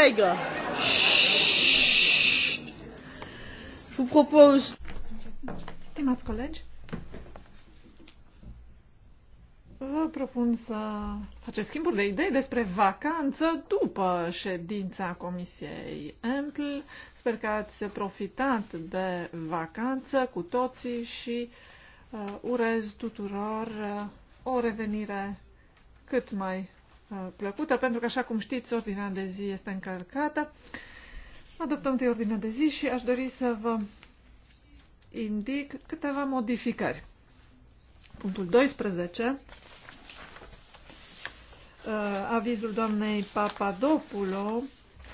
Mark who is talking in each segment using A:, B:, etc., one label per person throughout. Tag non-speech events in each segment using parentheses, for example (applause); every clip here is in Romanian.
A: collègues, je vous propose.
B: Stimați colegi, vă propun să faceți schimburi de idei despre vacanță după ședința Comisiei Empl. Sper că ați profitat de vacanță cu toții și uh, urez tuturor uh, o revenire cât mai Uh, plăcută, pentru că, așa cum știți, ordinea de zi este încărcată. Adoptăm întâi ordinea de zi și aș dori să vă indic câteva modificări. Punctul 12, uh, avizul doamnei Papadopulo,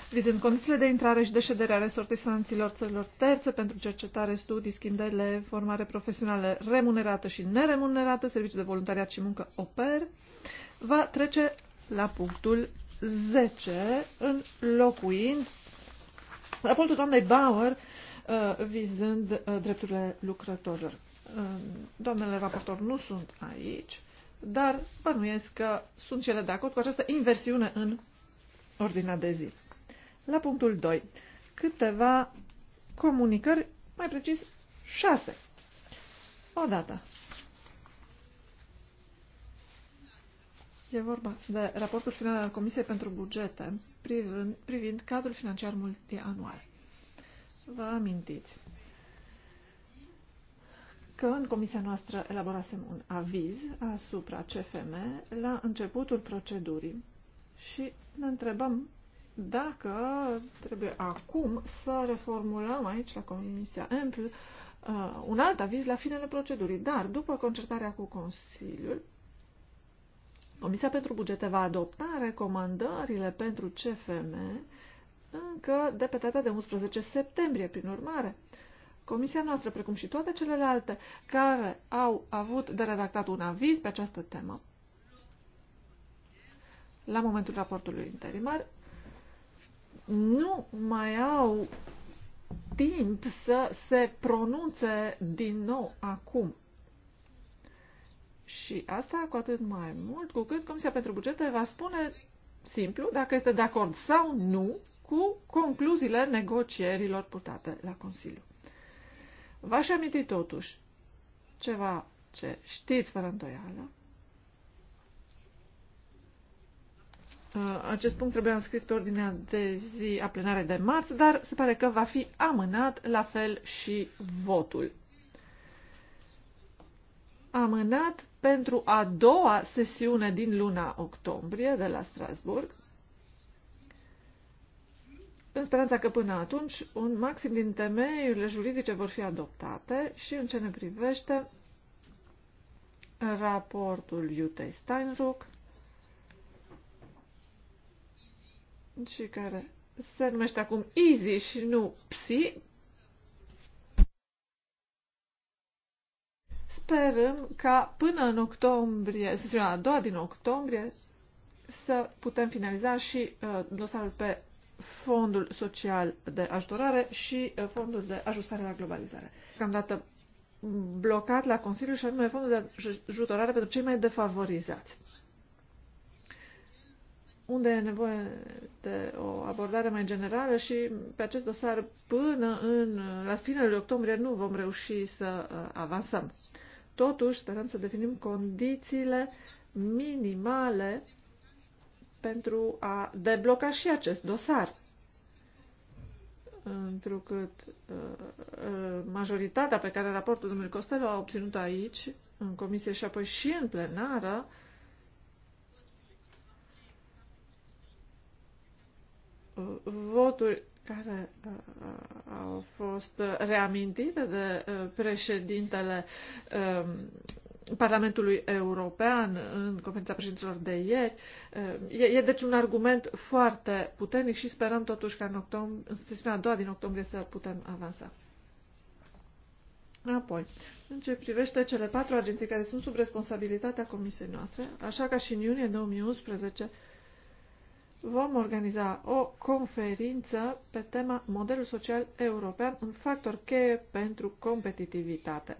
B: vizând condițiile de intrare și de ședere a resortisanților țărilor terțe pentru cercetare, studii, schimb de formare profesională remunerată și neremunerată, serviciu de voluntariat și muncă OPER, va trece la punctul 10, înlocuind raportul doamnei Bauer uh, vizând uh, drepturile lucrătorilor. Uh, doamnele raportor nu sunt aici, dar bănuiesc că sunt cele de acord cu această inversiune în ordinea de zi. La punctul 2, câteva comunicări, mai precis O Odată, E vorba de raportul final al Comisiei pentru Bugete privind, privind cadrul financiar multianual. Vă amintiți că în comisia noastră elaborasem un aviz asupra CFM la începutul procedurii și ne întrebăm dacă trebuie acum să reformulăm aici la Comisia Ample uh, un alt aviz la finele procedurii. Dar după concertarea cu Consiliul, Comisia pentru bugete va adopta recomandările pentru CFM încă de pe data de 11 septembrie, prin urmare. Comisia noastră, precum și toate celelalte care au avut de redactat un aviz pe această temă, la momentul raportului interimar, nu mai au timp să se pronunțe din nou acum. Și asta cu atât mai mult cu cât Comisia pentru Bugete va spune simplu dacă este de acord sau nu cu concluziile negocierilor purtate la Consiliu. V-aș aminti totuși ceva ce știți fără îndoială. Uh, acest punct trebuia înscris pe ordinea de zi a plenare de marți, dar se pare că va fi amânat la fel și votul. Amânat pentru a doua sesiune din luna octombrie de la Strasburg, în speranța că până atunci un maxim din temeiurile juridice vor fi adoptate și în ce ne privește raportul Iutei Steinruck și care se numește acum EASY și nu PSI, sperăm ca până în octombrie, sesiunea a doua din octombrie, să putem finaliza și uh, dosarul pe fondul social de ajutorare și uh, fondul de ajustare la globalizare. Cam dată blocat la Consiliu și anume fondul de ajutorare pentru cei mai defavorizați. Unde e nevoie de o abordare mai generală și pe acest dosar până în, la finele octombrie nu vom reuși să uh, avansăm. Totuși, sperăm să definim condițiile minimale pentru a debloca și acest dosar. Întrucât uh, majoritatea pe care raportul domnului Costello a obținut aici, în comisie și apoi și în plenară, uh, voturi care uh, uh, au fost reamintite de uh, președintele um, Parlamentului European în conferința președinților de ieri. E, e deci un argument foarte puternic și sperăm totuși ca în, octombrie, în sesiunea a doua din octombrie să putem avansa. Apoi, în ce privește cele patru agenții care sunt sub responsabilitatea comisiei noastre, așa ca și în iunie 2011, vom organiza o conferință pe tema modelul social european, un factor cheie pentru competitivitate.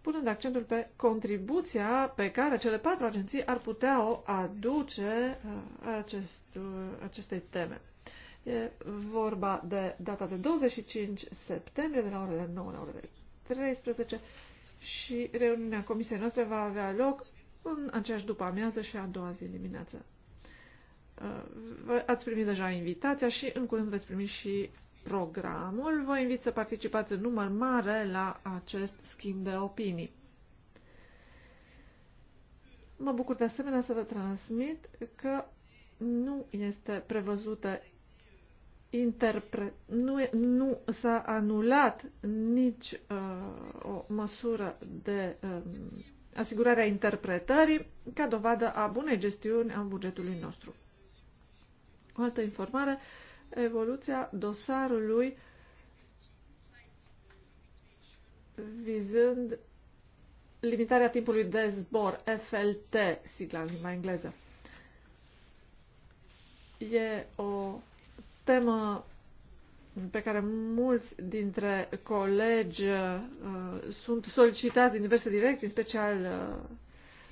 B: punând accentul pe contribuția pe care cele patru agenții ar putea o aduce uh, acest, uh, acestei teme. E vorba de data de 25 septembrie, de la orele 9 la orele 13 și reuniunea comisiei noastre va avea loc în aceeași după amiază și a doua zi dimineață. Uh, ați primit deja invitația și în curând veți primi și programul. Vă invit să participați în număr mare la acest schimb de opinii. Mă bucur de asemenea să vă transmit că nu este prevăzută interpre... nu, nu s-a anulat nici uh, o măsură de uh, asigurarea interpretării ca dovadă a bunei gestiuni a bugetului nostru. O altă informare, evoluția dosarului vizând limitarea timpului de zbor, FLT, sigla în limba engleză. E o temă pe care mulți dintre colegi uh, sunt solicitați din diverse direcții, în special uh,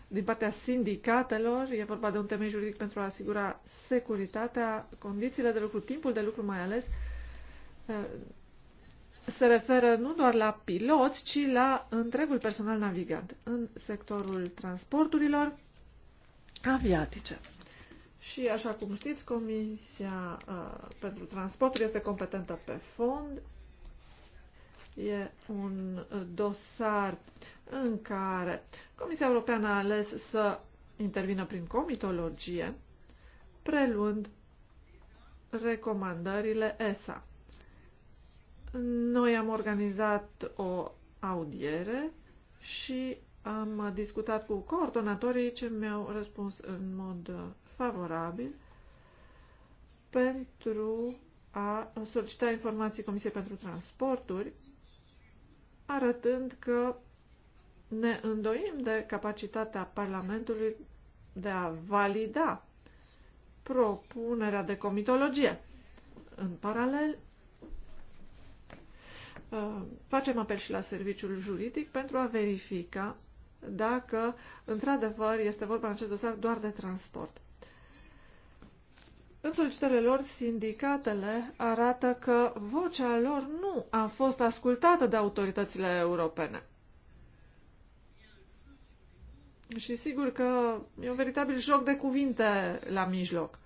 B: din partea sindicatelor. E vorba de un temei juridic pentru a asigura securitatea, condițiile de lucru, timpul de lucru mai ales. Uh, se referă nu doar la piloți, ci la întregul personal navigant în sectorul transporturilor aviatice. Și, așa cum știți, Comisia uh, pentru Transporturi este competentă pe fond. E un uh, dosar în care Comisia Europeană a ales să intervină prin comitologie, preluând recomandările ESA. Noi am organizat o audiere și am discutat cu coordonatorii ce mi-au răspuns în mod uh, favorabil pentru a solicita informații Comisiei pentru Transporturi, arătând că ne îndoim de capacitatea Parlamentului de a valida propunerea de comitologie. În paralel, uh, facem apel și la serviciul juridic pentru a verifica dacă, într-adevăr, este vorba în acest dosar doar de transport. În solicitările lor, sindicatele arată că vocea lor nu a fost ascultată de autoritățile europene. Și sigur că e un veritabil joc de cuvinte la mijloc.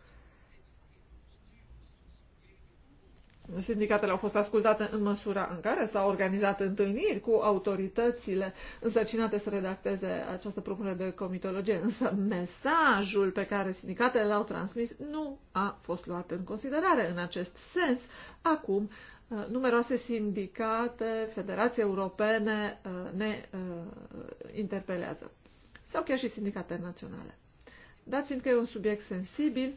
B: Sindicatele au fost ascultate în măsura în care s-au organizat întâlniri cu autoritățile însărcinate să redacteze această propunere de comitologie, însă mesajul pe care sindicatele l-au transmis nu a fost luat în considerare. În acest sens, acum, uh, numeroase sindicate, federații europene uh, ne uh, interpelează, sau chiar și sindicate naționale. Dat fiindcă e un subiect sensibil,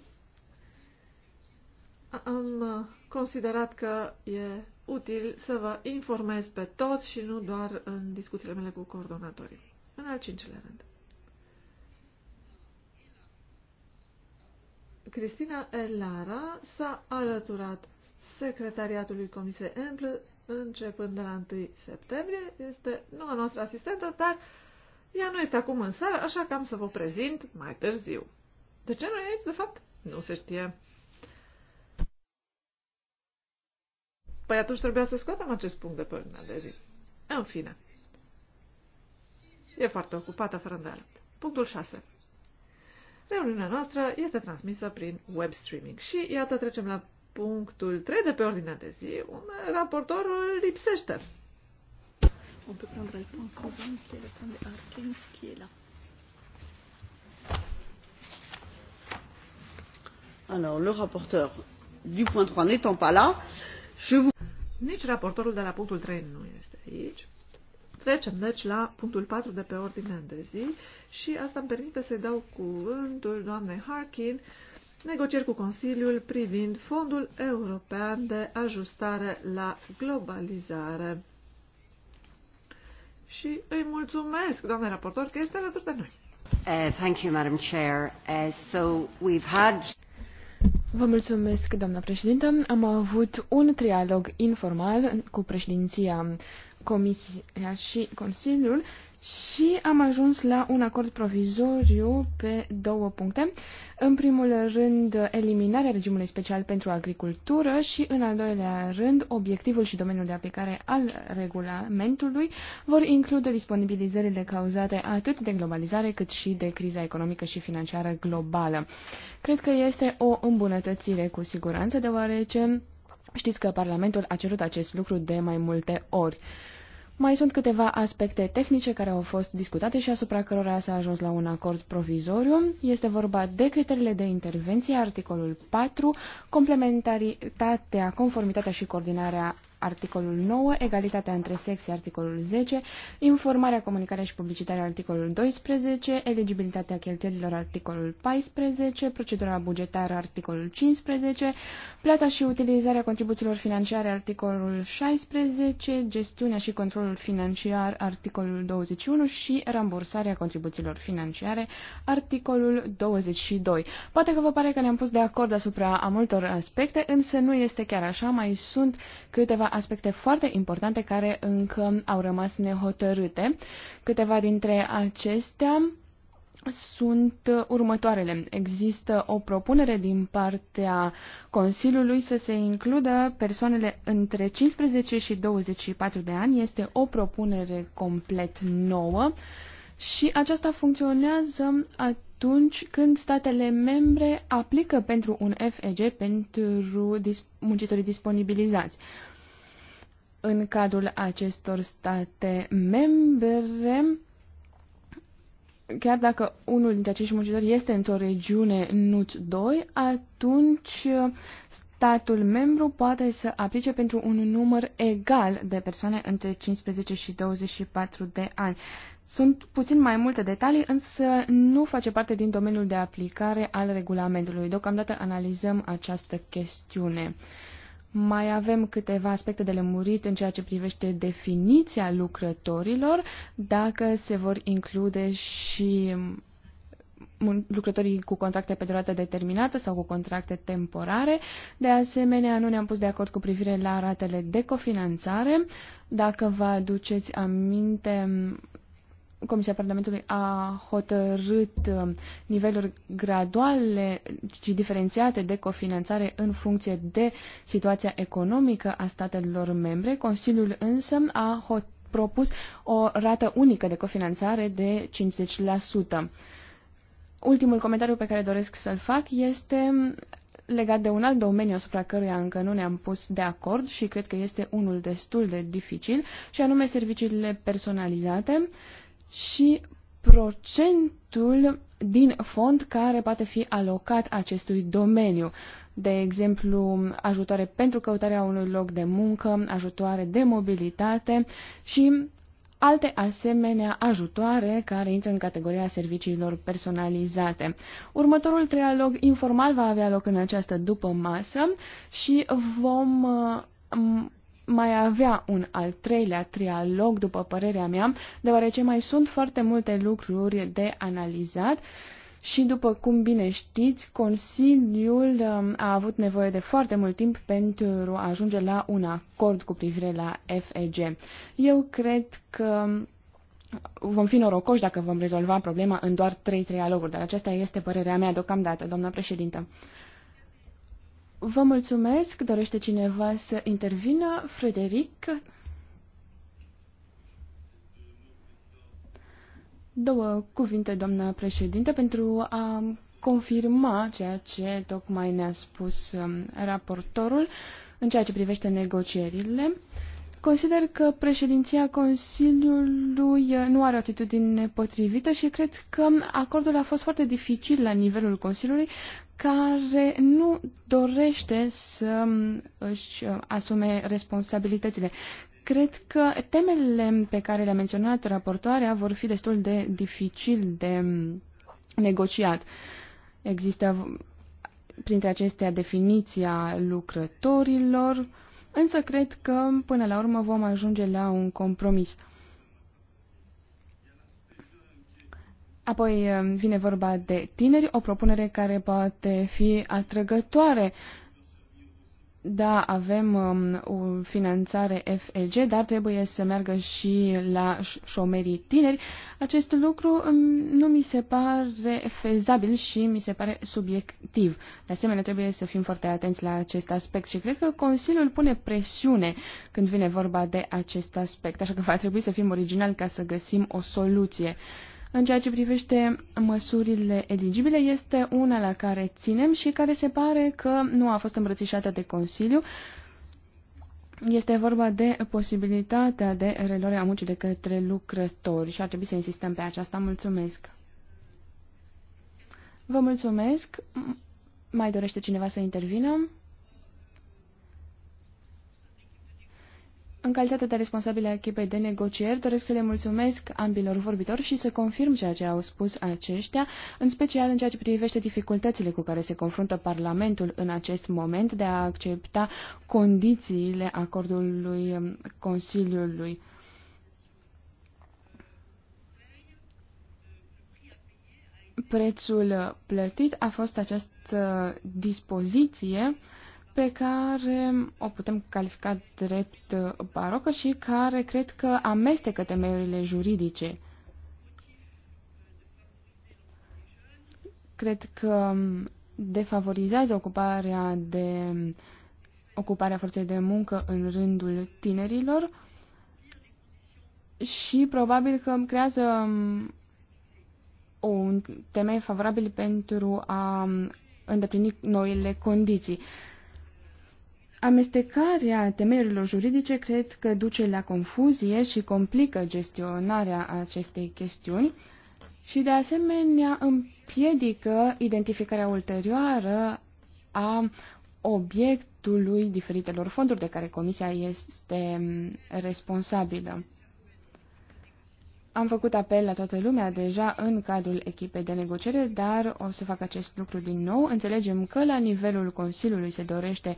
B: am uh, considerat că e util să vă informez pe tot și nu doar în discuțiile mele cu coordonatorii. În al cincilea rând. Cristina Elara s-a alăturat secretariatului Comisiei Emplă începând de la 1 septembrie. Este noua noastră asistentă, dar ea nu este acum în sală, așa că am să vă prezint mai târziu. De ce nu e aici, de fapt? Nu se știe. Păi atunci trebuia să scoatem acest punct de pe ordinea de zi. În fine. E foarte ocupată, fără îndoială. Punctul 6. Reuniunea noastră este transmisă prin web streaming. Și iată trecem la punctul 3 de pe ordinea de zi, unde raportorul lipsește. On peut prendre le point suivant, qui est le point de Arkin, qui est là.
A: Alors, le rapporteur du point 3 n'étant pas là, je vous...
B: Nici raportorul de la punctul 3 nu este aici. Trecem, deci, la punctul 4 de pe ordinea de zi și asta îmi permite să-i dau cuvântul doamnei Harkin, negocieri cu Consiliul privind Fondul European de Ajustare la Globalizare. Și îi mulțumesc, doamne raportor, că este alături de noi. Uh, thank you, Madam Chair. Uh, so we've
A: had... Vă mulțumesc, doamna președintă. Am avut un trialog informal cu președinția Comisia și Consiliul și am ajuns la un acord provizoriu pe două puncte. În primul rând, eliminarea regimului special pentru agricultură și, în al doilea rând, obiectivul și domeniul de aplicare al regulamentului vor include disponibilizările cauzate atât de globalizare cât și de criza economică și financiară globală. Cred că este o îmbunătățire cu siguranță, deoarece știți că Parlamentul a cerut acest lucru de mai multe ori. Mai sunt câteva aspecte tehnice care au fost discutate și asupra cărora s-a ajuns la un acord provizoriu. Este vorba de criteriile de intervenție, articolul 4, complementaritatea, conformitatea și coordinarea articolul 9, egalitatea între sexe, articolul 10, informarea, comunicarea și publicitarea, articolul 12, eligibilitatea cheltuielilor, articolul 14, procedura bugetară, articolul 15, plata și utilizarea contribuțiilor financiare, articolul 16, gestiunea și controlul financiar, articolul 21 și rambursarea contribuțiilor financiare, articolul 22. Poate că vă pare că ne-am pus de acord asupra a multor aspecte, însă nu este chiar așa, mai sunt câteva aspecte foarte importante care încă au rămas nehotărâte. Câteva dintre acestea sunt următoarele. Există o propunere din partea Consiliului să se includă persoanele între 15 și 24 de ani. Este o propunere complet nouă și aceasta funcționează atunci când statele membre aplică pentru un FEG pentru dis- muncitorii disponibilizați în cadrul acestor state membre, chiar dacă unul dintre acești muncitori este într-o regiune NUT2, atunci statul membru poate să aplice pentru un număr egal de persoane între 15 și 24 de ani. Sunt puțin mai multe detalii, însă nu face parte din domeniul de aplicare al regulamentului. Deocamdată analizăm această chestiune. Mai avem câteva aspecte de lămurit în ceea ce privește definiția lucrătorilor, dacă se vor include și mm, lucrătorii cu contracte pe durată determinată sau cu contracte temporare. De asemenea, nu ne-am pus de acord cu privire la ratele de cofinanțare. Dacă vă aduceți aminte, Comisia Parlamentului a hotărât uh, niveluri graduale și diferențiate de cofinanțare în funcție de situația economică a statelor membre. Consiliul însă a propus o rată unică de cofinanțare de 50%. Ultimul comentariu pe care doresc să-l fac este legat de un alt domeniu asupra căruia încă nu ne-am pus de acord și cred că este unul destul de dificil, și anume serviciile personalizate și procentul din fond care poate fi alocat acestui domeniu. De exemplu, ajutoare pentru căutarea unui loc de muncă, ajutoare de mobilitate și alte asemenea ajutoare care intră în categoria serviciilor personalizate. Următorul trialog informal va avea loc în această după masă și vom uh, mai avea un al treilea trialog, după părerea mea, deoarece mai sunt foarte multe lucruri de analizat și, după cum bine știți, Consiliul um, a avut nevoie de foarte mult timp pentru a ajunge la un acord cu privire la FEG. Eu cred că vom fi norocoși dacă vom rezolva problema în doar trei trialoguri, dar aceasta este părerea mea deocamdată, doamna președintă. Vă mulțumesc. Dorește cineva să intervină? Frederic? Două cuvinte, doamnă președinte, pentru a confirma ceea ce tocmai ne-a spus um, raportorul în ceea ce privește negocierile. Consider că președinția Consiliului eh, nu are o atitudine potrivită și cred că acordul a fost foarte dificil la nivelul Consiliului, care nu dorește să mm, își eh, asume responsabilitățile. Cred că temele pe care le-a menționat raportoarea vor fi destul de dificil de mm, negociat. Există printre acestea definiția lucrătorilor, uh, însă cred că până la urmă vom ajunge la un compromis. Apoi eh, vine vorba de tineri, o propunere care poate fi atrăgătoare uh, da, avem um, o finanțare FEG, dar trebuie să meargă și la șomerii tineri. Acest lucru um, nu mi se pare fezabil și mi se pare subiectiv. De asemenea, trebuie să fim foarte atenți la acest aspect și cred că Consiliul pune presiune când vine vorba de acest aspect, așa că va trebui să fim originali ca să găsim o soluție. Uh, în ceea ce privește măsurile eligibile, este una la care ținem și care se pare că nu a fost îmbrățișată de Consiliu. Este vorba de posibilitatea de reluare a muncii de către lucrători și ar trebui să insistăm pe aceasta. Mulțumesc! Vă mulțumesc! Mai dorește cineva să intervină? În calitate de responsabile a echipei de negocieri, doresc să le mulțumesc ambilor vorbitori și să confirm ceea ce au spus aceștia, în special în ceea ce privește dificultățile cu care se confruntă Parlamentul în acest moment de a accepta condițiile acordului um, Consiliului. Prețul plătit a fost această dispoziție uh, pe care o putem califica drept barocă și care cred că amestecă temeiurile juridice. Cred că defavorizează ocuparea de ocuparea forței de muncă în rândul tinerilor și probabil că creează un temei favorabil pentru a îndeplini noile condiții. Amestecarea temerilor juridice cred că duce la confuzie și complică gestionarea acestei chestiuni și de asemenea împiedică identificarea ulterioară a obiectului diferitelor fonduri de care Comisia este responsabilă. Am făcut apel la toată lumea deja în cadrul echipei de negociere, dar o să fac acest lucru din nou. Înțelegem că la nivelul Consiliului se dorește uh,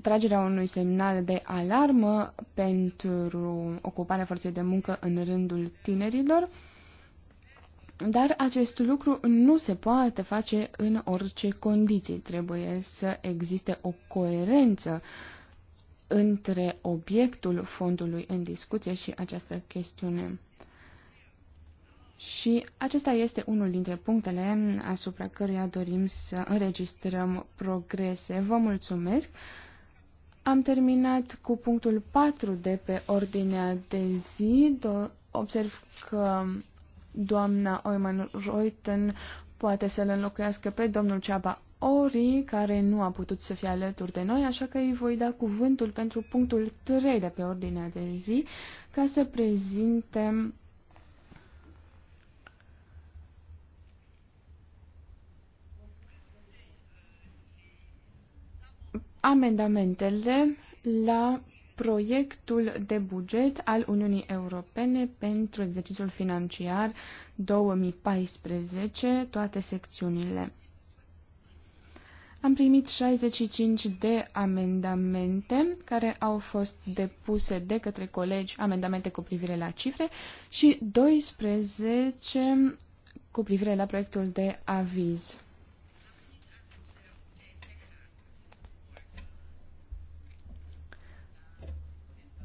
A: tragerea unui semnal de alarmă pentru ocuparea forței de muncă în rândul tinerilor, dar acest lucru nu se poate face în orice condiții. Trebuie să existe o coerență între obiectul fondului în discuție și această chestiune. Și acesta este unul dintre punctele asupra căruia dorim să înregistrăm progrese. Vă mulțumesc! Am terminat cu punctul 4 de pe ordinea de zi. Do- observ că doamna Oiman Reuten poate să-l înlocuiască pe domnul Ceaba Ori, care nu a putut să fie alături de noi, așa că îi voi da cuvântul pentru punctul 3 de pe ordinea de zi, ca să prezintem. amendamentele la proiectul de buget al Uniunii Europene pentru exercițiul financiar 2014, toate secțiunile. Am primit 65 de amendamente care au fost depuse de către colegi, amendamente cu privire la cifre și 12 cu privire la proiectul de aviz.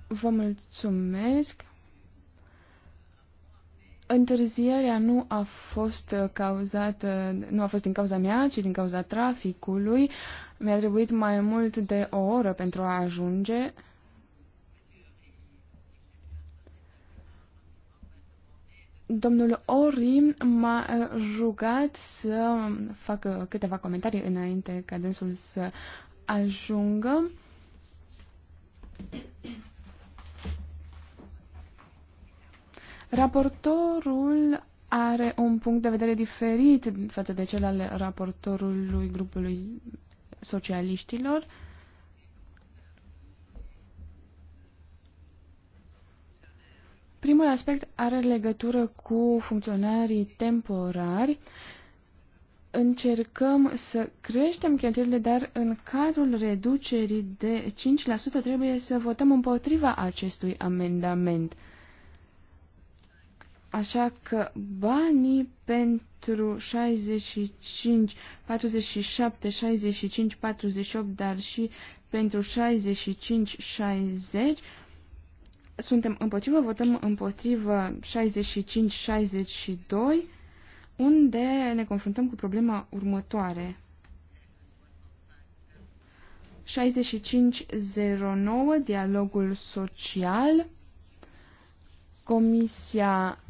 A: Vă mulțumesc. Întârzierea nu a fost cauzată, nu a fost din cauza mea, ci din cauza traficului. Mi-a trebuit mai mult de o oră pentru a ajunge. Domnul Ori m-a rugat să fac câteva comentarii înainte ca dânsul să ajungă. Raportorul are un punct de vedere diferit față de cel al raportorului grupului socialiștilor. Primul aspect are legătură cu funcționarii temporari. Încercăm să creștem cheltuielile, dar în cadrul reducerii de 5% trebuie să votăm împotriva acestui amendament. Așa că banii pentru 65, 47, 65, 48, dar și pentru 65, 60 suntem împotrivă, votăm împotrivă 65-62, unde ne confruntăm cu problema următoare. 6509, dialogul social. Comisia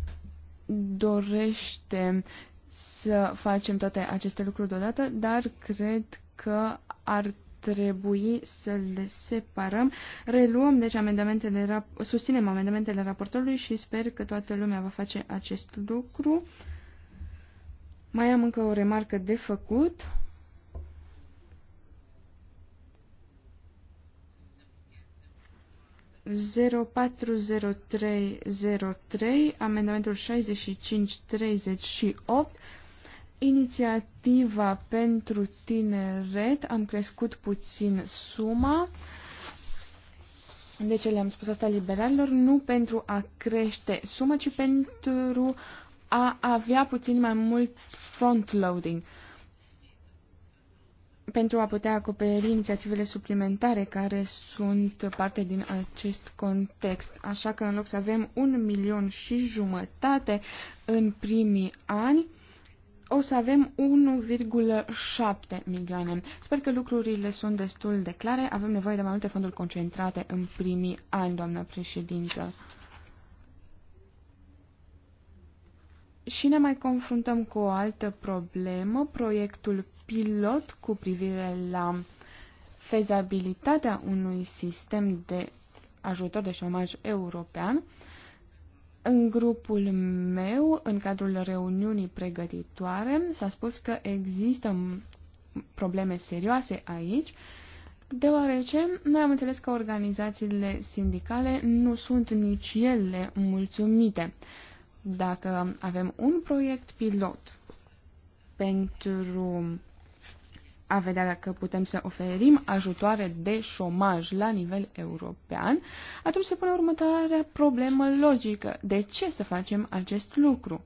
A: dorește să facem toate aceste lucruri deodată, dar cred că ar trebui să le separăm. Reluăm, deci, amendamentele, susținem amendamentele raportorului și sper că toată lumea va face acest lucru. Mai am încă o remarcă de făcut. 040303, amendamentul 6538, inițiativa pentru tineret, am crescut puțin suma, de ce le-am spus asta liberalilor, nu pentru a crește suma, ci pentru a avea puțin mai mult front-loading pentru a putea acoperi inițiativele suplimentare care sunt parte din acest context. Așa că în loc să avem un milion și jumătate în primii ani, o să avem 1,7 milioane. Sper că lucrurile sunt destul de clare. Avem nevoie de mai multe fonduri concentrate în primii ani, doamnă președintă. Și ne mai confruntăm cu o altă problemă, proiectul pilot cu privire la fezabilitatea unui sistem de ajutor de șomaj european. În grupul meu, în cadrul reuniunii pregătitoare, s-a spus că există probleme serioase aici, deoarece noi am înțeles că organizațiile sindicale nu sunt nici ele mulțumite dacă avem un proiect pilot pentru a vedea dacă putem să oferim ajutoare de șomaj la nivel european, atunci se pune următoarea problemă logică. De ce să facem acest lucru?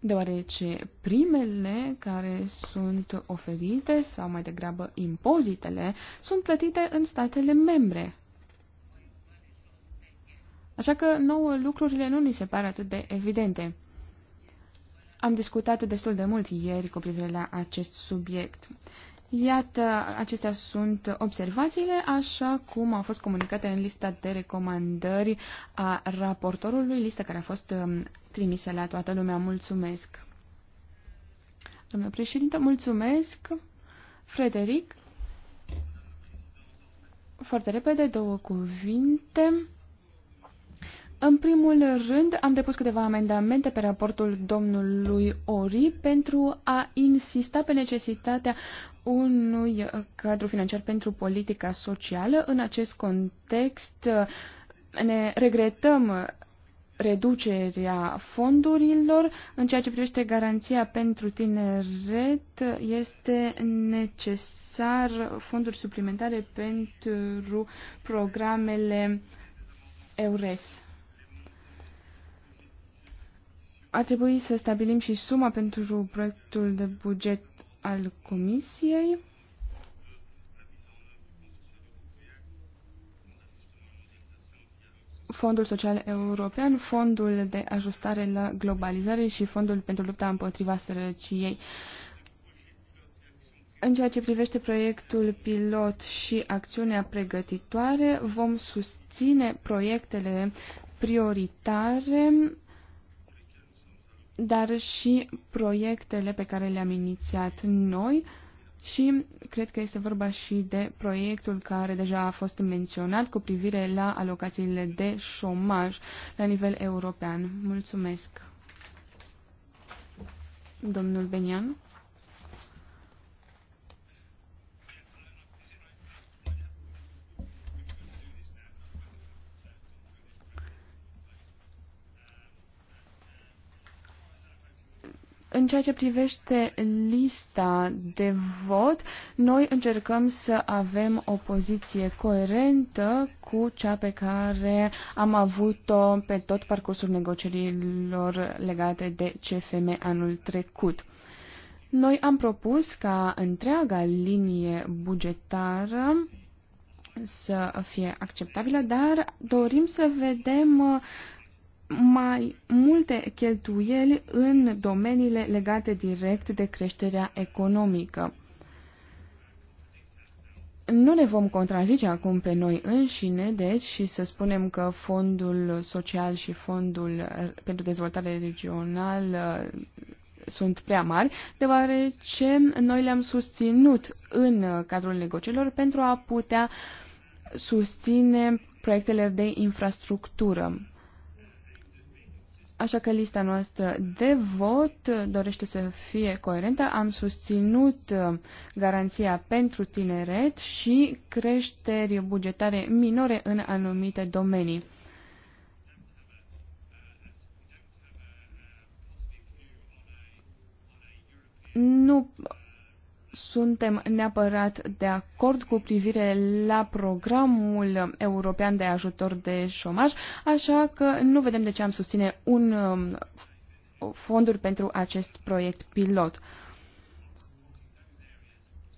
A: Deoarece primele care sunt oferite, sau mai degrabă impozitele, sunt plătite în statele membre. Așa că nouă lucrurile nu ni se par atât de evidente. Am discutat destul de mult ieri cu privire la acest subiect. Iată, acestea sunt observațiile, așa cum au fost comunicate în lista de recomandări a raportorului, lista care a fost um, trimisă la toată lumea. Mulțumesc! Domnule președinte, mulțumesc! Frederic, foarte repede, două cuvinte. În primul rând, am depus câteva amendamente pe raportul domnului Ori pentru a insista pe necesitatea unui cadru financiar pentru politica socială. În acest context, ne regretăm reducerea fondurilor. În ceea ce privește garanția pentru tineret, este necesar fonduri suplimentare pentru programele EURES. Ar trebui să stabilim și suma pentru proiectul de buget al Comisiei. Fondul Social European, Fondul de Ajustare la Globalizare și Fondul pentru lupta împotriva sărăciei. În ceea ce privește proiectul pilot și acțiunea pregătitoare, vom susține proiectele prioritare dar și proiectele pe care le-am inițiat noi și cred că este vorba și de proiectul care deja a fost menționat cu privire la alocațiile de șomaj la nivel european. Mulțumesc. Domnul Benian. În ceea ce privește lista de vot, noi încercăm să avem o poziție coerentă cu cea pe care am avut-o pe tot parcursul negocierilor legate de CFM anul trecut. Noi am propus ca întreaga linie bugetară să fie acceptabilă, dar dorim să vedem mai multe cheltuieli în domeniile legate direct de creșterea economică. Nu ne vom contrazice acum pe noi înșine, deci, și să spunem că fondul social și fondul pentru dezvoltare regională uh, sunt prea mari, deoarece noi le-am susținut în uh, cadrul negocierilor pentru a putea susține proiectele de infrastructură Așa că lista noastră de vot dorește să fie coerentă. Am susținut uh, garanția pentru tineret și creșteri bugetare minore în anumite domenii. Nu suntem neapărat de acord cu privire la programul european de ajutor de șomaj, așa că nu vedem de ce am susține un um, fonduri pentru acest proiect pilot.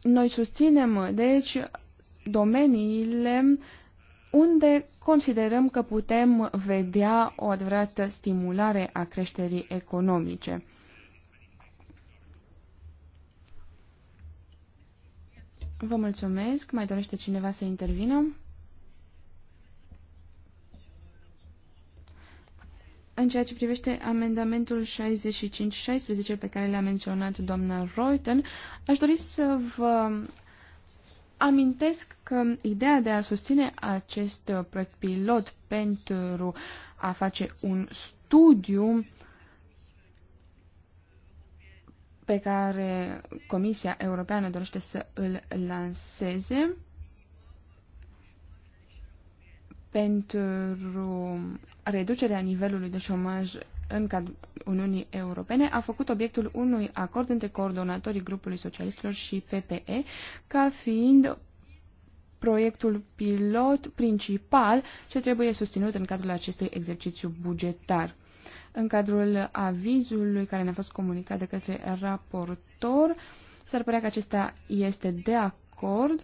A: Noi susținem, deci, domeniile unde considerăm că putem vedea o adevărată stimulare a creșterii economice. Vă mulțumesc. Mai dorește cineva să intervină? În ceea ce privește amendamentul 65-16 pe care le-a menționat doamna Reuten, aș dori să vă amintesc că ideea de a susține acest proiect pilot pentru a face un studiu pe care Comisia Europeană dorește să îl lanseze pentru reducerea nivelului de șomaj în cadrul Uniunii Europene a făcut obiectul unui acord între coordonatorii grupului socialistilor și PPE ca fiind proiectul pilot principal ce trebuie susținut în cadrul acestui exercițiu bugetar în cadrul avizului care ne-a fost comunicat de către raportor. S-ar părea că acesta este de acord.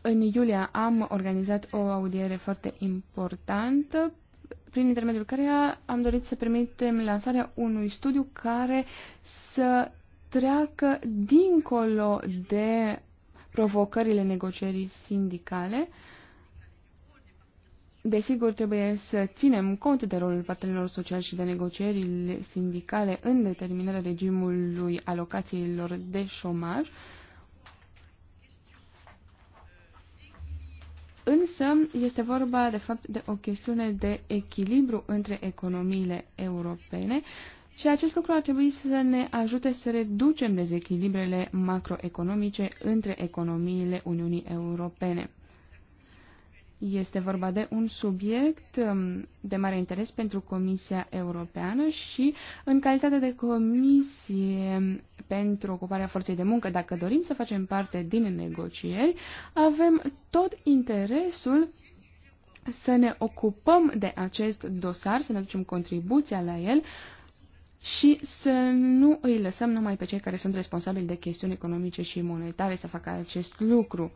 A: În iulie am organizat o audiere foarte importantă prin intermediul căreia am dorit să permitem lansarea unui studiu care să treacă dincolo de provocările negocierii sindicale uh, Desigur, trebuie să ținem cont de rolul partenerilor sociali și de negocierile sindicale în determinarea regimului alocațiilor de șomaj, însă este vorba de fapt de o chestiune de echilibru între economiile europene și acest lucru ar trebui să ne ajute să reducem dezechilibrele macroeconomice între economiile Uniunii Europene. Este vorba de un subiect um, de mare interes pentru Comisia Europeană și în calitate de Comisie pentru Ocuparea Forței de Muncă, dacă dorim să facem parte din negocieri, avem tot interesul să ne ocupăm de acest dosar, să ne ducem contribuția la el și să nu îi lăsăm numai pe cei care sunt responsabili de chestiuni economice și monetare să facă acest lucru.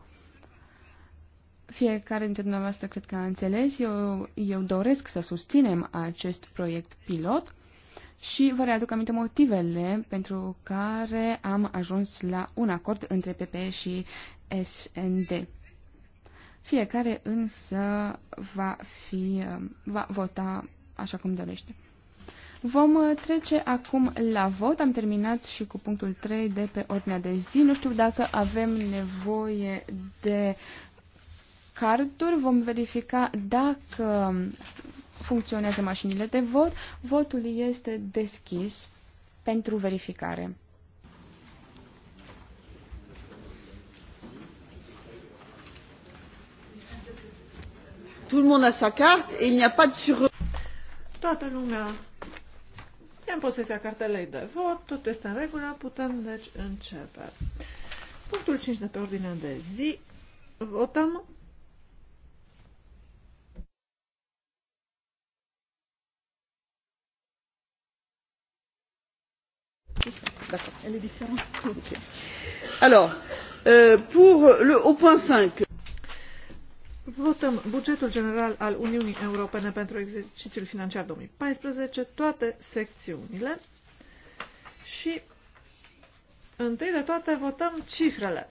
A: Fiecare dintre dumneavoastră cred că a înțeles. Eu, eu doresc să susținem acest proiect pilot și vă readuc aminte motivele pentru care am ajuns la un acord între PP și SND. Fiecare însă va, fi, va vota așa cum dorește. Vom trece acum la vot. Am terminat și cu punctul 3 de pe ordinea de zi. Nu știu dacă avem nevoie de carduri, vom verifica dacă funcționează mașinile de vot. Votul este deschis pentru verificare.
B: Toată lumea i-am posesia cartelei de vot, totul este în regulă, putem deci începe. Punctul 5 de pe ordinea de zi, votăm D'accord. Elle est différente. Okay. Alors, euh, pour le, au point 5. Votăm bugetul general al Uniunii Europene pentru exercițiul financiar 2014, toate secțiunile și întâi de toate votăm cifrele.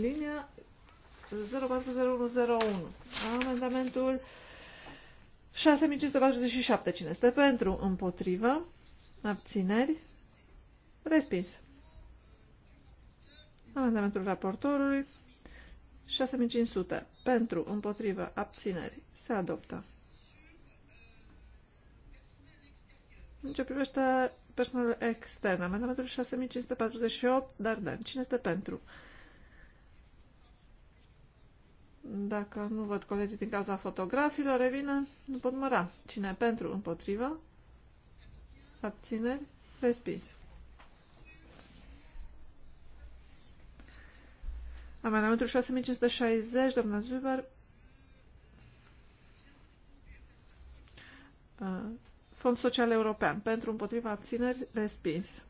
B: Linia 040101. Amendamentul 6547. Cine este pentru? Împotrivă. Abțineri. Respins. Amendamentul raportorului. 6500. Pentru, împotrivă, abțineri. Se adoptă. În ce privește personalul extern, amendamentul 6548, dar da, cine este pentru? Dacă nu văd colegii din cauza fotografiilor, revină, nu pot măra. Cine pentru, împotrivă, abțineri, respins. Amendamentul 6560, doamna Zuber. Uh, Fond Social European. Pentru împotriva abțineri, respins.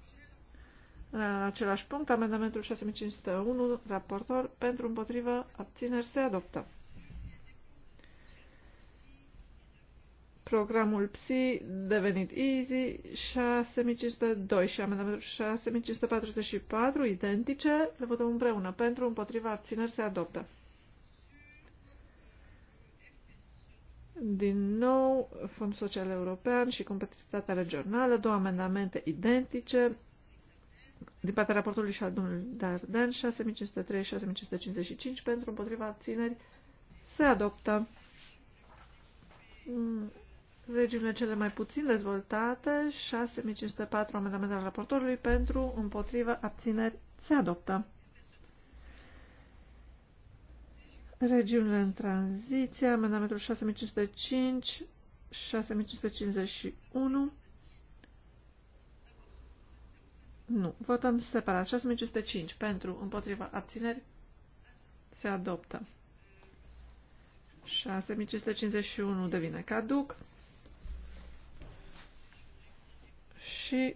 B: În același punct, amendamentul 6501, raportor, pentru împotrivă, abțineri, se adoptă. Programul PSI devenit EASY 6502 și amendamentul 6544, identice, le votăm împreună. Pentru împotriva abțineri se adoptă. Din nou, Fondul Social European și Competitivitatea Regională, două amendamente identice, din partea raportului și al domnului Darden 6503-6555 pentru împotriva abțineri se adoptă. Mm, Regiunile cele mai puțin dezvoltate, 6504 amendamente al raportorului pentru împotriva abțineri se adoptă. Regiunile în tranziție, amendamentul 6505, 6551 nu. Votăm separat. 6505 pentru, împotriva, abțineri, se adoptă. 6551 devine caduc. Și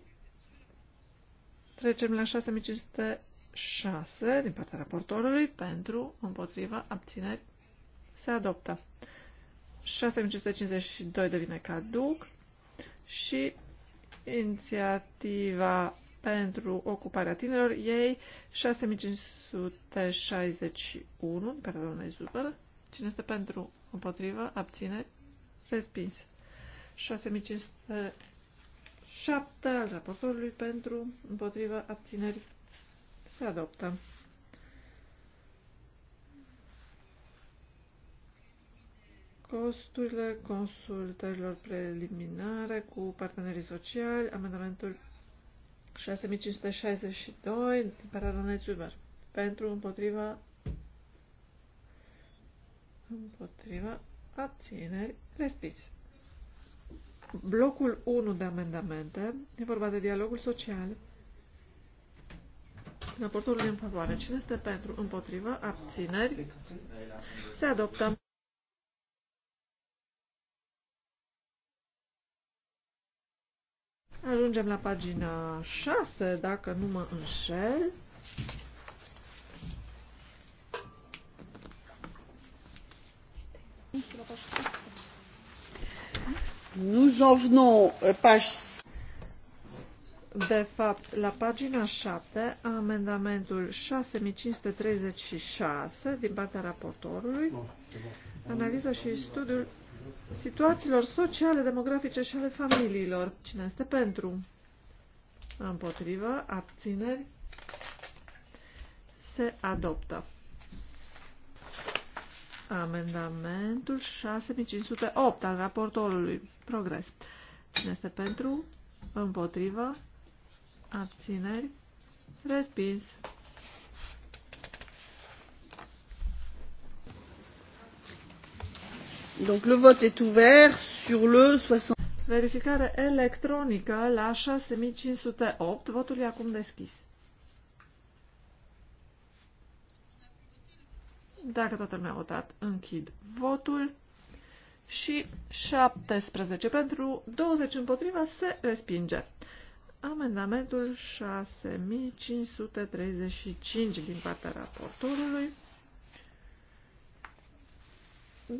B: trecem la 6506 din partea raportorului pentru, împotriva, abțineri, se adoptă. 6552 devine caduc și inițiativa pentru ocuparea tinerilor, ei 6561, pe care zupăr. Cine este pentru, împotrivă, abțineri, respins. 6507 al raportorului pentru, împotrivă, abțineri, se adoptă. costurile consultărilor preliminare cu partenerii sociali, amendamentul 6562 din partea Pentru, împotriva, împotriva, abțineri, respins. Blocul 1 de amendamente e vorba de dialogul social. Raportul în favoare. Cine este pentru, împotriva, abțineri, se adoptă. Ajungem la pagina 6, dacă nu mă înșel. Nous en venons, euh, page... De fapt, la pagina 7, amendamentul 6536 din partea raportorului, analiza și studiul situațiilor sociale, demografice și ale familiilor. Cine este pentru? Împotrivă, abțineri, se adoptă. Amendamentul 6508 al raportorului. Progres. Cine este pentru? Împotrivă, abțineri, respins. Donc le vote est ouvert sur le 60. Verificare electronică la 6508. Votul e acum deschis. Dacă toată lumea a votat, închid votul. Și 17 pentru, 20 împotriva, se respinge. Amendamentul 6535 din partea raportorului.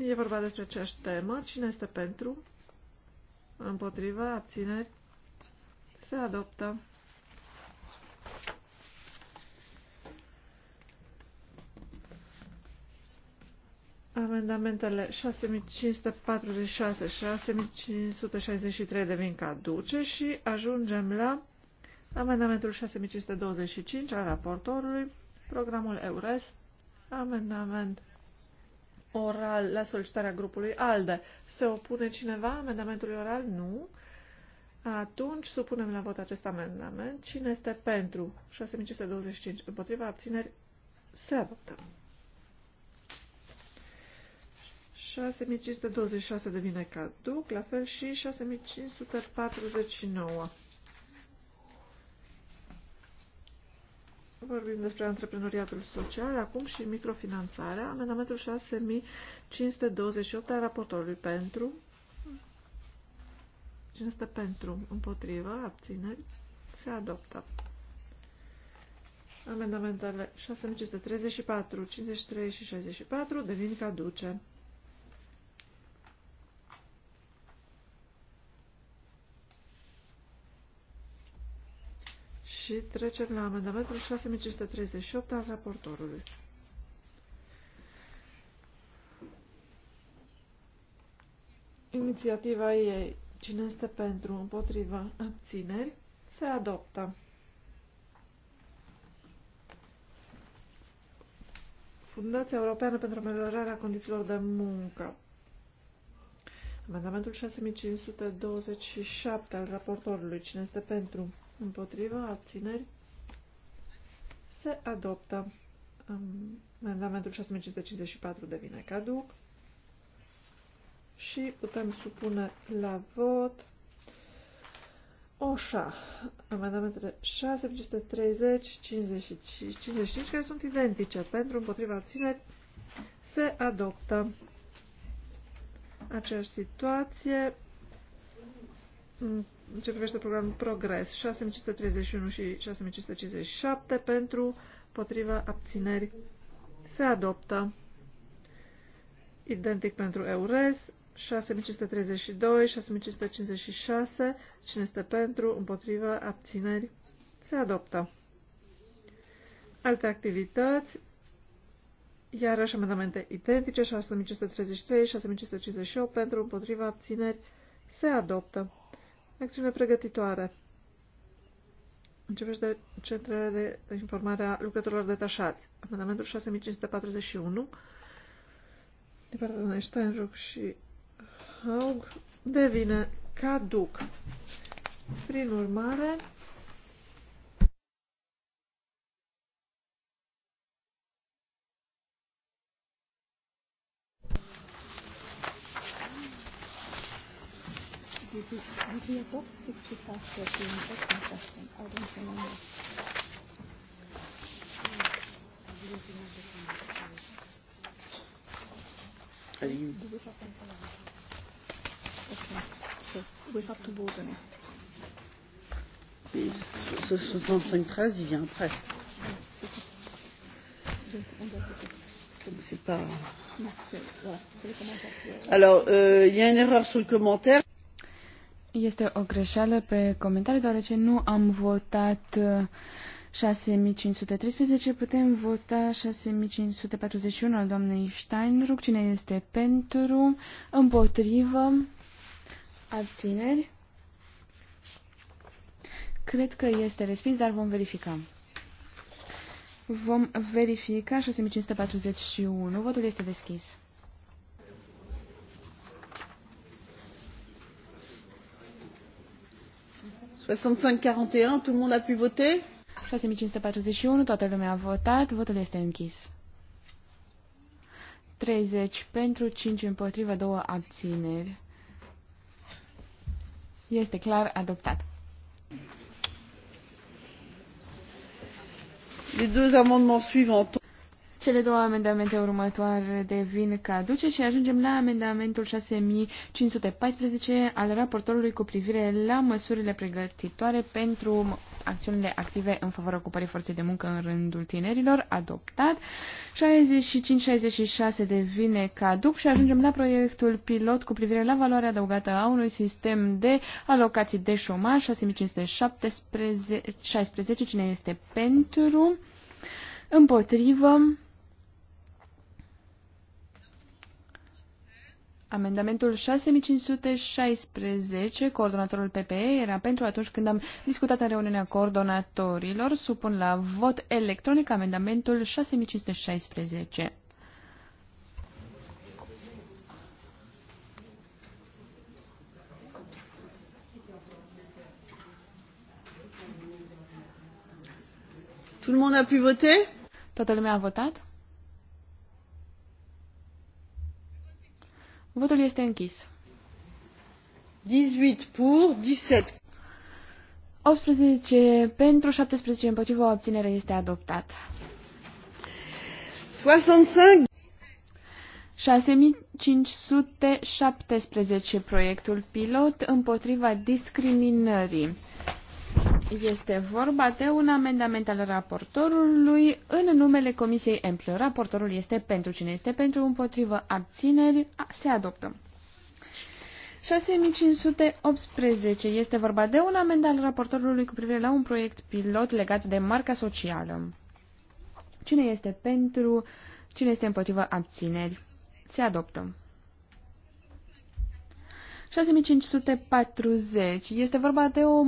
B: E vorba despre aceeași temă. Cine este pentru? Împotriva? Abțineri? Se adoptă. Amendamentele 6546-6563 devin caduce și ajungem la amendamentul 6525 al raportorului, programul EURES, amendament oral la solicitarea grupului ALDE. Se opune cineva amendamentului oral? Nu. Atunci supunem la vot acest amendament. Cine este pentru? 6525. Împotriva abțineri? Se adoptă. 6526 devine caduc, la fel și 6549. Vorbim despre antreprenoriatul social, acum și microfinanțarea, amendamentul 6528 al raportorului pentru. Cine este pentru? Împotrivă? Abțineri? Se adoptă. Amendamentele 6534, 53 și 64 devin caduce. și trecem la amendamentul 6538 al raportorului. Inițiativa ei, cine este pentru, împotriva, abțineri, se adoptă. Fundația Europeană pentru ameliorarea condițiilor de muncă. Amendamentul 6527 al raportorului. Cine este pentru? împotriva abțineri. Se adoptă. Amendamentul 6554 devine caduc. Și putem supune la vot oșa Amendamentele 6530, 55, 55 care sunt identice. Pentru, împotriva, abțineri se adoptă. Aceeași situație în ce privește programul Progres, 6531 și 6557 pentru, potriva abțineri, se adoptă. Identic pentru EURES, 6532, 6556, cine este pentru, împotriva, abțineri, se adoptă. Alte activități, iarăși amendamente identice, 6533, 6558, pentru, împotriva, abțineri, se adoptă. Acțiune pregătitoare. Începește centrele de informare a lucrătorilor detașați. Amendamentul 6541 De partea Steinruck și Haug devine caduc. Prin
A: urmare, This is did we adopt 65 13
B: second question? I okay. So we have to vote on it.
C: ce 65 il vient après.
A: c'est pas... Alors, euh, il y a une erreur sur le commentaire. Este o greșeală pe comentarii, deoarece nu am votat 6513, uh, putem vota 6541 al doamnei Steinruck. Cine este pentru? Împotrivă? Abțineri? Cred că este respins, dar vom verifica. Vom verifica 6541. Votul este deschis. soixante cinci quarante et un tout le monde a pu voter? 6541, toată lumea a votat, votul este închis. 30 pentru, 5 împotrivă, 2 abțineri. Este clar adoptat. Les deux amendements suivants cele două amendamente următoare devin caduce și ajungem la amendamentul 6514 al raportorului cu privire la măsurile pregătitoare pentru acțiunile active în favoarea ocupării forței de muncă în rândul tinerilor, adoptat. 65-66 devine caduc și ajungem la proiectul pilot cu privire la valoarea adăugată a unui sistem de alocații de șomaj, 6517, cine este pentru, împotrivă, Amendamentul 6516, coordonatorul PPE, era pentru atunci când am discutat în reuniunea coordonatorilor. Supun la vot electronic amendamentul 6516. Tout le monde a pu voter? Toată lumea a votat? Votul este închis. 18 pour, 17. 18 pentru, 17 împotriva, obținerea este adoptat. 65. 6517 proiectul pilot împotriva discriminării. Este vorba de un amendament al raportorului în numele Comisiei Emplă. Raportorul este pentru cine este pentru, împotrivă abțineri, se adoptă. 6518 este vorba de un amendament al raportorului cu privire la un proiect pilot legat de marca socială. Cine este pentru, cine este împotrivă abțineri, se adoptă. 6540 este vorba de o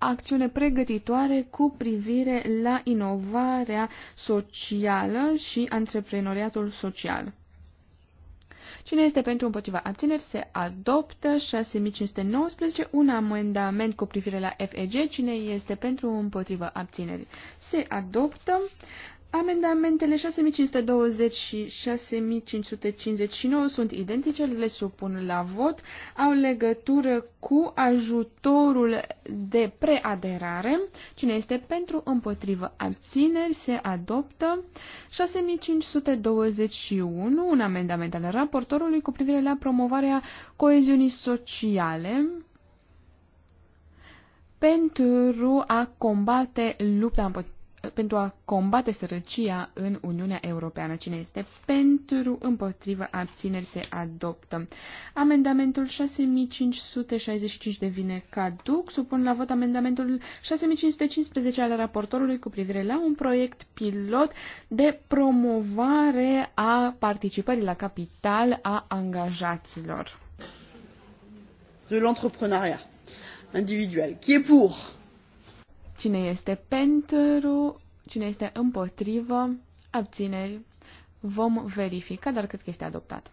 A: acțiune pregătitoare cu privire la inovarea socială și antreprenoriatul social. Cine este pentru împotriva abțineri se adoptă 6519, un amendament cu privire la FEG. Cine este pentru împotriva abțineri se adoptă Amendamentele 6520 și 6559 sunt identice, le supun la vot, au legătură cu ajutorul de preaderare. Cine este pentru, împotrivă, abțineri, se adoptă. 6521, un amendament al raportorului cu privire la promovarea coeziunii sociale pentru a combate lupta împotriva pentru a combate sărăcia în Uniunea Europeană. Cine este pentru, împotrivă, abțineri se adoptă. Amendamentul 6565 devine caduc. Supun la vot amendamentul 6515 al raportorului cu privire la un proiect pilot de promovare a participării la capital a angajaților. De l'entrepreneuriat individuel. Qui est pour? Cine este pentru, cine este împotrivă, abțineri, vom verifica, dar cred că este adoptat.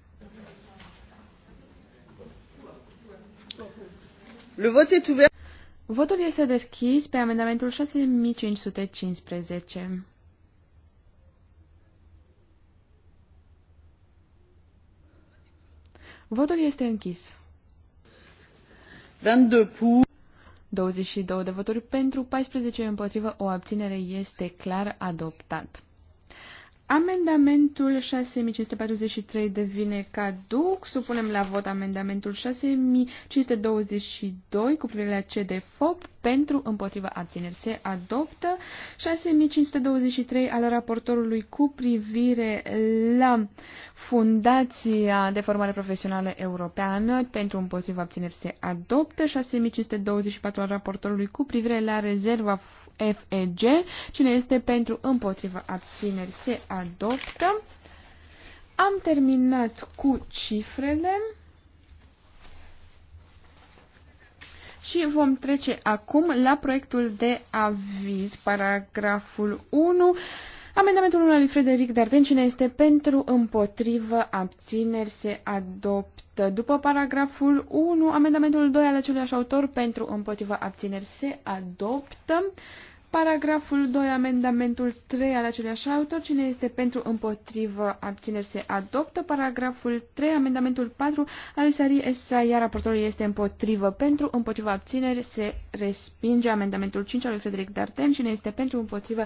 A: Le vot est ouvert. Votul este deschis pe amendamentul 6515. Votul este închis. 22 pour. 22 de voturi pentru, 14 împotrivă, o abținere este clar adoptat. Amendamentul 6543 devine caduc. Supunem la vot amendamentul 6522 cu privire la CDFOP pentru împotriva abțineri. Se adoptă 6523 al raportorului cu privire la Fundația de Formare Profesională Europeană pentru împotriva abțineri. Se adoptă 6524 al raportorului cu privire la rezerva FEG. Cine este pentru împotriva abțineri se adoptă. Am terminat cu cifrele. Și vom trece acum la proiectul de aviz, paragraful 1. Amendamentul 1 al lui Frederic Darden, cine este pentru, împotrivă, abțineri, se adoptă. După paragraful 1, amendamentul 2 al aceluiași autor pentru împotriva abțineri se adoptă. Paragraful 2, amendamentul 3 al aceluiași autor, cine este pentru împotrivă abțineri se adoptă. Paragraful 3, amendamentul 4 al Sari iar raportorul este împotrivă pentru împotriva abțineri se respinge. Amendamentul 5 al lui Frederic Darten, cine este pentru împotrivă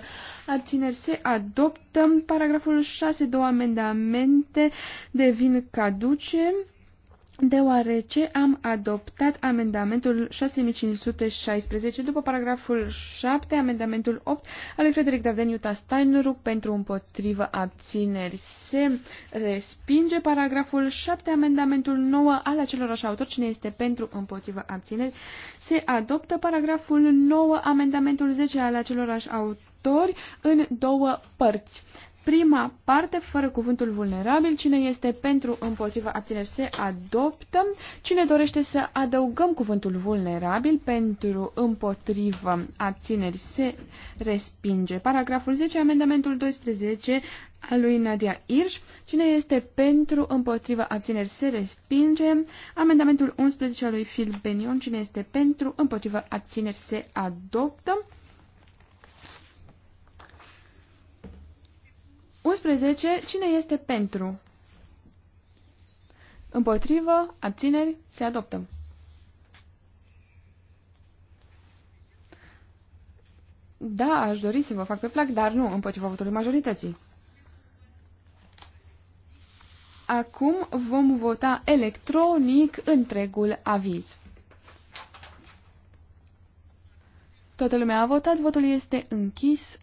A: abțineri se adoptă. Paragraful 6, două amendamente devin caduce deoarece am adoptat amendamentul 6516 după paragraful 7, amendamentul 8 al lui Frederic Darden Iuta Steinruck pentru împotrivă abțineri. Se respinge paragraful 7, amendamentul 9 al acelorași autor, cine este pentru împotrivă abțineri. Se adoptă paragraful 9, amendamentul 10 al acelorași autor autori în două părți. Prima parte, fără cuvântul vulnerabil, cine este pentru împotriva abține se adoptă. Cine dorește să adăugăm cuvântul vulnerabil pentru împotriva abțineri se respinge. Paragraful 10, amendamentul 12 al lui Nadia Irș. Cine este pentru împotriva abțineri se respinge. Amendamentul 11 al lui Phil Benion. Cine este pentru împotriva abțineri se adoptă. 11. Cine este pentru? Împotrivă, abțineri, se adoptă. Da, aș dori să vă fac pe plac, dar nu, împotriva votului majorității. Acum vom vota electronic întregul aviz. Toată lumea a votat, votul este închis.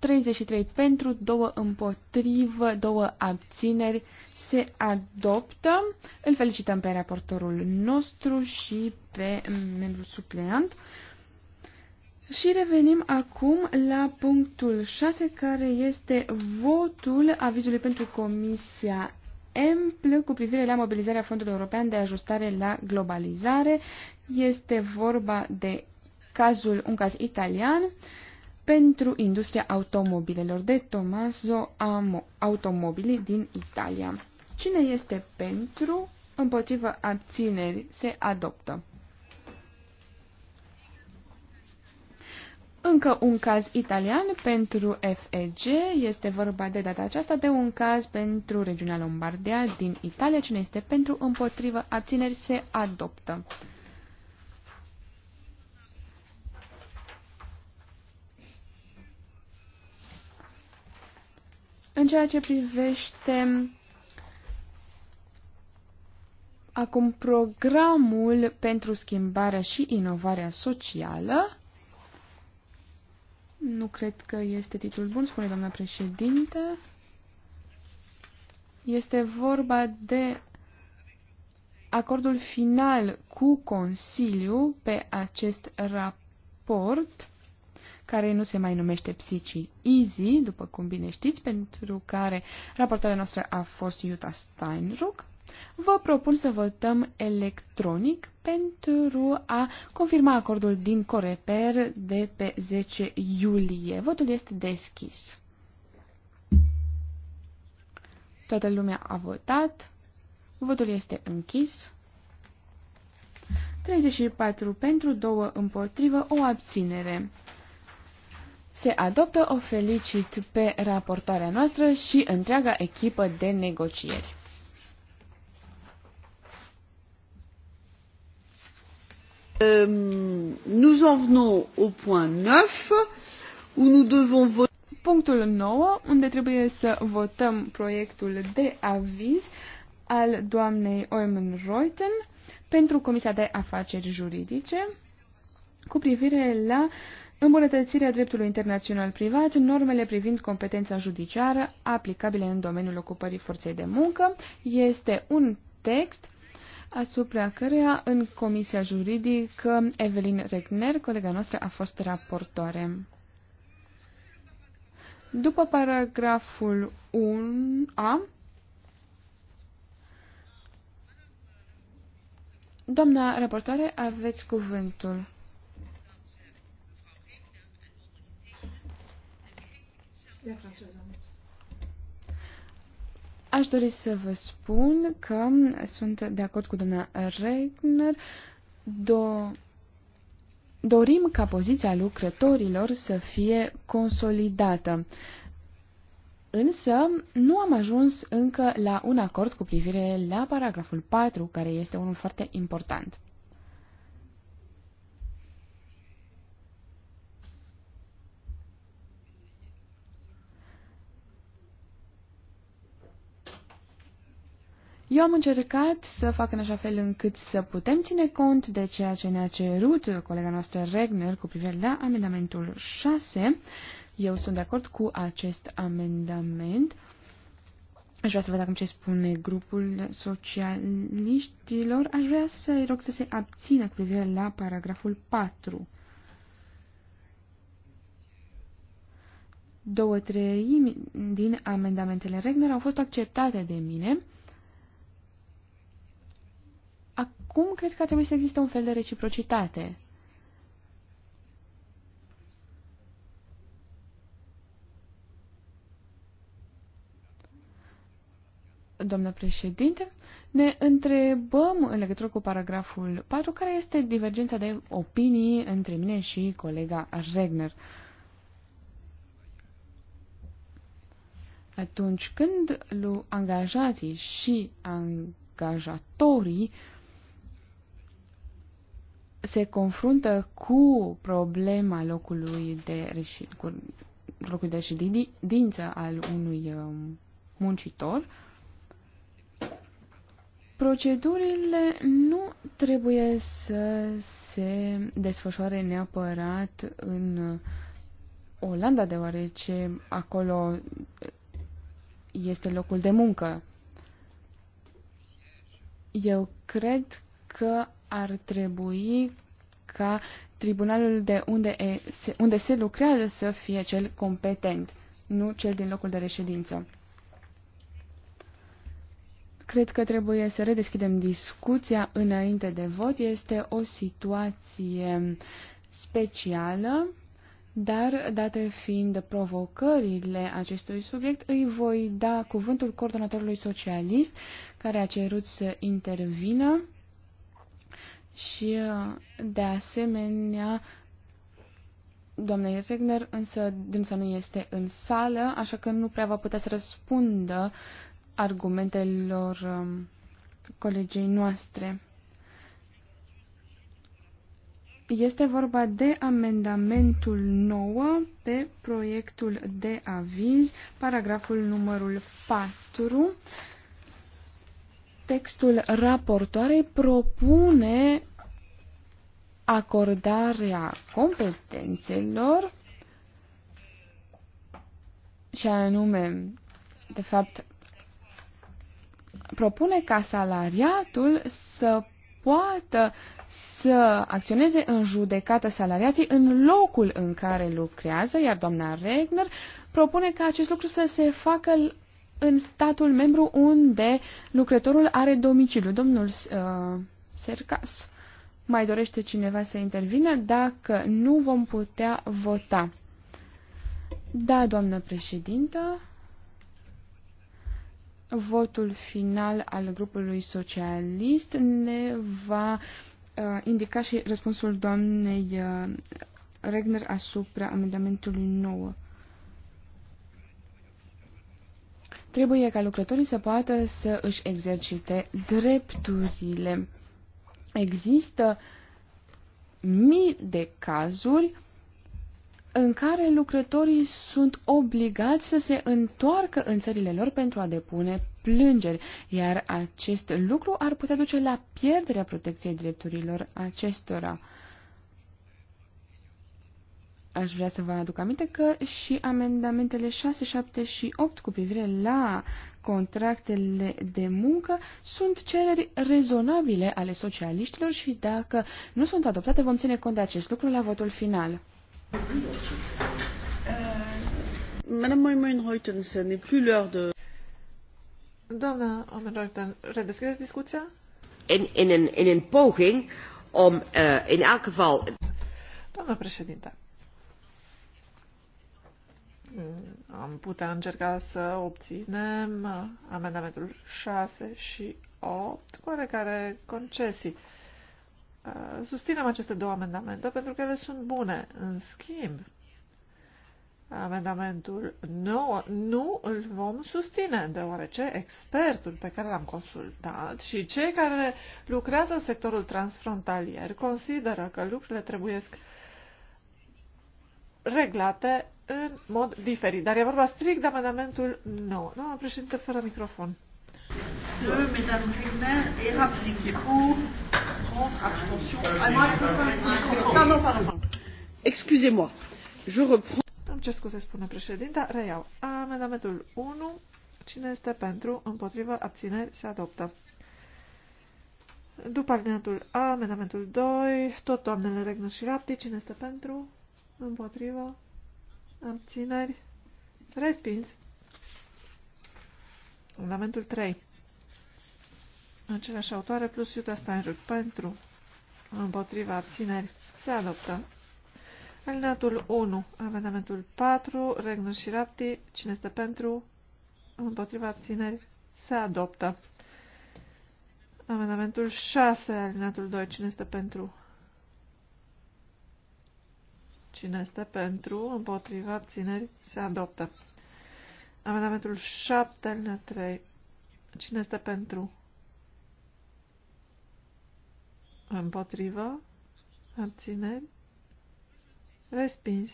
A: 33 pentru, 2 împotrivă, 2 abțineri se adoptă. Îl felicităm pe raportorul nostru și pe membrul supleant. Și revenim acum la punctul 6, care este votul avizului pentru Comisia EMPL cu privire la mobilizarea Fondului European de Ajustare la Globalizare. Este vorba de cazul, un caz italian. Uh, pentru industria automobilelor de Tommaso Amo, Automobili din Italia. Cine este pentru, împotrivă abțineri, se adoptă. Încă un caz italian pentru FEG, este vorba de data aceasta de un caz pentru regiunea Lombardia din Italia, cine este pentru, împotrivă, abțineri, se adoptă. În ceea ce privește acum programul pentru schimbarea și inovarea socială, nu cred că este titlul bun, spune doamna președinte. Este vorba de acordul final cu Consiliu pe acest raport care nu se mai numește Psici Easy, după cum bine știți, pentru care raportarea noastră a fost Utah Steinruck. Vă propun să votăm electronic pentru a confirma acordul din Coreper de pe 10 iulie. Votul este deschis. Toată lumea a votat. Votul este închis. 34 pentru, 2 împotrivă, o abținere se adoptă, o felicit pe raportoarea noastră și întreaga echipă de negocieri. Ehm, nous en venons au point 9 où nous devons voter. Punctul 9, unde trebuie să votăm proiectul de aviz al doamnei Oemen Reuten pentru Comisia de Afaceri Juridice cu privire la uh, îmbunătățirea dreptului internațional privat, normele privind competența judiciară aplicabile în domeniul ocupării forței de muncă, este un text asupra căreia în Comisia Juridică Evelyn Regner, colega noastră, a fost raportoare. După paragraful 1a, doamna raportoare, aveți cuvântul. Aș dori să vă spun că sunt de acord cu doamna Regner. Do dorim ca poziția lucrătorilor să fie consolidată. Însă, nu am ajuns încă la un acord cu privire la paragraful 4, care este unul foarte important. Eu am încercat să fac în așa fel încât să putem ține cont de ceea ce ne-a cerut colega noastră Regner cu privire la amendamentul 6. Eu sunt de acord cu acest amendament. Aș vrea să văd acum ce spune grupul socialiștilor. Aș vrea să-i rog să se abțină cu privire la paragraful 4. Două treimi din amendamentele Regner au fost acceptate de mine acum cred că ar trebui să existe un fel de reciprocitate. Doamna președinte, ne întrebăm în legătură cu paragraful 4 care este divergența de opinii între mine și colega Regner. Atunci când angajații și angajatorii uh, se confruntă cu problema locului de, reși, cu locul de reședință al unui um, muncitor, procedurile nu trebuie să se desfășoare neapărat în Olanda, deoarece acolo este locul de muncă. Eu cred că ar trebui ca tribunalul de unde, e, unde se lucrează să fie cel competent, nu cel din locul de reședință. Cred că trebuie să redeschidem discuția înainte de vot. Este o situație specială, dar, date fiind provocările acestui subiect, îi voi da cuvântul coordonatorului socialist care a cerut să intervină și, uh, de asemenea, doamna Regner, însă dânsa nu este în sală, așa că nu prea va putea să răspundă argumentelor um, colegii noastre. Este vorba de amendamentul 9 pe proiectul de aviz, paragraful numărul 4 textul raportoarei propune acordarea competențelor și anume, de fapt, propune ca salariatul să poată să acționeze în judecată salariații în locul în care lucrează, iar doamna Regner propune ca acest lucru să se facă în statul membru unde lucrătorul are domiciliu. Domnul uh, Sercas, mai dorește cineva să intervină? Dacă nu, vom putea vota. Da, doamnă președintă. Votul final al grupului socialist ne va uh, indica și răspunsul doamnei uh, Regner asupra amendamentului 9. Trebuie ca lucrătorii să poată să își exercite drepturile. Există mii de cazuri în care lucrătorii sunt obligați să se întoarcă în țările lor pentru a depune plângeri, iar acest lucru ar putea duce la pierderea protecției drepturilor acestora aș vrea să vă aduc aminte că și amendamentele 6, 7 și 8 cu privire la contractele de muncă sunt cereri rezonabile ale socialiștilor și dacă nu sunt adoptate vom ține cont de acest lucru la votul final. Uh,
B: Doamna Omenreuten, redeschideți
A: discuția? In, in, in, in een poging om uh, in elk geval...
B: Doamna președinte,
A: Mm, am
B: putea încerca să obținem amendamentul 6 și 8 cu oarecare concesii. Uh, susținem aceste două amendamente pentru că ele sunt bune. În schimb, amendamentul 9 nu îl vom susține, deoarece expertul pe care l-am consultat și cei care lucrează în sectorul transfrontalier consideră că lucrurile trebuie reglate în mod diferit. Dar e vorba strict de amendamentul 9. Doamna președinte, fără microfon. Excusez-moi, je reprends. Îmi cer scuze, spune președinta, reiau. Amendamentul 1, cine este pentru, împotrivă, abțineri, se adoptă. După alineatul A, amendamentul 2, tot doamnele Regnă și Rapti, cine este pentru, împotrivă, abțineri, respins. Fundamentul 3. Aceleași autoare plus Iuta Steinruck pentru împotriva abțineri se adoptă. Alinatul 1, amendamentul 4, Regnul și Rapti, cine este pentru, împotriva abțineri, se adoptă. Amendamentul 6, alinatul 2, cine este pentru, Cine este pentru, împotriva, abțineri, se adoptă. Amendamentul 7, linia 3. Cine este pentru? Împotrivă? abțineri, respins.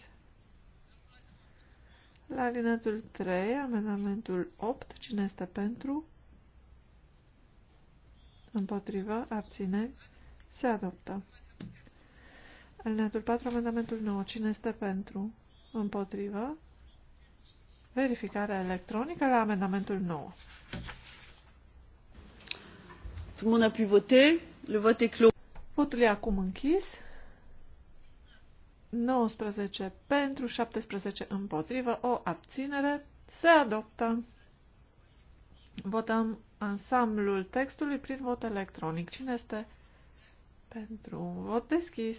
B: La alineatul 3, amendamentul 8, cine este pentru? Împotriva, abțineri, se adoptă. Alineatul 4, amendamentul 9. Cine este pentru? Împotrivă. Verificarea electronică la amendamentul 9. Tout le monde a pu voter. Le vote est clos. Votul e acum închis. 19 pentru, 17 împotrivă, o abținere. Se adoptă. Votăm ansamblul textului prin vot electronic. Cine este pentru vot deschis?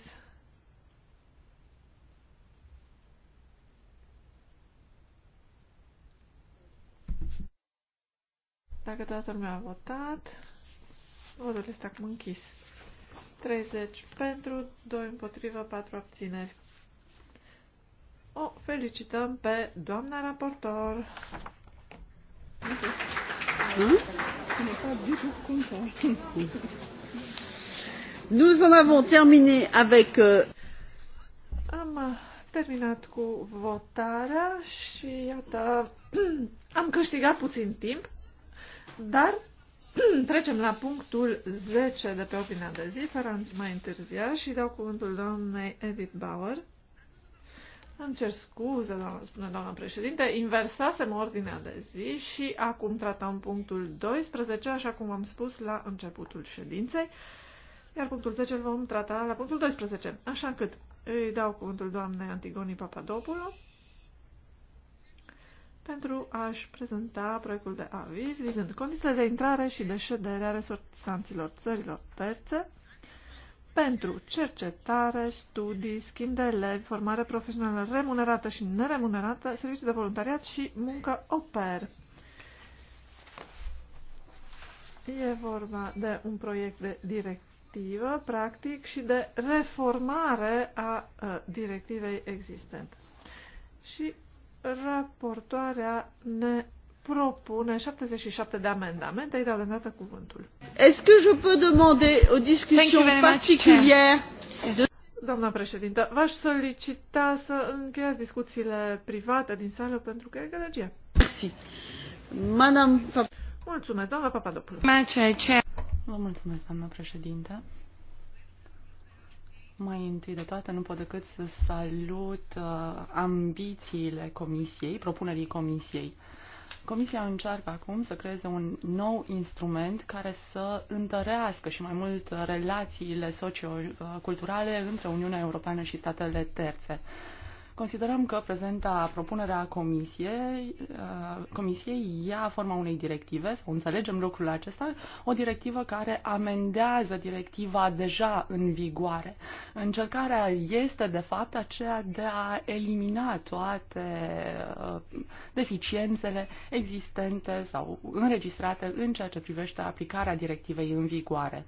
B: Dacă toată lumea a votat, votul este acum închis. 30 pentru, 2 împotriva, 4 abțineri. O felicităm pe doamna raportor.
C: Nous en avons terminé avec... Euh,
B: am terminat cu votarea și iată, (clears throat) am câștigat puțin timp. Dar (clears throat) trecem la punctul 10 de pe ordinea de zi, fără mai întârzia, și dau cuvântul doamnei Edith Bauer. Îmi cer scuze, doamna, spune doamna președinte, inversasem ordinea de zi și acum tratăm punctul 12, așa cum am spus la începutul ședinței, iar punctul 10 îl vom trata la punctul 12, așa încât îi dau cuvântul doamnei Antigonii Papadopoulou pentru a-și prezenta proiectul de aviz vizând condițiile de intrare și de ședere a resortisanților țărilor terțe pentru cercetare, studii, schimb de elevi, formare profesională remunerată și neremunerată, serviciu de voluntariat și muncă oper. E vorba de un proiect de directivă, practic, și de reformare a, a directivei existente. Și Raportoarea ne propune 77 de amendamente. Îi dau de dată cuvântul. Est-ce que je peux demander o discussion particulière Doamna președintă, v-aș solicita să încheiați discuțiile private din sală pentru că e gălăgie.
A: Merci. Madame...
B: Mulțumesc, doamna Papadopoulou.
C: Vă mulțumesc, doamna președintă. Mai întâi de toate, nu pot decât să salut uh, ambițiile comisiei, propunerii comisiei. Comisia încearcă acum să creeze un nou instrument care să întărească și mai mult relațiile socioculturale uh, între Uniunea Europeană și statele terțe. Uh, Considerăm că prezenta propunerea comisiei, uh, comisiei ia forma unei directive, sau înțelegem lucrul acesta, o directivă care amendează directiva deja în vigoare. Încercarea este, de fapt, aceea de a elimina toate uh, deficiențele existente sau înregistrate în ceea ce privește aplicarea directivei în vigoare.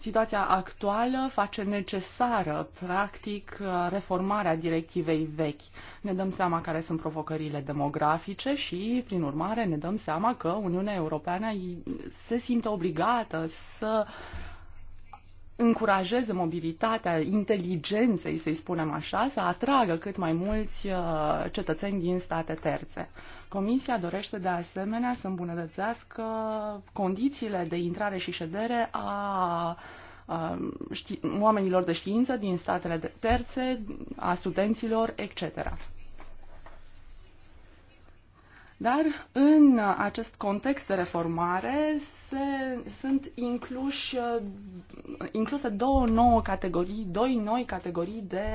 C: Situația actuală face necesară, practic, reformarea directivei vechi. Ne dăm seama care sunt provocările demografice și, prin urmare, ne dăm seama că Uniunea Europeană se simte obligată să uh, încurajeze mobilitatea inteligenței, să-i spunem așa, să atragă cât mai mulți uh, cetățeni din state terțe. Comisia dorește de asemenea să îmbunătățească condițiile de intrare și ședere a uh, oamenilor de știință din statele terțe, a studenților, etc. Dar în acest context de reformare se, sunt incluși, incluse două nouă categorii, doi noi categorii de,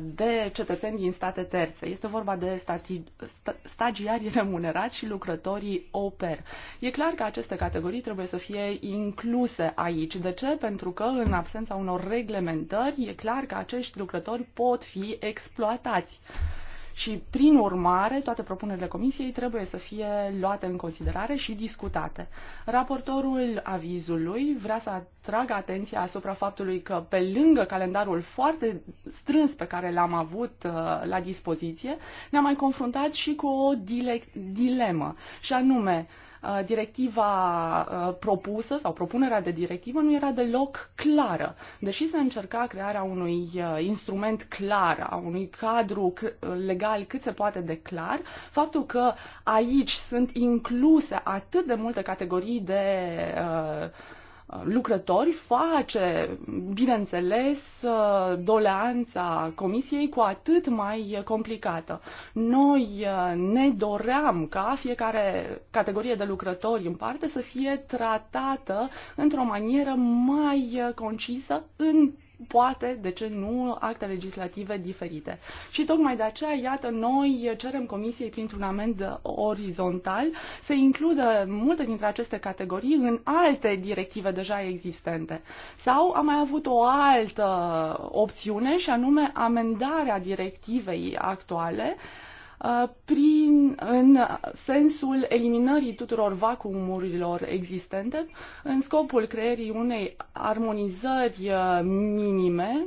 C: de cetățeni din state terțe. Este vorba de stati, sta, stagiarii remunerați și lucrătorii au pair. E clar că aceste categorii trebuie să fie incluse aici. De ce? Pentru că în absența unor reglementări e clar că acești lucrători pot fi exploatați. Uh, și, prin urmare, toate propunerile comisiei trebuie să fie luate în considerare și discutate. Raportorul avizului vrea să atragă atenția asupra faptului că, pe lângă calendarul foarte strâns pe care l-am avut uh, la dispoziție, ne-am mai confruntat și cu o dilemă, și anume, Uh, directiva uh, propusă sau propunerea de directivă nu era deloc clară. Deși se încerca crearea unui uh, instrument clar, a unui cadru legal cât se poate de clar, faptul că aici sunt incluse atât de multe categorii de uh, lucrători face, bineînțeles, uh, doleanța comisiei cu atât mai complicată. Noi uh, ne doream ca fiecare categorie de lucrători în parte să fie tratată într-o manieră mai concisă în poate, de ce nu, acte legislative diferite. Și tocmai de aceea, iată, noi cerem Comisiei printr-un amend orizontal să includă multe dintre aceste categorii în alte directive deja existente. Sau am mai avut o altă opțiune și anume amendarea directivei actuale uh, Uh, prin, în sensul eliminării tuturor vacuumurilor existente, în scopul creierii unei armonizări uh, minime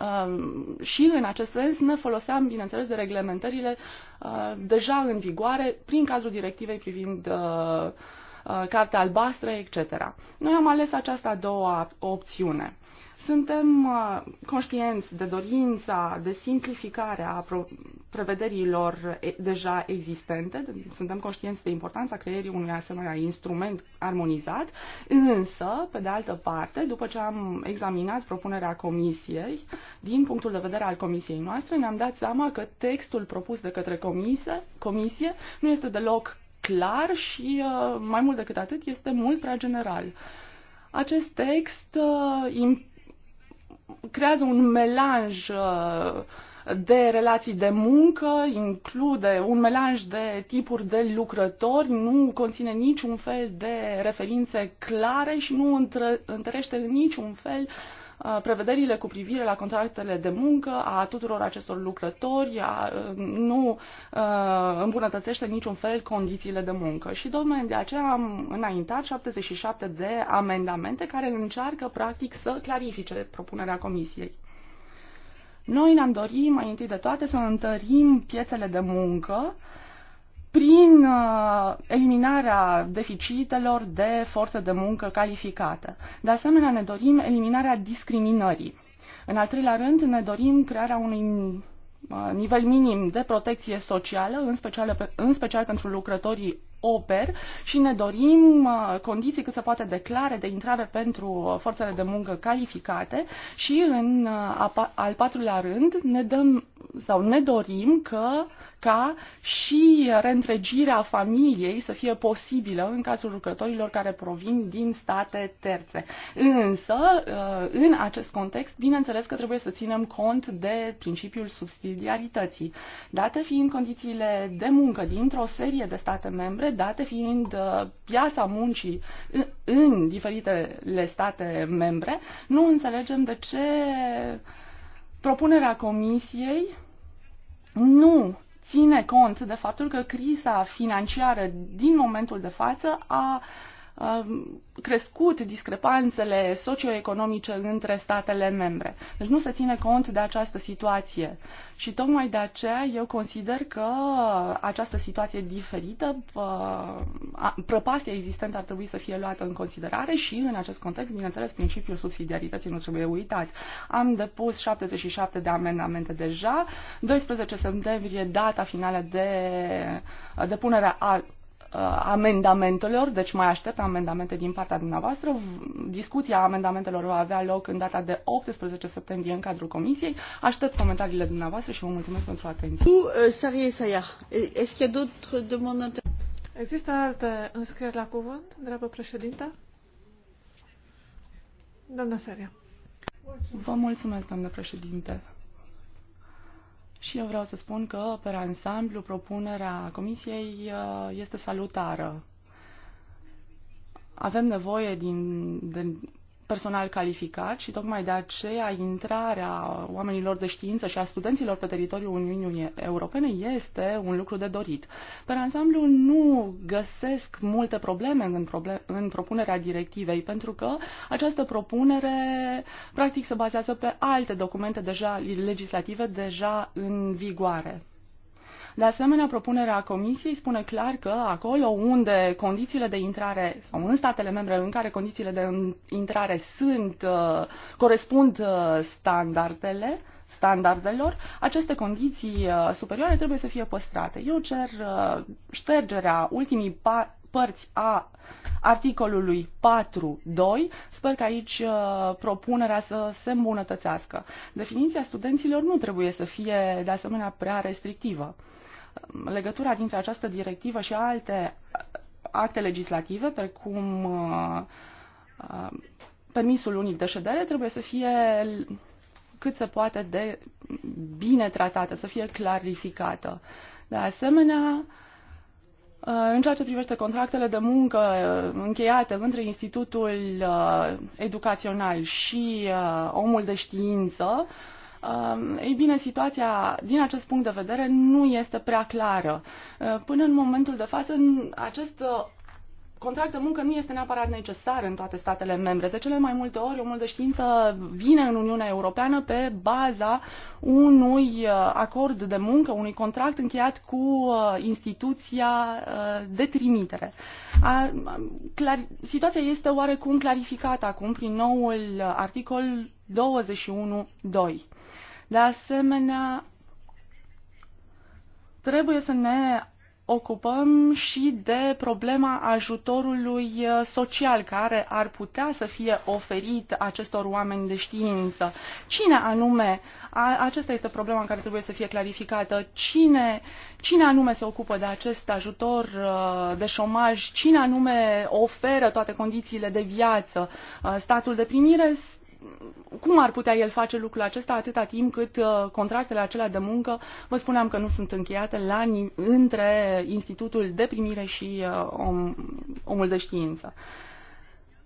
C: uh, și în acest sens ne foloseam, bineînțeles, de reglementările deja în vigoare prin cazul directivei privind cartea albastră, etc. Noi am ales această a doua opțiune. Suntem uh, conștienți de dorința de simplificare a prevederilor deja existente, suntem conștienți de importanța creierii unui asemenea instrument armonizat, însă, pe de altă parte, după ce am examinat propunerea comisiei, din punctul de vedere al comisiei noastre, ne-am dat seama că textul propus de către comise, comisie nu este deloc clar și, uh, mai mult decât atât, este mult prea general. Acest text uh, creează un melanj uh, de relații de muncă, include un melanj de tipuri de lucrători, nu conține niciun fel de referințe clare și nu întărește în niciun fel Uh, prevederile cu privire la contractele de muncă a tuturor acestor lucrători uh, nu uh, îmbunătățește în niciun fel condițiile de muncă. Și domnule, de aceea am înaintat 77 de amendamente care încearcă practic să clarifice propunerea Comisiei. Noi ne-am dorit mai întâi de toate să întărim piețele de muncă uh, prin uh, eliminarea deficitelor de forță de muncă calificată. De asemenea, ne dorim eliminarea discriminării. În al treilea rând, ne dorim crearea unui uh, nivel minim de protecție socială, în special, în special pentru lucrătorii oper și ne dorim uh, condiții cât se poate declare de intrare pentru uh, forțele de muncă calificate și în uh, al patrulea rând ne dăm sau ne dorim că ca și reîntregirea familiei să fie posibilă în cazul lucrătorilor care provin din state terțe. Însă, în acest context, bineînțeles că trebuie să ținem cont de principiul subsidiarității. Date fiind condițiile de muncă dintr-o serie de state membre, date fiind uh, piața muncii în diferitele state membre, nu înțelegem de ce propunerea Comisiei nu ține cont de faptul că criza financiară din momentul de față a uh, Um, crescut discrepanțele socioeconomice între statele membre. Deci nu se ține cont de această situație. Și tocmai de aceea eu consider că această situație diferită, uh, prăpastia existentă ar trebui să fie luată în considerare și în acest context, bineînțeles, principiul subsidiarității nu trebuie uitat. Am depus 77 de amendamente deja, 12 septembrie data finală de uh, depunere a Uh, amendamentelor, deci mai aștept amendamente din partea dumneavoastră. Discuția amendamentelor va avea loc în data de 18 septembrie în cadrul comisiei. Aștept comentariile dumneavoastră și vă mulțumesc pentru atenție.
B: Uh, Există alte înscrieri la cuvânt, dragă președinte? Doamna Saria.
C: Vă mulțumesc, doamnă președinte. Și eu vreau să spun că, pe ansamblu, propunerea Comisiei uh, este salutară. Avem nevoie din, de personal calificat și tocmai de aceea intrarea oamenilor de știință și a studenților pe teritoriul Uniunii Europene este un lucru de dorit. Pe ansamblu nu găsesc multe probleme în, proble- în propunerea directivei pentru că această propunere practic se bazează pe alte documente deja legislative deja în vigoare. De asemenea, propunerea Comisiei spune clar că acolo unde condițiile de intrare sau în statele membre în care condițiile de intrare sunt uh, corespund uh, standardele, standardelor, aceste condiții uh, superioare trebuie să fie păstrate. Eu cer ștergerea ultimii pa- părți a articolului 4.2. Sper că aici propunerea să se îmbunătățească. Definiția studenților nu trebuie să fie de asemenea prea restrictivă legătura dintre această directivă și alte acte legislative, precum uh, permisul unic de ședere, trebuie să fie cât se poate de bine tratată, să fie clarificată. De asemenea, uh, în ceea ce privește contractele de muncă uh, încheiate între Institutul Educațional și omul de știință, Um, ei bine, situația din acest punct de vedere nu este prea clară. Uh, până în momentul de față, acest uh, contract de muncă nu este neapărat necesar în toate statele membre. De cele mai multe ori, omul de știință vine în Uniunea Europeană pe baza unui uh, acord de muncă, unui contract încheiat cu uh, instituția uh, de trimitere. A, clar, situația este oarecum clarificată acum prin noul articol 21.2. De asemenea, trebuie să ne ocupăm și de problema ajutorului uh, social care ar putea să fie oferit acestor oameni de știință. Cine anume, aceasta este problema care trebuie să fie clarificată, cine, cine anume se ocupă de acest ajutor uh, de șomaj, cine anume oferă toate condițiile de viață, uh, statul de primire cum ar putea el face lucrul acesta atâta timp cât uh, contractele acelea de muncă, vă spuneam că nu sunt încheiate la, între institutul de primire și uh, om, omul de știință.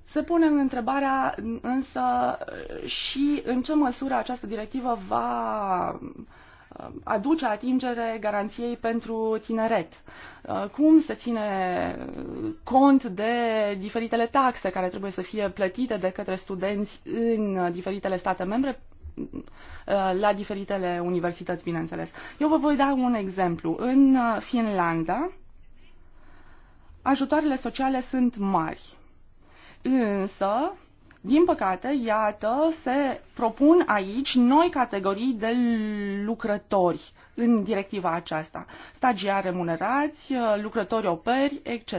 C: Se pune în întrebarea însă și în ce măsură această directivă va aduce atingere garanției pentru tineret? Uh, cum se ține cont de diferitele taxe care trebuie să fie plătite de către studenți în diferitele state membre uh, la diferitele universități, bineînțeles. Eu vă voi da un exemplu. În uh, Finlanda, ajutoarele sociale sunt mari, însă din păcate, iată, se propun aici noi categorii de lucrători în directiva aceasta. stagiar, remunerați, lucrători operi, etc.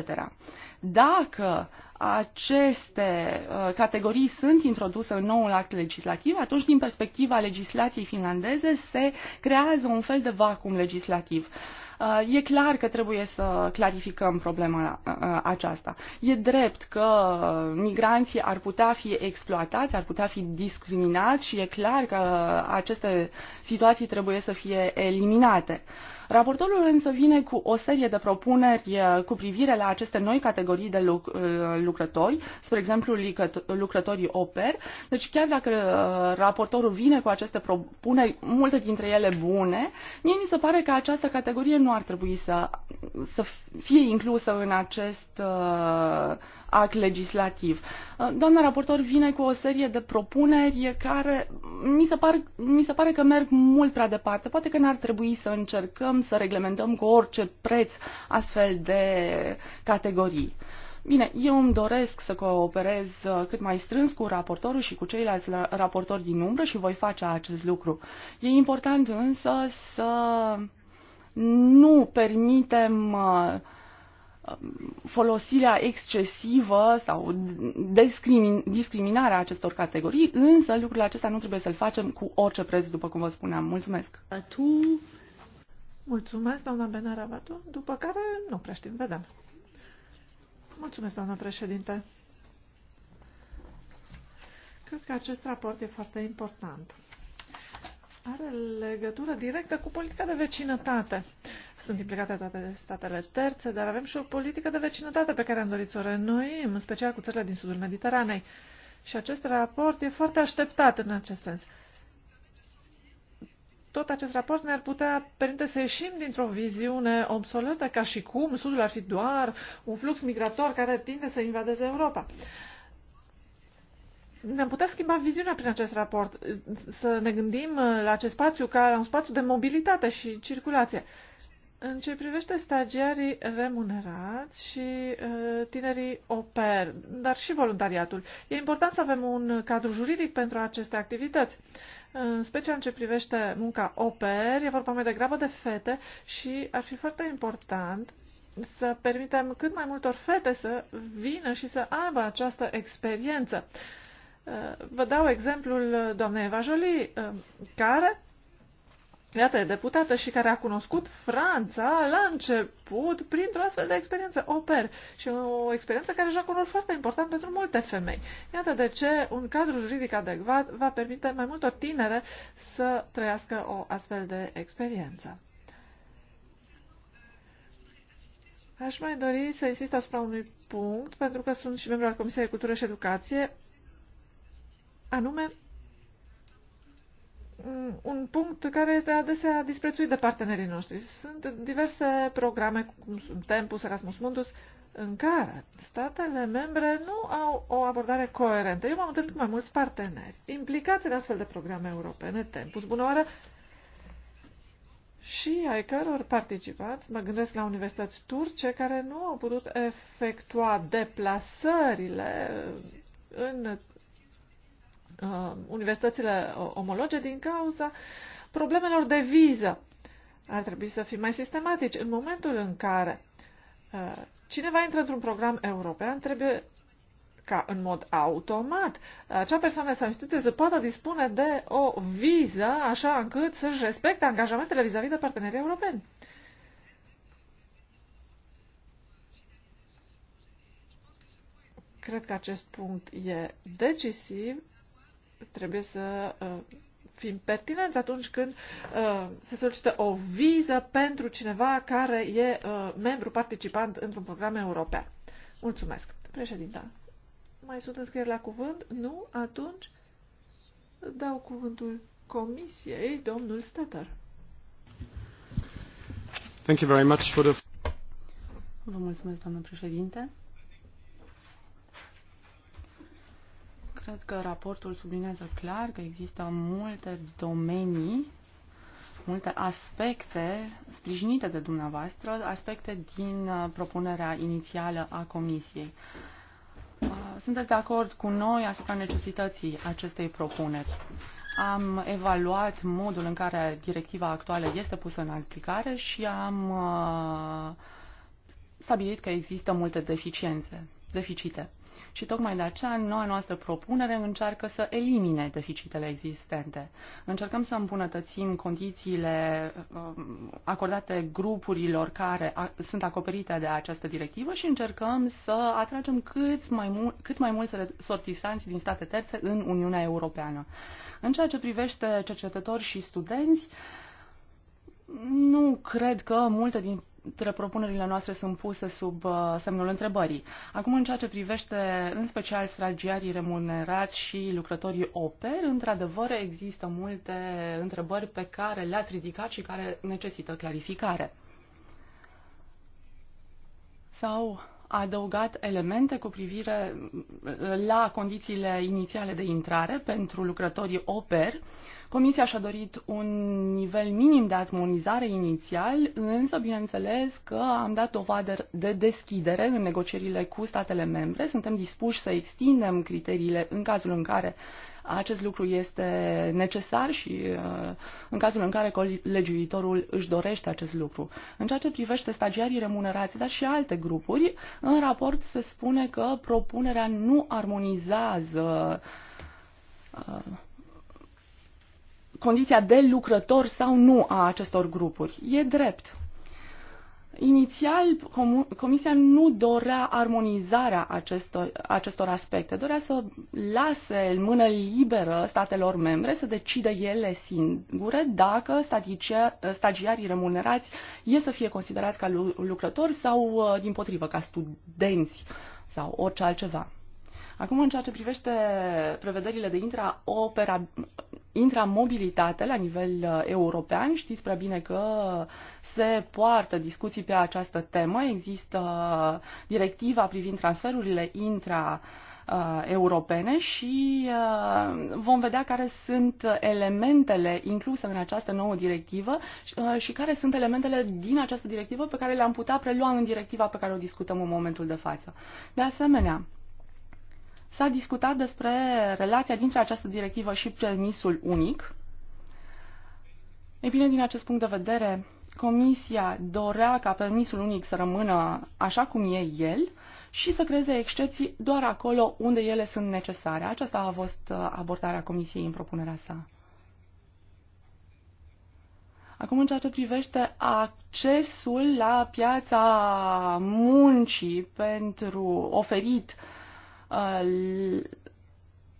C: Dacă aceste uh, categorii sunt introduse în noul act legislativ, atunci din perspectiva legislației finlandeze se creează un fel de vacuum legislativ. Uh, Uh, e clar că trebuie să clarificăm problema uh, uh, aceasta. E drept că migranții ar putea fi exploatați, ar putea fi discriminați și e clar că aceste situații trebuie să fie eliminate. Uh, Raportorul însă vine cu o serie de propuneri eh, cu privire la aceste noi categorii de eh, lucrători, spre exemplu lucrătorii oper. Deci chiar dacă eh, raportorul vine cu aceste propuneri, multe dintre ele bune, mie mi se pare că această categorie nu ar trebui să, să fie inclusă în acest act legislativ. Uh, doamna raportor vine cu o serie de propuneri care mi se, par, mi se pare că merg mult prea departe. Poate că n-ar trebui să încercăm să reglementăm cu orice preț astfel de categorii. Bine, eu îmi doresc să cooperez uh, cât mai strâns cu raportorul și cu ceilalți raportori din umbră și voi face acest lucru. E important însă să nu permitem uh, folosirea excesivă sau discriminarea acestor categorii, însă lucrul acesta nu trebuie să-l facem cu orice preț, după cum vă spuneam. Mulțumesc!
B: Tu... Mulțumesc, doamna Benaravatu, după care nu prea știm, vedem. Mulțumesc, doamna președinte. Cred că acest raport e foarte important are legătură directă cu politica de vecinătate. Sunt implicate toate statele terțe, dar avem și o politică de vecinătate pe care am dorit să o renoim, în special cu țările din sudul Mediteranei. Și acest raport e foarte așteptat în acest sens. Tot acest raport ne-ar putea permite să ieșim dintr-o viziune obsoletă, ca și cum Sudul ar fi doar un flux migrator care tinde să invadeze Europa. Uh, ne-am putea schimba viziunea prin acest raport, să ne gândim uh, la acest spațiu ca la un spațiu de mobilitate și circulație. În ce privește stagiarii remunerați și uh, tinerii oper, dar și voluntariatul, e important să avem un cadru juridic pentru aceste activități. În special în ce privește munca oper, e vorba mai degrabă de fete și ar fi foarte important să permitem cât mai multor fete să vină și să aibă această experiență. Uh, Vă dau exemplul doamnei Eva Jolie, care, iată, e deputată și care a cunoscut Franța la început printr-o astfel de experiență au pair și o experiență care joacă un rol foarte important pentru multe femei. Iată de ce un cadru juridic adecvat va permite mai multor tinere să trăiască o astfel de experiență. Aș mai dori să insist asupra unui punct, pentru că sunt și membru al Comisiei de Cultură și Educație anume mm, un punct care este adesea disprețuit de partenerii noștri. Sunt diverse programe, cum sunt Tempus, Erasmus Mundus, în care statele membre nu au o abordare coerentă. Eu m-am întâlnit cu mai mulți parteneri implicați în astfel de programe europene, Tempus, bună oară, și ai căror participați, mă gândesc la universități turce, care nu au putut efectua deplasările în Uh, universitățile omologe din cauza problemelor de viză. Ar trebui să fim mai sistematici. În momentul în care uh, cineva intră într-un program european, trebuie ca în mod automat uh, acea persoană sau instituție să poată dispune de o viză așa încât să-și respecte angajamentele vis-a-vis -vis de partenerii europeni. Cred că acest punct e decisiv trebuie să uh, fim pertinenți atunci când uh, se solicită o viză pentru cineva care e uh, membru participant într-un program european. Mulțumesc. Președinta, mai sunt înscrieri la cuvânt? Nu? Atunci dau cuvântul Comisiei, domnul Stetter.
D: Thank you very much for the...
C: Vă mulțumesc, doamnă președinte. Cred că raportul sublinează clar că există multe domenii, multe aspecte sprijinite de dumneavoastră, aspecte din uh, propunerea inițială a Comisiei. Uh, sunteți de acord cu noi asupra necesității acestei propuneri? Am evaluat modul în care directiva actuală este pusă în aplicare și am uh, stabilit că există multe deficiențe, deficite. Și tocmai de aceea noua noastră propunere încearcă să elimine deficitele existente. Încercăm să îmbunătățim condițiile um, acordate grupurilor care sunt acoperite de această directivă și încercăm să atragem cât mai, mul- cât mai mulți sortisanți din state terțe în Uniunea Europeană. În ceea ce privește cercetători și studenți, nu cred că multe din dintre propunerile noastre sunt puse sub uh, semnul întrebării. Acum, în ceea ce privește în special stragiarii remunerați și lucrătorii OPER, într-adevăr există multe întrebări pe care le-ați ridicat și care necesită clarificare. Sau adăugat elemente cu privire uh, la condițiile inițiale de intrare pentru lucrătorii OPER, Comisia și-a dorit un nivel minim de armonizare inițial, însă, bineînțeles, că am dat dovadă de deschidere în negocierile cu statele membre. Suntem dispuși să extindem criteriile în cazul în care acest lucru este necesar și uh, în cazul în care legiuitorul își dorește acest lucru. În ceea ce privește stagiarii remunerați, dar și alte grupuri, în raport se spune că propunerea nu armonizează uh, condiția de lucrător sau nu a acestor grupuri. E drept. Inițial, com Comisia nu dorea armonizarea acestor, acestor aspecte, dorea să lase în mână liberă statelor membre să decidă ele singure dacă stagiarii remunerați e să fie considerați ca lucrători sau, uh, din potrivă, ca studenți sau orice altceva. Acum, în ceea ce privește prevederile de intraopera, intramobilitate la nivel uh, european, știți prea bine că se poartă discuții pe această temă. Există directiva privind transferurile intra uh, europene și uh, vom vedea care sunt elementele incluse în această nouă directivă și care sunt elementele din această directivă pe care le-am putea prelua în directiva pe care o discutăm în momentul de față. De asemenea, S-a discutat despre relația dintre această directivă și permisul unic. Ei bine, din acest punct de vedere, Comisia dorea ca permisul unic să rămână așa cum e el și să creeze excepții doar acolo unde ele sunt necesare. Aceasta a fost uh, abordarea Comisiei în propunerea sa. Acum, în ceea ce privește accesul la piața muncii pentru oferit uh, Uh,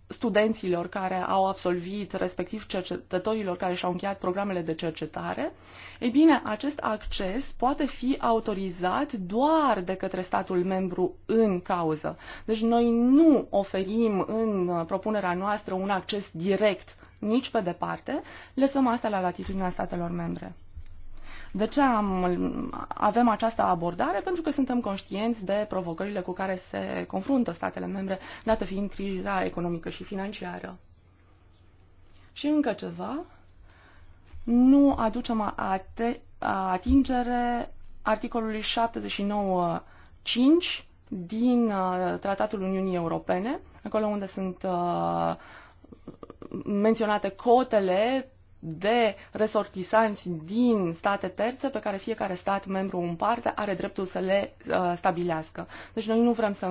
C: studenților care au absolvit, respectiv cercetătorilor care și-au încheiat programele de cercetare, ei bine, acest acces poate fi autorizat doar de către statul membru în cauză. Deci noi nu oferim în propunerea noastră un acces direct nici pe departe, lăsăm asta la latitudinea statelor membre. De ce am, avem această abordare? Pentru că suntem conștienți de provocările cu care se confruntă statele membre, dată fiind criza economică și financiară. Și încă ceva, nu aducem atingere articolului 79.5 din uh, Tratatul Uniunii Europene, acolo unde sunt uh, menționate cotele de resortisanți din state terțe pe care fiecare stat membru în parte are dreptul să le uh, stabilească. Deci noi nu vrem să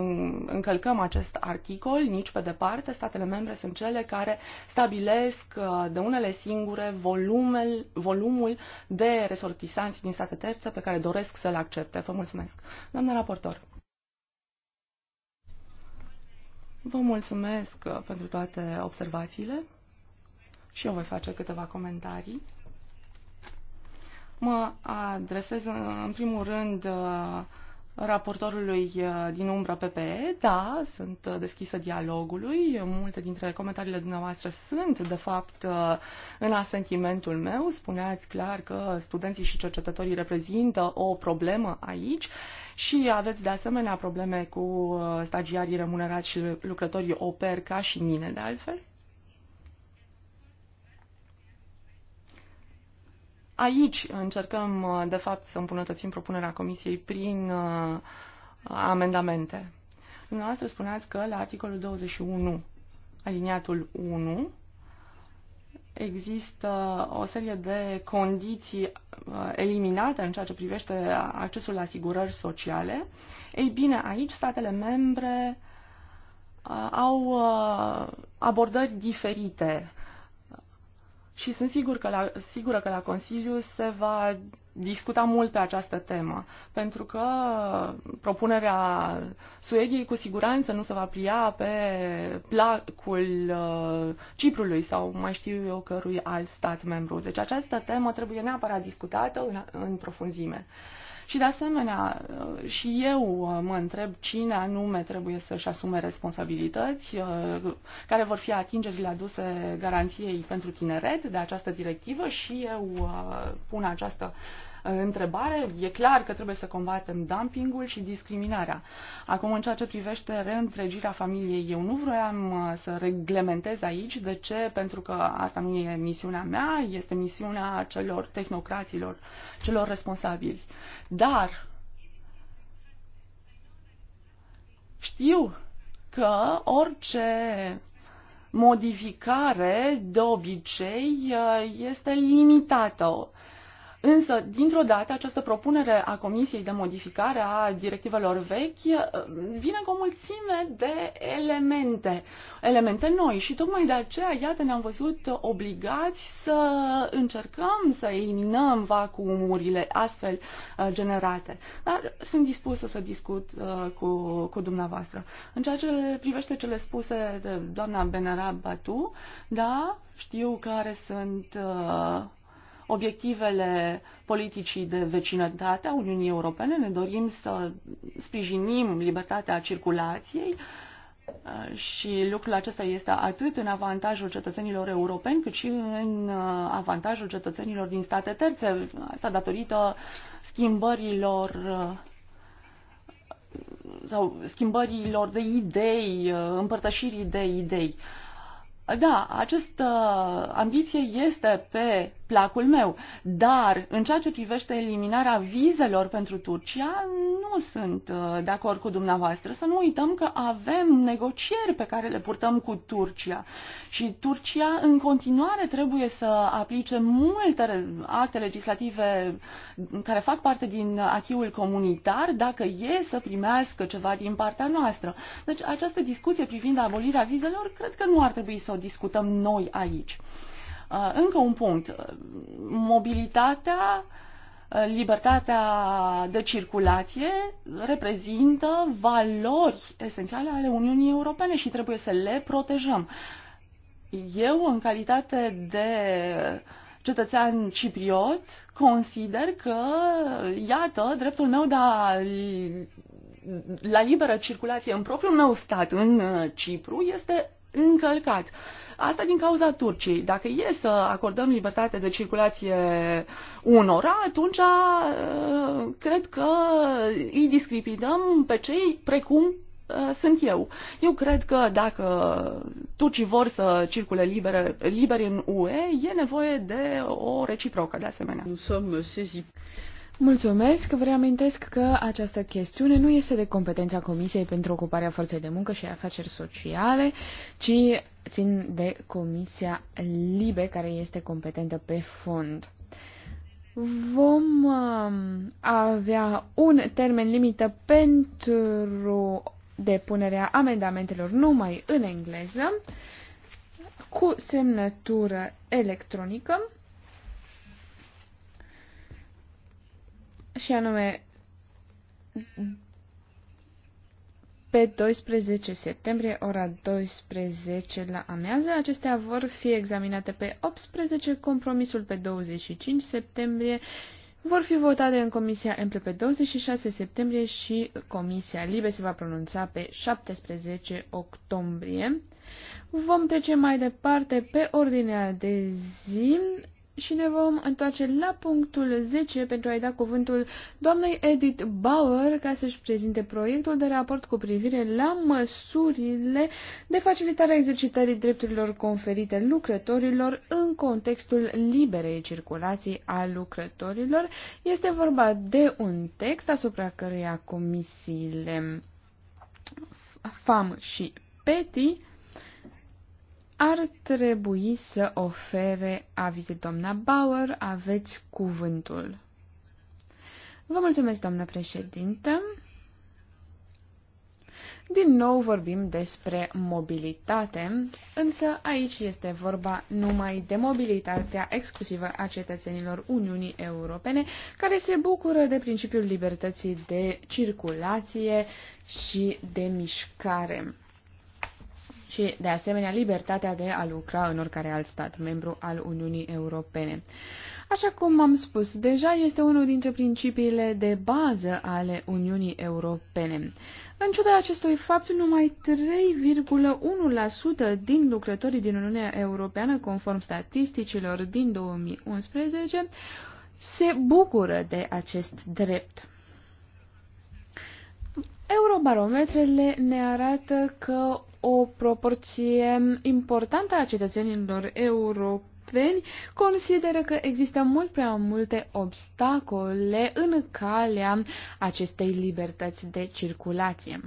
C: încălcăm acest articol nici pe departe. Statele membre sunt cele care stabilesc uh, de unele singure volumel, volumul de resortisanți din state terțe pe care doresc să le accepte. Vă mulțumesc. Doamne raportor. Vă mulțumesc uh, pentru toate observațiile. Și eu voi face câteva comentarii. Mă adresez în primul rând raportorului uh, din umbra PPE. Da, sunt deschisă dialogului. Multe dintre comentariile dumneavoastră sunt, de fapt, uh, în asentimentul meu. Spuneați clar că studenții și cercetătorii reprezintă o problemă aici și aveți de asemenea probleme cu uh, stagiarii remunerați și lucrătorii oper ca și mine, de altfel. Aici încercăm, uh, de fapt, să îmbunătățim propunerea Comisiei prin uh, amendamente. Dumneavoastră spuneați că la articolul 21, aliniatul 1, există o serie de condiții uh, eliminate în ceea ce privește accesul la asigurări sociale. Ei bine, aici statele membre au abordări diferite și sunt sigur că la, sigură că la Consiliu se va discuta mult pe această temă, pentru că propunerea Suediei cu siguranță nu se va plia pe placul uh, Ciprului sau mai știu eu cărui alt stat membru. Deci această temă trebuie neapărat discutată în, în profunzime. Uh, și de asemenea, uh, și eu uh, mă întreb cine anume trebuie să-și asume responsabilități, uh, care vor fi atingerile aduse garanției pentru tineret de această directivă și eu pun această întrebare. E clar că trebuie să combatem dumpingul și discriminarea. Acum, în ceea ce privește reîntregirea familiei, eu nu vroiam uh, să reglementez aici. De ce? Pentru că asta nu e misiunea mea, este misiunea celor tehnocraților, celor responsabili. Dar știu că orice modificare de obicei uh, este limitată. Însă, dintr-o dată, această propunere a Comisiei de modificare a directivelor vechi uh, vine cu o mulțime de elemente, elemente noi și tocmai de aceea, iată, ne-am văzut obligați să încercăm să eliminăm vacuumurile astfel uh, generate. Dar sunt dispusă să discut uh, cu, cu dumneavoastră. În ceea ce privește cele spuse de doamna Benarab Batu, da, știu care sunt uh, obiectivele politicii de vecinătate a Uniunii Europene. Ne dorim să sprijinim libertatea circulației uh, și lucrul acesta este atât în avantajul cetățenilor europeni, cât și în uh, avantajul cetățenilor din state terțe. Asta datorită schimbărilor uh, sau schimbărilor de idei, împărtășirii de idei. Da, această ambiție este pe placul meu. Dar, în ceea ce privește eliminarea vizelor pentru Turcia, nu sunt uh, de acord cu dumneavoastră. Să nu uităm că avem negocieri pe care le purtăm cu Turcia. Și Turcia, în continuare, trebuie să aplice multe acte legislative care fac parte din achiul comunitar, dacă e să primească ceva din partea noastră. Deci, această discuție privind abolirea vizelor, cred că nu ar trebui să o discutăm noi aici. Uh, încă un punct. Uh, mobilitatea, uh, libertatea de circulație reprezintă valori esențiale ale Uniunii Europene și trebuie să le protejăm. Eu, în calitate de cetățean cipriot, consider că, iată, dreptul meu de a la liberă circulație în propriul meu stat, în Cipru, este încălcat. Asta din cauza Turciei. Dacă e să acordăm libertate de circulație unora, atunci uh, cred că îi discriminăm pe cei precum uh, sunt eu. Eu cred că dacă turcii vor să circule libere, liber în UE, e nevoie de o reciprocă de asemenea.
A: Mulțumesc. Vă reamintesc că această chestiune nu este de competența Comisiei pentru Ocuparea Forței de Muncă și Afaceri Sociale, ci țin de Comisia LIBE, care este competentă pe fond. Vom um, avea un termen limită pentru depunerea amendamentelor numai în engleză, cu semnătură electronică și anume pe 12 septembrie, ora 12 la amează, Acestea vor fi examinate pe 18, compromisul pe 25 septembrie, vor fi votate în Comisia Emple pe 26 septembrie și Comisia Libe se va pronunța pe 17 octombrie. Vom trece mai departe pe ordinea de zi și ne vom întoarce la punctul 10 pentru a-i da cuvântul doamnei Edith Bauer ca să-și prezinte proiectul de raport cu privire la măsurile de facilitare a exercitării drepturilor conferite lucrătorilor în contextul liberei circulații a lucrătorilor. Este vorba de un text asupra căruia comisiile FAM și PETI ar trebui să ofere avize doamna Bauer, aveți cuvântul. Vă mulțumesc, doamnă președintă. Din nou vorbim despre mobilitate, însă aici este vorba numai de mobilitatea exclusivă a cetățenilor Uniunii Europene, care se bucură de principiul libertății de circulație și de mișcare și, de asemenea, libertatea de a lucra în oricare alt stat membru al Uniunii Europene. Așa cum am spus, deja este unul dintre principiile de bază ale Uniunii Europene. În ciuda acestui fapt, numai 3,1% din lucrătorii din Uniunea Europeană, conform statisticilor din 2011, se bucură de acest drept. Eurobarometrele ne arată că o proporție importantă a cetățenilor europeni consideră că există mult prea multe obstacole în calea acestei libertăți de circulație.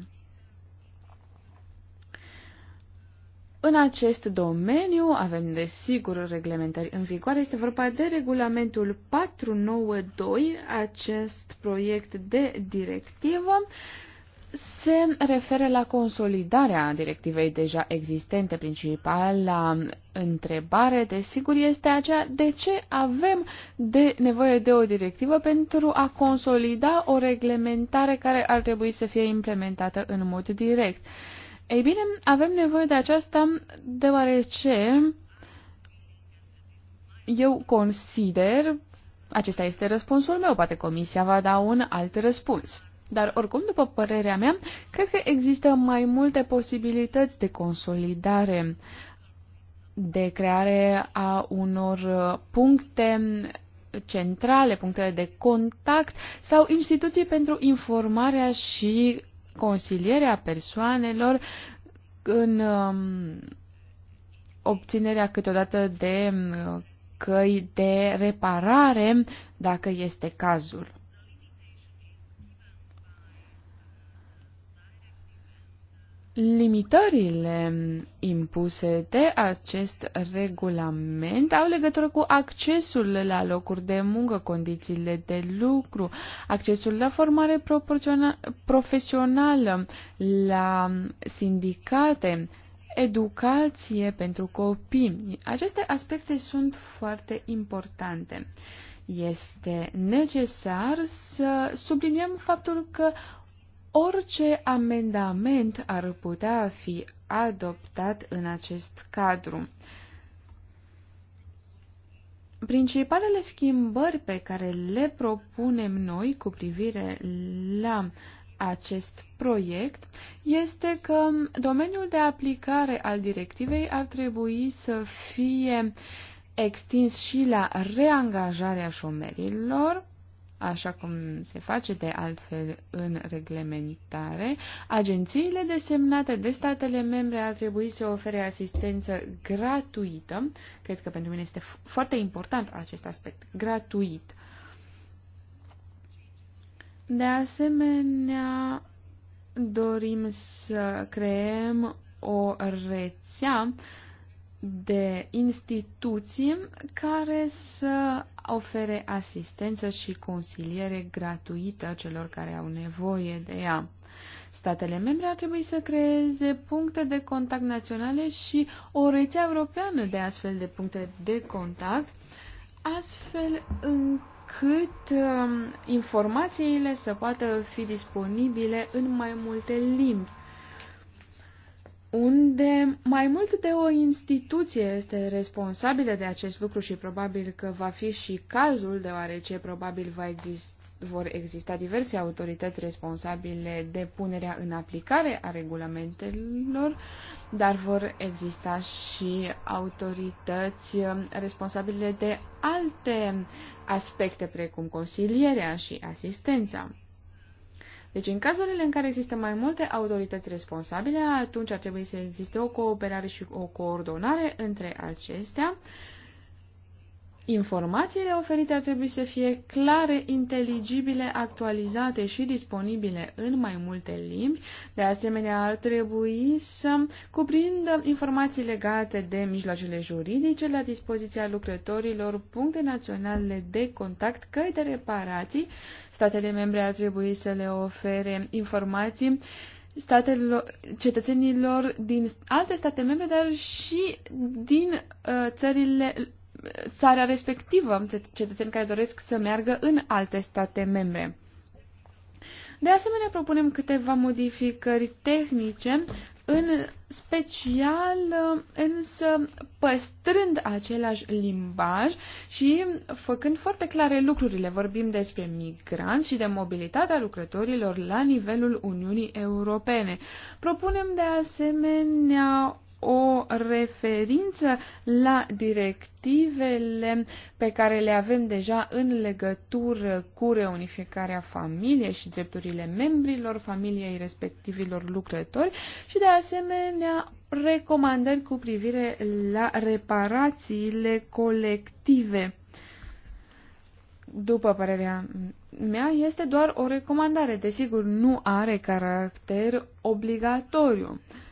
A: În acest domeniu avem desigur reglementări în vigoare. Este vorba de regulamentul 492, acest proiect de directivă se referă la consolidarea directivei deja existente. Principala întrebare, desigur, este aceea de ce avem de nevoie de o directivă pentru a consolida o reglementare care ar trebui să fie implementată în mod direct. Ei bine, avem nevoie de aceasta deoarece eu consider, acesta este răspunsul meu, poate comisia va da un alt răspuns. Dar oricum, după părerea mea, cred că există mai multe posibilități de consolidare, de creare a unor uh, puncte centrale, punctele de contact sau instituții pentru informarea și consilierea persoanelor în um, obținerea câteodată de uh, căi de reparare, dacă este cazul. Limitările impuse de acest regulament au legătură cu accesul la locuri de muncă, condițiile de lucru, accesul la formare profesională, la sindicate, educație pentru copii. Aceste aspecte sunt foarte importante. Este necesar să subliniem faptul că Orice amendament ar putea fi adoptat în acest cadru. Principalele schimbări pe care le propunem noi cu privire la acest proiect este că domeniul de aplicare al directivei ar trebui să fie extins și la reangajarea șomerilor, așa cum se face de altfel în reglementare, agențiile desemnate de statele membre ar trebui să ofere asistență gratuită. Cred că pentru mine este foarte important acest aspect, gratuit. De asemenea, dorim să creăm o rețea uh, de instituții care să ofere asistență și consiliere gratuită celor care au nevoie de ea. Statele membre ar trebui să creeze puncte de contact naționale și o rețea europeană de astfel de puncte de contact, astfel încât um, informațiile să poată fi disponibile în mai multe limbi unde mai mult de o instituție este responsabilă de acest lucru și probabil că va fi și cazul, deoarece probabil va exist, vor exista diverse autorități responsabile de punerea în aplicare a regulamentelor, dar vor exista și autorități responsabile de alte aspecte, precum consilierea și asistența. Deci, în cazurile în care există mai multe autorități responsabile, atunci ar trebui să existe o cooperare și o coordonare între acestea Informațiile oferite ar trebui să fie clare, inteligibile, actualizate și disponibile în mai multe limbi. De asemenea, ar trebui să cuprindă informații legate de mijloacele juridice la dispoziția lucrătorilor, puncte naționale de contact, căi de reparații. Statele membre ar trebui să le ofere informații statelor, cetățenilor din alte state membre, dar și din uh, țările țara respectivă, cetățeni care doresc să meargă în alte state membre. De asemenea, propunem câteva modificări tehnice, în special însă păstrând același limbaj și făcând foarte clare lucrurile. Vorbim despre migranți și de mobilitatea lucrătorilor la nivelul Uniunii Europene. Propunem de asemenea o referință la directivele pe care le avem deja în legătură cu reunificarea familiei și drepturile membrilor familiei respectivilor lucrători și de asemenea recomandări cu privire la reparațiile colective. După părerea mea, este doar o recomandare, desigur, nu are caracter obligatoriu. Uh,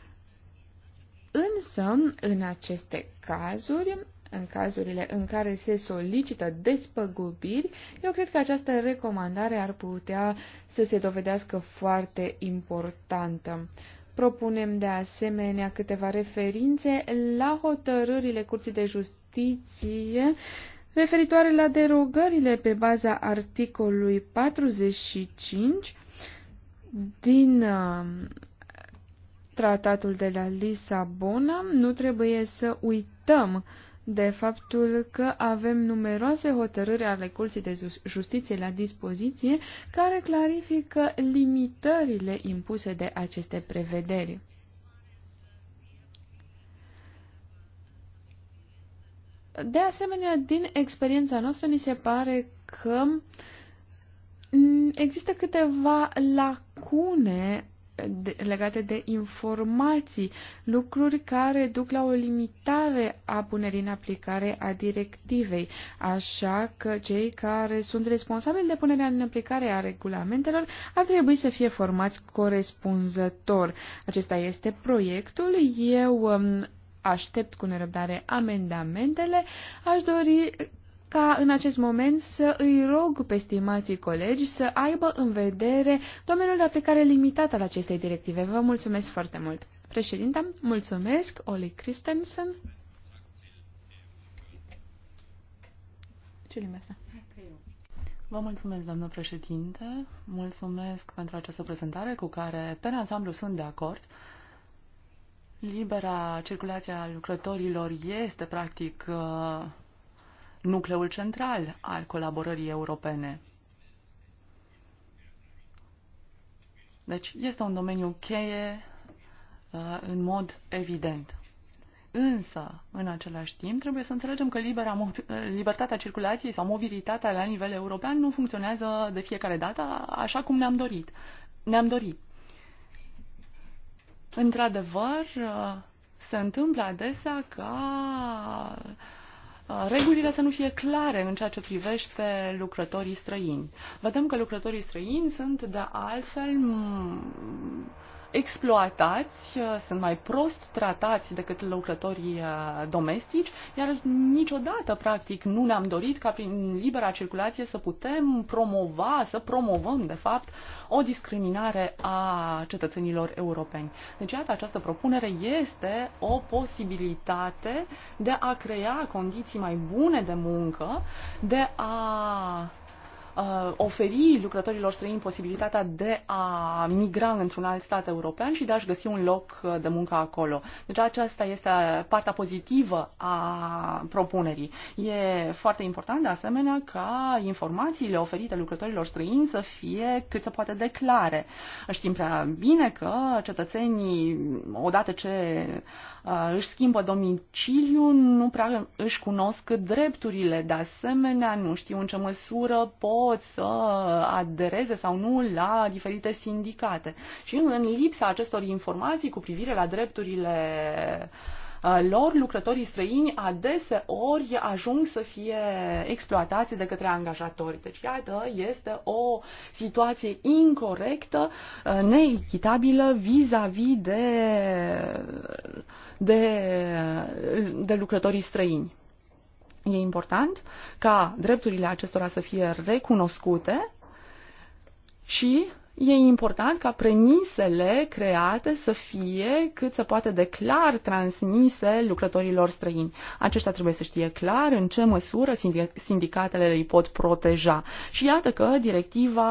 A: Însă, în aceste cazuri, în cazurile în care se solicită despăgubiri, eu cred că această recomandare ar putea să se dovedească foarte importantă. Propunem de asemenea câteva referințe la hotărârile Curții de Justiție referitoare la derogările pe baza articolului 45 din uh, tratatul de la Lisabona, nu trebuie să uităm de faptul că avem numeroase hotărâri ale Curții de Justiție la dispoziție care clarifică limitările impuse de aceste prevederi. De asemenea, din experiența noastră, ni se pare că există câteva lacune de, legate de informații, lucruri care duc la o limitare a punerii în aplicare a directivei. Așa că cei care sunt responsabili de punerea în aplicare a regulamentelor ar trebui să fie formați corespunzător. Acesta este proiectul. Eu um, aștept cu nerăbdare amendamentele. Aș dori ca în acest moment să îi rog pe stimații colegi să aibă în vedere domeniul de aplicare limitat al acestei directive. Vă mulțumesc foarte mult. Președinte, mulțumesc, Oli Christensen. Ce limba Vă mulțumesc, doamnă președinte.
C: Mulțumesc pentru această prezentare cu care, pe ansamblu, sunt de acord. Libera circulație a lucrătorilor este, practic, uh, nucleul central al colaborării europene. Deci este un domeniu cheie uh, în mod evident. Însă, în același timp, trebuie să înțelegem că libera, libertatea circulației sau mobilitatea la nivel european nu funcționează de fiecare dată așa cum ne-am dorit. Ne-am dorit. Într-adevăr, uh, se întâmplă adesea ca Uh, regulile să nu fie clare în ceea ce privește lucrătorii străini. Vedem că lucrătorii străini sunt de altfel exploatați, uh, sunt mai prost tratați decât lucrătorii uh, domestici, iar niciodată, practic, nu ne-am dorit ca prin libera circulație să putem promova, să promovăm, de fapt, o discriminare a cetățenilor europeni. Deci, iată, această propunere este o posibilitate de a crea condiții mai bune de muncă, de a uh, oferi lucrătorilor străini posibilitatea de a migra într-un alt stat european și de a-și găsi un loc uh, de muncă acolo. Deci aceasta este partea pozitivă a propunerii. E foarte important, de asemenea, ca informațiile oferite lucrătorilor străini să fie cât se poate de clare. Știm prea bine că cetățenii, odată ce uh, își schimbă domiciliu, nu prea își cunosc drepturile. De asemenea, nu știu în ce măsură pot pot să adereze sau nu la diferite sindicate. Și în lipsa acestor informații cu privire la drepturile uh, lor, lucrătorii străini adeseori ajung să fie exploatați de către angajatori. Deci, iată, este o situație incorrectă, uh, neechitabilă vis-a-vis -vis de, de, de lucrătorii străini. E important ca drepturile acestora să fie recunoscute și e important ca premisele create să fie cât se poate de clar transmise lucrătorilor străini. Aceștia trebuie să știe clar în ce măsură sindicatele îi pot proteja. Și iată că directiva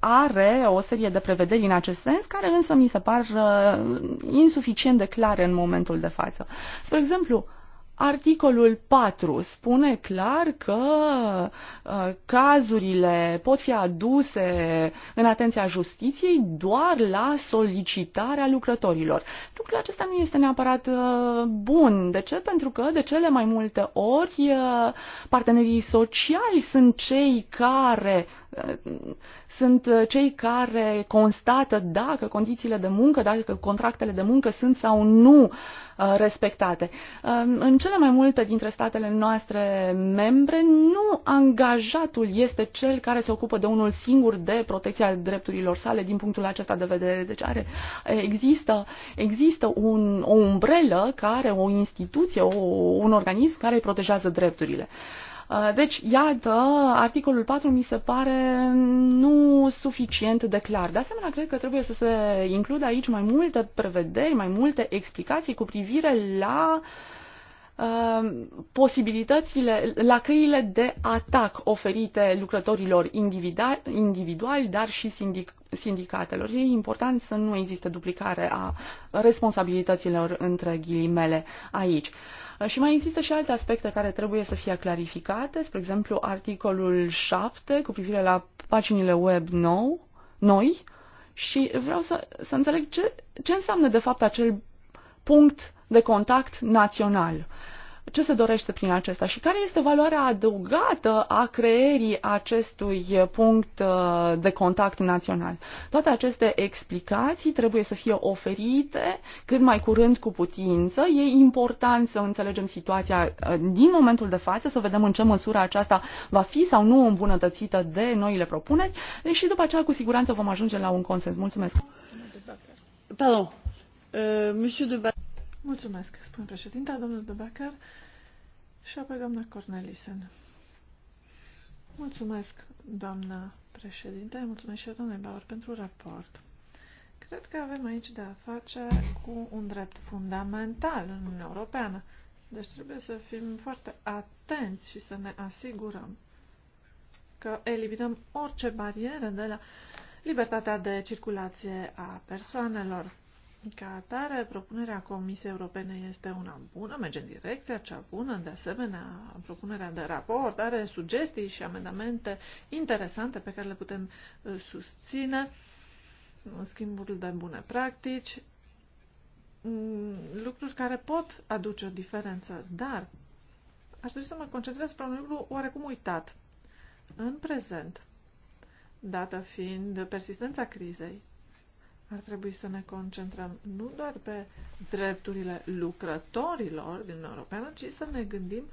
C: are o serie de prevederi în acest sens, care însă mi se par uh, insuficient de clare în momentul de față. Spre exemplu, Articolul 4 spune clar că uh, cazurile pot fi aduse în atenția justiției doar la solicitarea lucrătorilor. Lucrul acesta nu este neapărat uh, bun. De ce? Pentru că de cele mai multe ori uh, partenerii sociali sunt cei care sunt cei care constată dacă condițiile de muncă, dacă contractele de muncă sunt sau nu uh, respectate. Um, în cele mai multe dintre statele noastre membre, nu angajatul este cel care se ocupă de unul singur de protecția drepturilor sale din punctul acesta de vedere. Deci are, există, există un, o umbrelă care, o instituție, o, un organism care îi protejează drepturile. Uh, Uh, deci, iată, articolul 4 mi se pare nu suficient de clar. De asemenea, cred că trebuie să se includă aici mai multe prevederi, mai multe explicații cu privire la uh, Um, posibilitățile, la căile de atac oferite lucrătorilor individuali, individual, dar și sindic, sindicatelor. E important să nu existe duplicare a responsabilităților între ghilimele aici. Uh, și mai există și alte aspecte care trebuie să fie clarificate, spre exemplu articolul 7 cu privire la paginile web nou, noi și vreau să, să înțeleg ce, ce înseamnă de fapt acel punct de contact național. Ce se dorește prin acesta și care este valoarea adăugată a creierii acestui punct uh, de contact național? Toate aceste explicații trebuie să fie oferite cât mai curând cu putință. E important să înțelegem situația uh, din momentul de față, să vedem în ce măsură aceasta va fi sau nu îmbunătățită de noile propuneri deci și după aceea cu siguranță vom ajunge la un consens. Mulțumesc! Pardon.
B: Uh, mulțumesc, spune președinta, domnul de Bacar și apoi doamna Cornelisen. Mulțumesc, doamna președinte, mulțumesc și doamnei Bauer pentru raport. Cred că avem aici de a face cu un drept fundamental în Uniunea Europeană. Deci trebuie să fim foarte atenți și să ne asigurăm că eliminăm orice barieră de la libertatea de circulație a persoanelor. Ca atare, propunerea Comisiei Europene este una bună, merge în direcția cea bună, de asemenea, propunerea de raport are sugestii și amendamente interesante pe care le putem uh, susține, în schimbul de bune practici, mm, lucruri care pot aduce o diferență, dar aș dori să mă concentrez pe un lucru oarecum uitat. În prezent, dată fiind persistența crizei, ar trebui să ne concentrăm nu doar pe drepturile lucrătorilor din Europeană, ci să ne gândim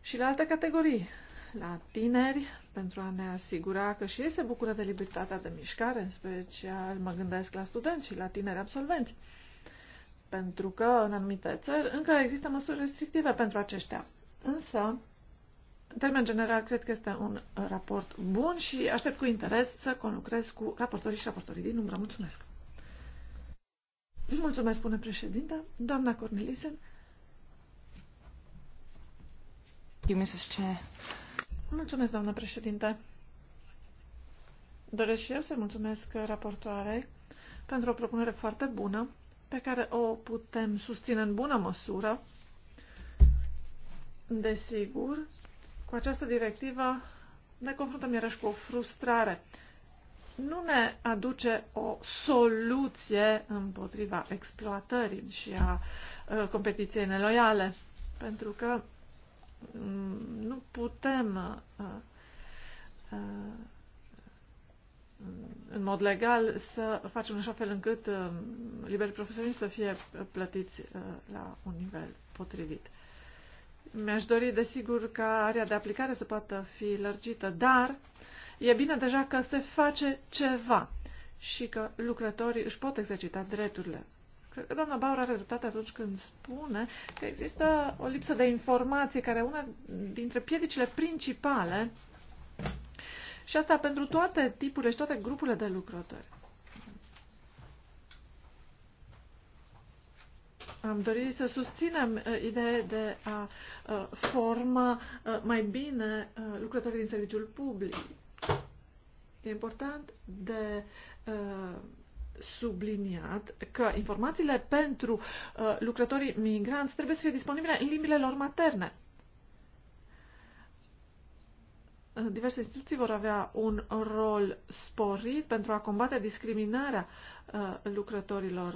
B: și la alte categorii, la tineri, pentru a ne asigura că și ei se bucură de libertatea de mișcare, în special mă gândesc la studenți și la tineri absolvenți, pentru că în anumite țări încă există măsuri restrictive pentru aceștia. Însă, în termen general, cred că este un uh, raport bun și aștept cu interes să conlucrez cu raportorii și raportorii din umbra. Mulțumesc! Mulțumesc, spune președinte. Doamna Cornelisen. Mulțumesc, doamna președinte. Doresc și eu să mulțumesc raportoarei pentru o propunere foarte bună pe care o putem susține în bună măsură. Desigur, cu această directivă ne confruntăm iarăși cu o frustrare. Nu ne aduce o soluție împotriva exploatării și a ă, competiției neloiale, pentru că mm, nu putem ă, ă, în mod legal să facem așa fel încât liberii profesioniști să fie plătiți la un nivel potrivit. Mi-aș dori, desigur, ca area de aplicare să poată fi lărgită, dar e bine deja că se face ceva și că lucrătorii își pot exercita drepturile. Cred că doamna Baur are dreptate atunci când spune că există o lipsă de informație care una dintre piedicile principale și asta pentru toate tipurile și toate grupurile de lucrători. Am dorit să susținem uh, ideea de a uh, forma uh, mai bine lucrătorii din serviciul public. E important de subliniat că informațiile pentru lucrătorii migranți trebuie să fie disponibile în limbile lor materne diverse instituții vor avea un rol sporit pentru a combate discriminarea lucrătorilor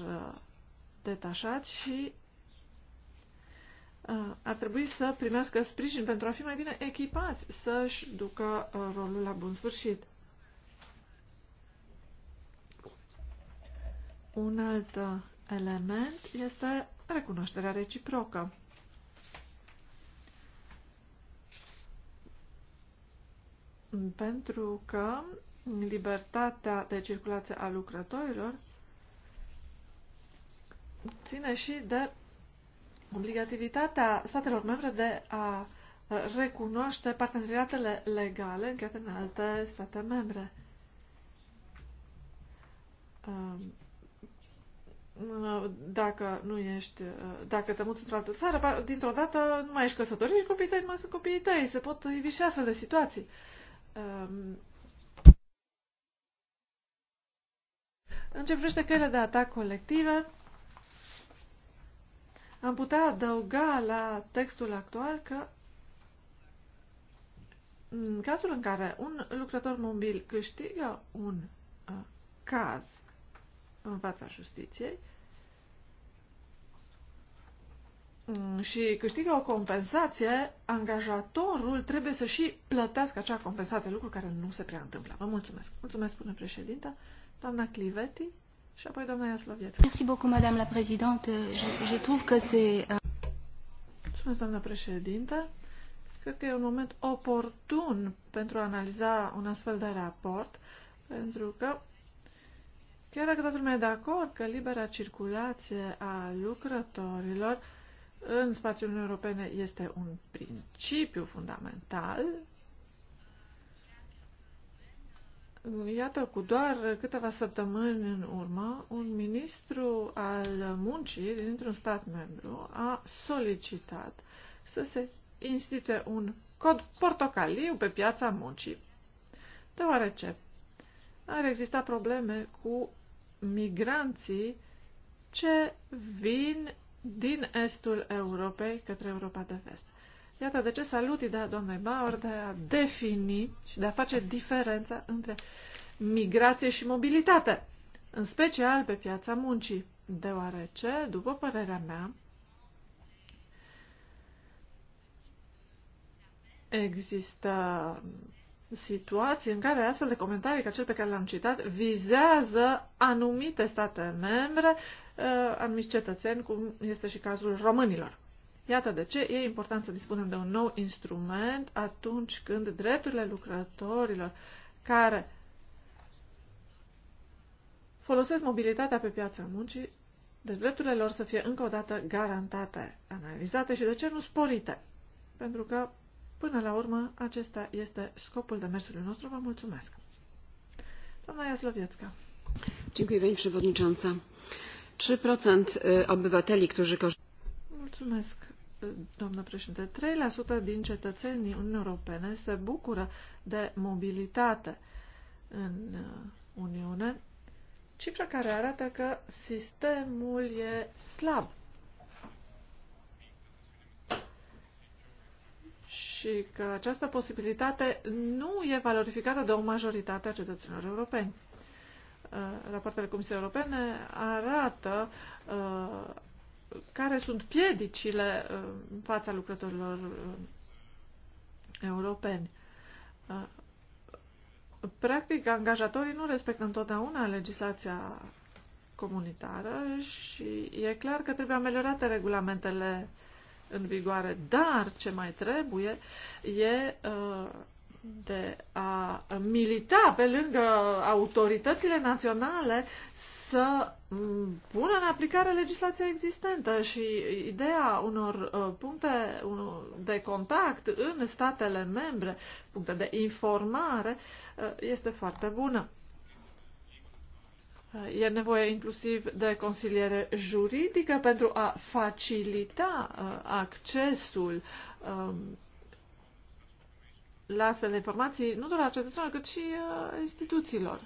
B: detașat și uh, ar trebui să primească sprijin pentru a fi mai bine echipați să-și ducă uh, rolul la bun sfârșit. Un alt uh, element este recunoașterea reciprocă. Pentru că libertatea de circulație a lucrătorilor ține și de obligativitatea statelor membre de a recunoaște parteneriatele legale încheiate în alte state membre. Um, dacă nu ești, uh, dacă te muți într-o altă țară, dintr-o dată nu mai ești căsătorit și copiii tăi nu mai sunt copiii tăi. Se pot ivi și astfel de situații. Um, în ce privește căile de atac colective, am putea adăuga la textul actual că în cazul în care un lucrător mobil câștigă un uh, caz în fața justiției um, și câștigă o compensație, angajatorul trebuie să și plătească acea compensație, lucru care nu se prea întâmplă. Vă mulțumesc. Mulțumesc, spune președinta. Doamna Cliveti. Și apoi doamna
D: Merci beaucoup, madame la présidente. Je, je trouve que c'est... Euh,
B: Mulțumesc, doamna președinte. Cred că e un moment oportun pentru a analiza un astfel de raport, pentru că chiar dacă toată lumea e de acord că libera circulație a lucrătorilor în spațiul Uniunii Europene este un principiu fundamental Iată, cu doar câteva săptămâni în urmă, un ministru al muncii dintr-un stat membru a solicitat să se instituie un cod portocaliu pe piața muncii, deoarece ar exista probleme cu migranții ce vin din estul Europei către Europa de vest. Iată de ce salut ideea doamnei Bauer de a defini și de a face diferența între migrație și mobilitate, în special pe piața muncii, deoarece, după părerea mea, există situații în care astfel de comentarii ca cel pe care l-am citat vizează anumite state membre, uh, anumiți cetățeni, cum este și cazul românilor. Iată de ce e important să dispunem de un nou instrument atunci când drepturile lucrătorilor care folosesc mobilitatea pe piața muncii, deci drepturile lor să fie încă o dată garantate, analizate și de ce nu sporite. Pentru că, până la urmă, acesta este scopul demersului nostru. Vă mulțumesc! Doamna Jasloviecka.
A: Dziękuję Pani Przewodnicząca.
B: 3% obywateli, którzy korzystają... Mulțumesc, doamnă președinte, 3% din cetățenii Uniunii Europene se bucură de mobilitate în uh, Uniune, cifra care arată că sistemul e slab. Și că această posibilitate nu e valorificată de o majoritate a cetățenilor europeni. Uh, rapoartele Comisiei Europene arată uh, care sunt piedicile uh, în fața lucrătorilor uh, europeni. Uh, practic, angajatorii nu respectă întotdeauna legislația comunitară și e clar că trebuie ameliorate regulamentele în vigoare, dar ce mai trebuie e uh, de a milita pe lângă autoritățile naționale să mm, pună în aplicare legislația existentă și ideea unor uh, puncte de contact în statele membre, puncte de informare, uh, este foarte bună. Uh, e nevoie inclusiv de consiliere juridică pentru a facilita accesul um, la astfel de informații, nu doar a cetățenilor, cât și uh, instituțiilor.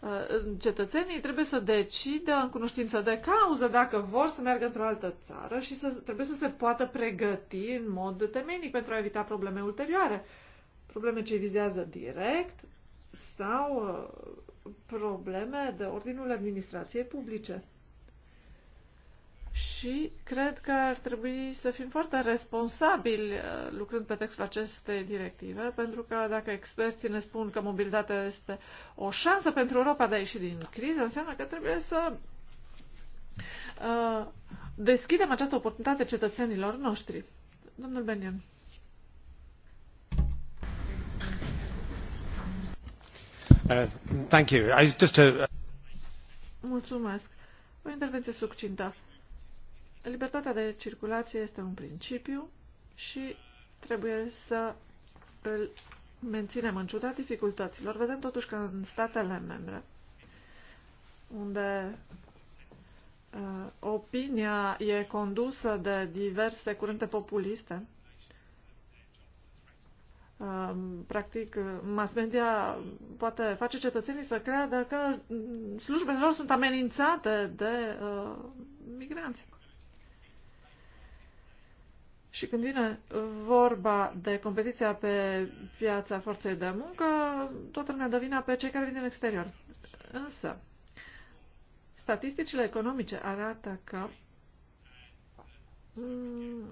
B: Uh, cetățenii trebuie să decidă în cunoștință de cauză dacă vor să meargă într-o altă țară și să, trebuie să se poată pregăti în mod temenic pentru a evita probleme ulterioare. Probleme ce vizează direct sau uh, probleme de ordinul administrației publice și cred că ar trebui să fim foarte responsabili uh, lucrând pe textul acestei directive, pentru că dacă experții ne spun că mobilitatea este o șansă pentru Europa de a ieși din criză, înseamnă că trebuie să uh, deschidem această oportunitate cetățenilor noștri. Domnul Benian. Uh, thank you. I just a... Uh, Mulțumesc. O intervenție succintă. Libertatea de circulație este un principiu și trebuie să îl menținem în ciuda dificultăților. Vedem totuși că în statele membre, unde uh, opinia e condusă de diverse curente populiste, uh, practic mass media poate face cetățenii să creadă că mm, slujbele lor sunt amenințate de uh, migranți. Și când vine vorba de competiția pe piața forței de muncă, toată lumea dă vina pe cei care vin din exterior. Însă, statisticile economice arată că mm,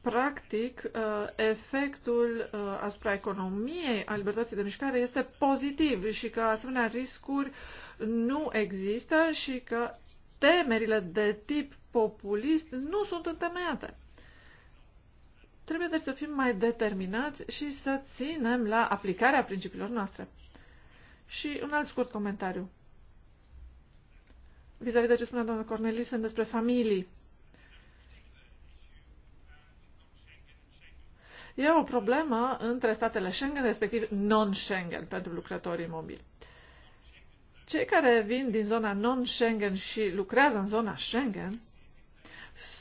B: practic, uh, efectul uh, asupra economiei a libertății de mișcare este pozitiv și că asemenea riscuri nu există și că temerile de tip populist nu sunt întemeiate. Trebuie deci să fim mai determinați și să ținem la aplicarea principiilor noastre. Și un alt scurt comentariu. Vis-a-vis -vis de ce spunea doamna Cornelisen despre familii. E o problemă între statele Schengen, respectiv non-Schengen, pentru lucrătorii mobili. Cei care vin din zona non-Schengen și lucrează în zona Schengen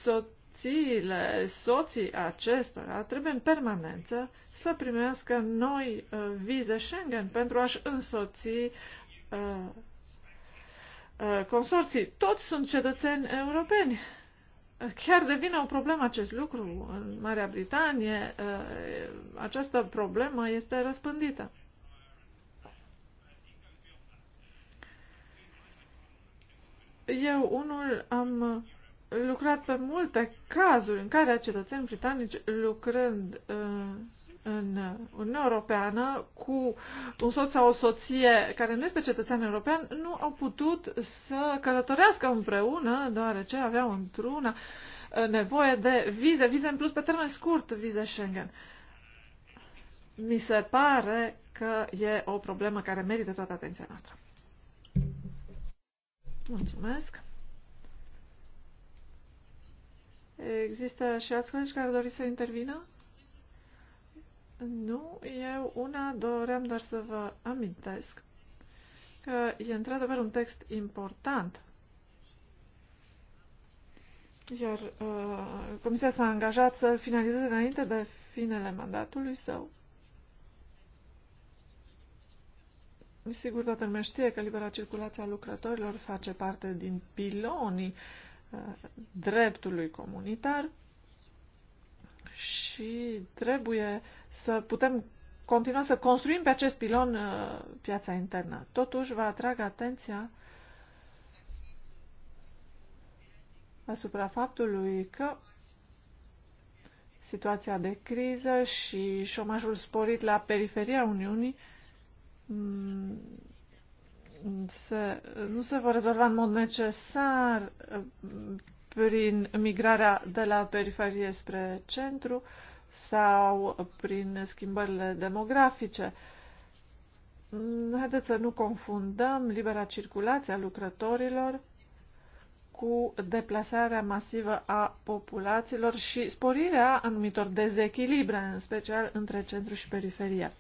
B: soțiile, soții acestora trebuie în permanență să primească noi uh, vize Schengen pentru a-și însoți uh, uh, consorții. Toți sunt cetățeni europeni. Chiar devine o problemă acest lucru. În Marea Britanie uh, această problemă este răspândită. Eu unul am lucrat pe multe cazuri în care cetățeni britanici lucrând uh, în Uniunea Europeană cu un soț sau o soție care nu este cetățean european nu au putut să călătorească împreună deoarece aveau într-una uh, nevoie de vize, vize în plus pe termen scurt, vize Schengen. Mi se pare că e o problemă care merită toată atenția noastră. Mulțumesc! Există și alți colegi care doriți să intervină? Nu, eu una doream doar să vă amintesc că e într-adevăr un text important. Iar uh, Comisia s-a angajat să finalizeze înainte de finele mandatului său. Sigur, toată lumea știe că libera circulație a lucrătorilor face parte din pilonii uh, dreptului comunitar și trebuie să putem continua să construim pe acest pilon uh, piața internă. Totuși, vă atrag atenția asupra faptului că situația de criză și șomajul sporit la periferia Uniunii mm, se, nu se vor rezolva în mod necesar uh, prin migrarea de la periferie spre centru sau prin schimbările demografice. Mm, haideți să nu confundăm libera circulație a lucrătorilor cu deplasarea masivă a populațiilor și sporirea anumitor dezechilibre, în special între centru și periferie.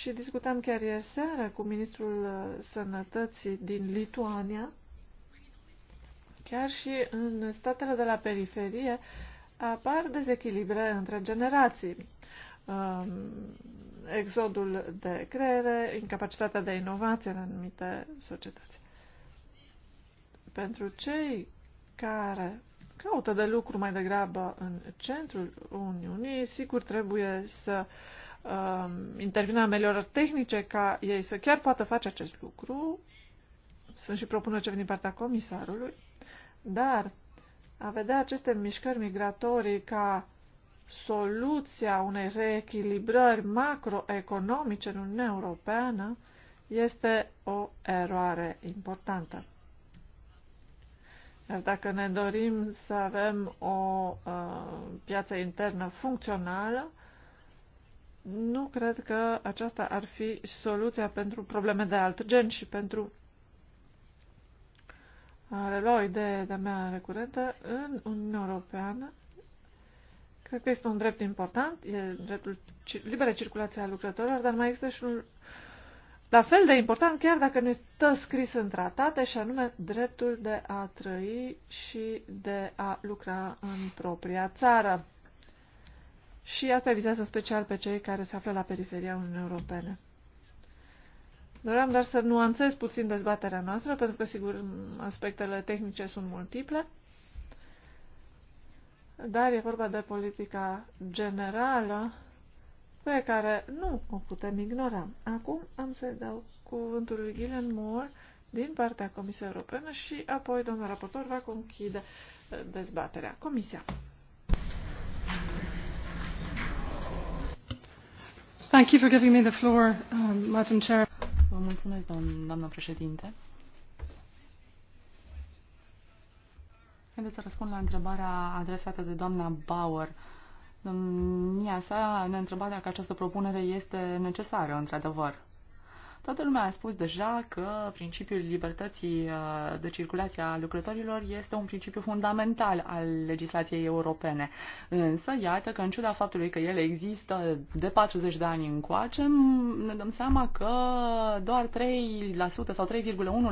B: Și discutam chiar ieri seara cu ministrul uh, sănătății din Lituania. Chiar și în statele de la periferie apar dezechilibre între generații. Um, exodul de creere, incapacitatea de inovație în anumite societăți. Pentru cei care caută de lucru mai degrabă în centrul Uniunii, sigur trebuie să uh, uh, intervine ameliorări tehnice ca ei să chiar poată face acest lucru. Sunt și propuneri ce vin din partea comisarului. Dar a vedea aceste mișcări migratorii ca soluția unei reechilibrări macroeconomice în Uniunea Europeană este o eroare importantă. Iar dacă ne dorim să avem o uh, piață internă funcțională, nu cred că aceasta ar fi soluția pentru probleme de alt gen și pentru a relua o idee de-a mea recurentă în Uniunea Europeană. Cred că este un drept important, e dreptul liberă circulație a lucrătorilor, dar mai există și un la fel de important, chiar dacă nu stă scris în tratate, și anume dreptul de a trăi și de a lucra în propria țară și asta vizează special pe cei care se află la periferia Uniunii Europene. Doream doar să nuanțez puțin dezbaterea noastră, pentru că, sigur, aspectele tehnice sunt multiple, dar e vorba de politica generală pe care nu o putem ignora. Acum am să-i dau cuvântul lui Gillian Moore din partea Comisiei Europene și apoi domnul raportor va conchide dezbaterea. Comisia mulțumesc,
C: doamnă președinte. Haideți să răspund la întrebarea adresată de doamna Bauer. Domnia sa ne întreba dacă această propunere este necesară, într-adevăr. Toată lumea a spus deja că principiul libertății uh, de circulație a lucrătorilor este un principiu fundamental al legislației europene. Însă, iată că în ciuda faptului că ele există de 40 de ani încoace, ne dăm seama că doar 3% sau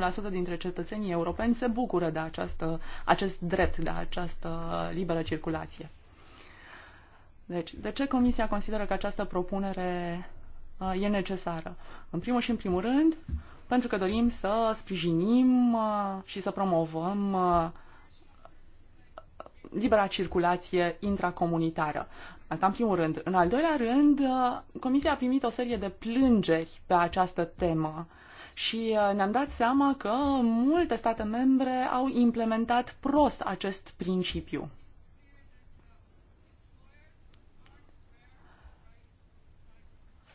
C: 3,1% dintre cetățenii europeni se bucură de această, acest drept, de această liberă circulație. Deci, de ce Comisia consideră că această propunere Uh, e necesară. În primul și în primul rând, pentru că dorim să sprijinim uh, și să promovăm uh, libera circulație intracomunitară. Asta în primul rând. În al doilea rând, Comisia a primit o serie de plângeri pe această temă și ne-am dat seama că multe state membre au implementat prost acest principiu.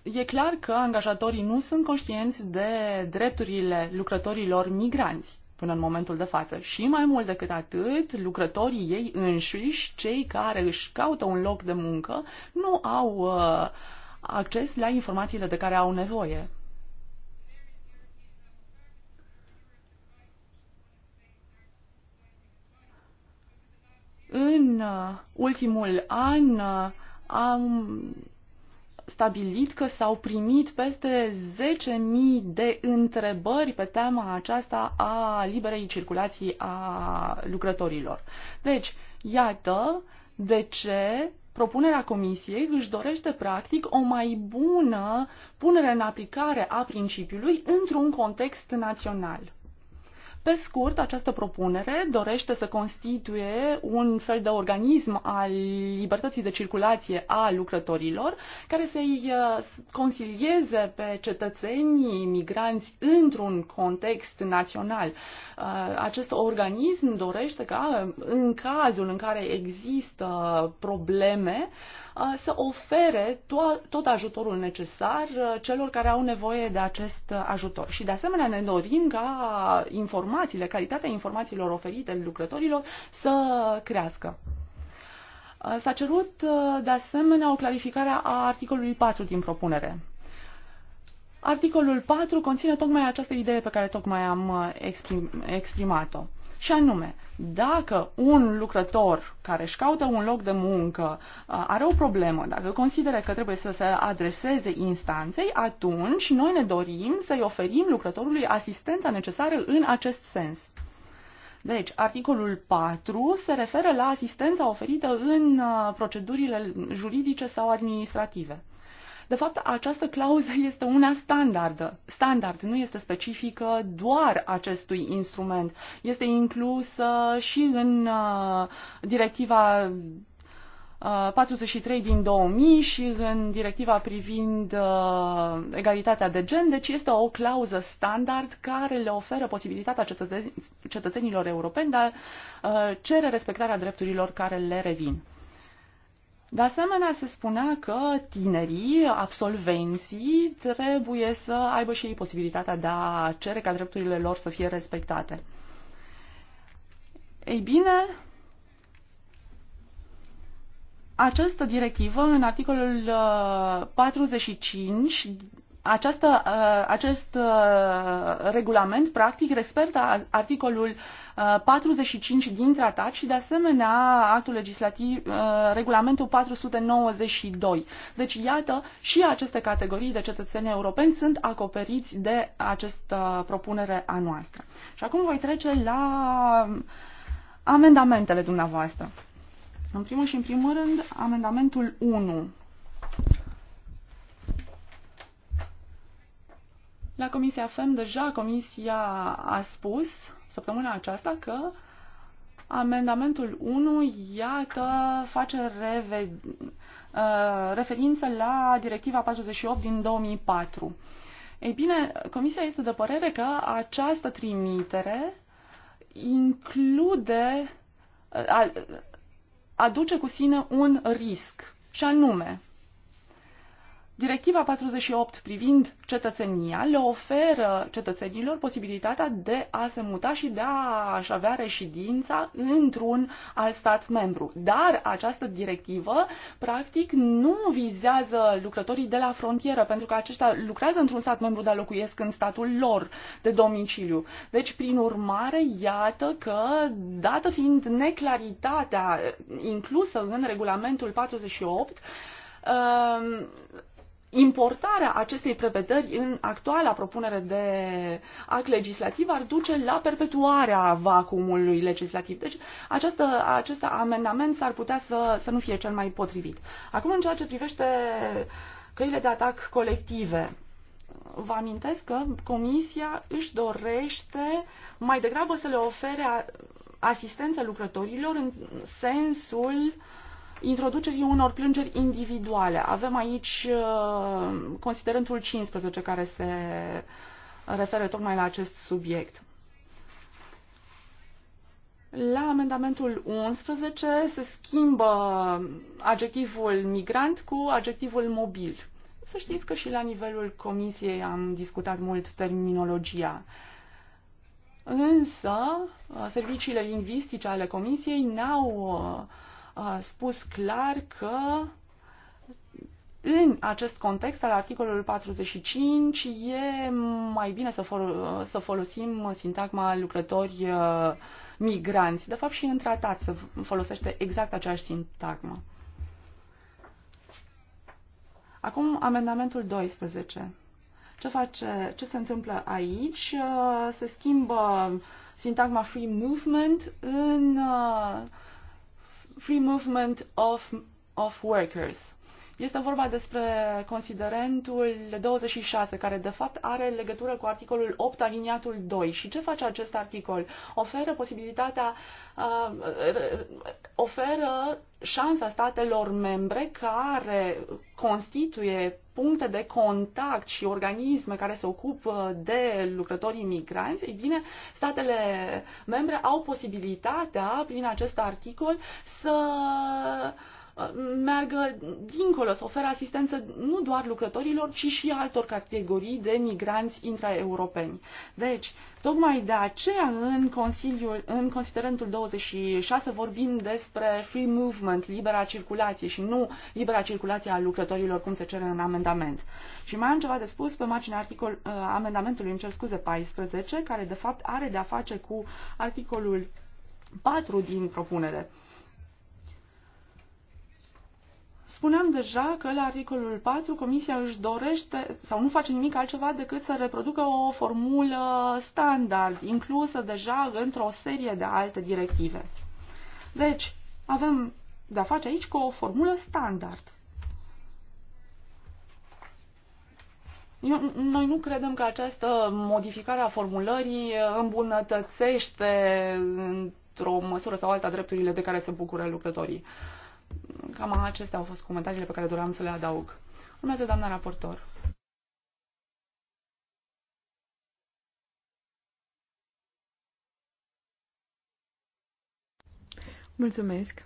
C: E clar că angajatorii nu sunt conștienți de drepturile lucrătorilor migranți până în momentul de față. Și mai mult decât atât, lucrătorii ei înșiși, cei care își caută un loc de muncă, nu au uh, acces la informațiile de care au nevoie. În uh, ultimul an uh, am stabilit că s-au primit peste 10.000 de întrebări pe tema aceasta a liberei circulații a lucrătorilor. Deci, iată de ce propunerea Comisiei își dorește practic o mai bună punere în aplicare a principiului într-un context național. Pe scurt, această propunere dorește să constituie un fel de organism al libertății de circulație a lucrătorilor, care să-i uh, consilieze pe cetățenii migranți într-un context național. Uh, acest organism dorește ca, în cazul în care există probleme, să ofere tot ajutorul necesar celor care au nevoie de acest ajutor. Și de asemenea ne dorim ca informațiile, calitatea informațiilor oferite lucrătorilor să crească. S-a cerut de asemenea o clarificare a articolului 4 din propunere. Articolul 4 conține tocmai această idee pe care tocmai am exprim- exprimat-o. Și anume, dacă un lucrător care își caută un loc de muncă uh, are o problemă, dacă consideră că trebuie să se adreseze instanței, atunci noi ne dorim să-i oferim lucrătorului asistența necesară în acest sens. Deci, articolul 4 se referă la asistența oferită în uh, procedurile juridice sau administrative. De fapt, această clauză (laughs) este una standardă. Standard nu este specifică doar acestui instrument. Este inclusă și în uh, directiva 43 uh, din 2000 și în directiva privind uh, egalitatea de gen, deci este o clauză standard care le oferă posibilitatea cetățenilor europeni de a uh, cere respectarea drepturilor care le revin. De asemenea, se spunea că tinerii, absolvenții, trebuie să aibă și ei posibilitatea de a cere ca drepturile lor să fie respectate. Ei bine, această directivă, în articolul 45, uh, această, uh, acest uh, regulament practic respectă articolul 45 uh, din tratat și de asemenea actul legislativ, regulamentul 492. Deci iată și aceste categorii de cetățeni europeni sunt acoperiți de această propunere a noastră. Și acum voi trece la amendamentele dumneavoastră. În primul și în primul rând, amendamentul 1 La Comisia FEM deja Comisia a spus săptămâna aceasta că amendamentul 1, iată, face reve, uh, referință la Directiva 48 din 2004. Ei bine, Comisia este de părere că această trimitere include, uh, aduce cu sine un risc, și anume Directiva 48 privind cetățenia le oferă cetățenilor posibilitatea de a se muta și de a-și avea reședința într-un alt stat membru. Dar această directivă, practic, nu vizează lucrătorii de la frontieră, pentru că aceștia lucrează într-un stat membru, dar locuiesc în statul lor de domiciliu. Deci, prin urmare, iată că, dată fiind neclaritatea inclusă în regulamentul 48, importarea acestei prevederi în actuala propunere de act legislativ ar duce la perpetuarea vacuumului legislativ. Deci această, acest amendament s-ar putea să, să nu fie cel mai potrivit. Acum, în ceea ce privește căile de atac colective, vă amintesc că Comisia își dorește mai degrabă să le ofere asistență lucrătorilor în sensul uh, introducerii unor plângeri individuale. Avem aici uh, considerentul 15 care se referă tocmai la acest subiect. La amendamentul 11 se schimbă adjectivul migrant cu adjectivul mobil. Să știți că și la nivelul comisiei am discutat mult terminologia. Însă, uh, serviciile lingvistice ale comisiei n-au uh, spus clar că în acest context al articolului 45 e mai bine să, fol- să folosim sintagma lucrători uh, migranți. De fapt și în tratat se folosește exact aceeași sintagmă. Acum amendamentul 12. Ce, face, ce se întâmplă aici? Uh, se schimbă sintagma free movement în uh, free movement of, of workers. Este vorba despre considerentul 26, care de fapt are legătură cu articolul 8 aliniatul 2. Și ce face acest articol? Oferă posibilitatea, uh, oferă șansa statelor membre care constituie puncte de contact și organisme care se ocupă de lucrătorii migranți, ei bine, statele membre au posibilitatea, prin acest articol, să Uh, meargă dincolo, să oferă asistență nu doar lucrătorilor, ci și altor categorii de migranți intraeuropeni. Deci, tocmai de aceea în, Consiliul, în considerentul 26 vorbim despre free movement, libera circulație și nu libera circulație a lucrătorilor, cum se cere în amendament. Și mai am ceva de spus pe marginea articol, uh, amendamentului, îmi cer scuze, 14, care de fapt are de-a face cu articolul 4 din propunere. Uh, Spuneam deja că la articolul 4 Comisia își dorește sau nu face nimic altceva decât să reproducă o formulă standard inclusă deja într-o serie de alte directive. Deci, avem de-a face aici cu o formulă standard. Eu, noi nu credem că această modificare a formulării îmbunătățește într-o măsură sau alta drepturile de care se bucură lucrătorii. Uh, Cam acestea au fost comentariile pe care doream să le adaug. Urmează doamna raportor.
A: Mulțumesc.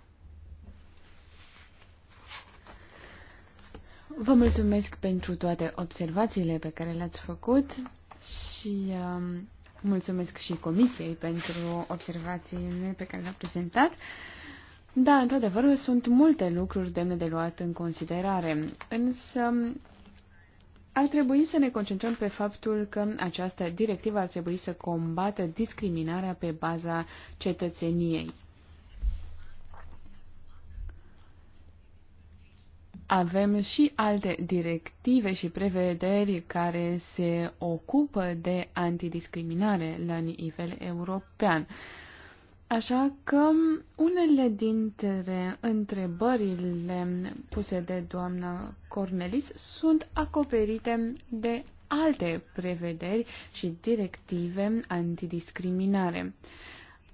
A: Vă mulțumesc pentru toate observațiile pe care le-ați făcut și um, mulțumesc și comisiei pentru observațiile pe care le-a prezentat. Da, într-adevăr, sunt multe lucruri demne de luat în considerare, însă ar trebui să ne concentrăm pe faptul că această directivă ar trebui să combată discriminarea pe baza cetățeniei. Avem și alte directive și prevederi care se ocupă de antidiscriminare la nivel european. Așa că unele dintre întrebările puse de doamna Cornelis sunt acoperite de alte prevederi și directive antidiscriminare.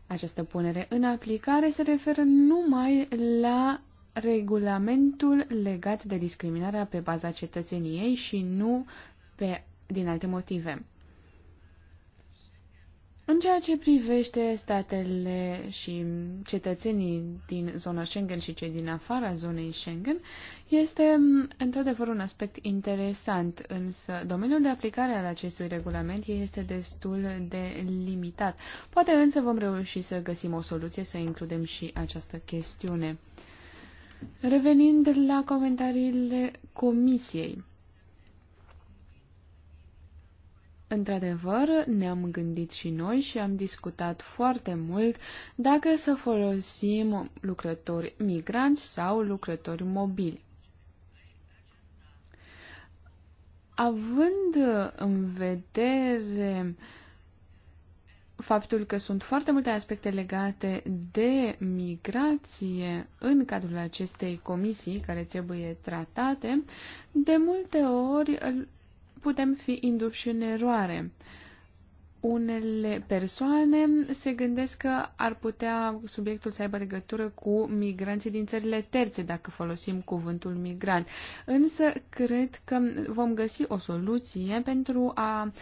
A: Această punere în aplicare se referă numai la regulamentul legat de discriminarea pe baza cetățeniei și nu pe din alte motive. În ceea ce privește statele și cetățenii din zona Schengen și cei din afara zonei Schengen, este mm, într-adevăr un aspect interesant, însă domeniul de aplicare al acestui regulament este destul de limitat. Poate însă vom reuși să găsim o soluție să includem și această chestiune. Revenind la comentariile comisiei. Într-adevăr, ne-am gândit și noi și am discutat foarte mult dacă să folosim lucrători migranți sau lucrători mobili. Având în vedere faptul că sunt foarte multe aspecte legate de migrație în cadrul acestei comisii care trebuie tratate, de multe ori putem fi induși în eroare. Unele persoane se gândesc că ar putea subiectul să aibă legătură cu migranții din țările terțe, dacă folosim cuvântul migrant. Însă, cred că vom găsi o soluție pentru a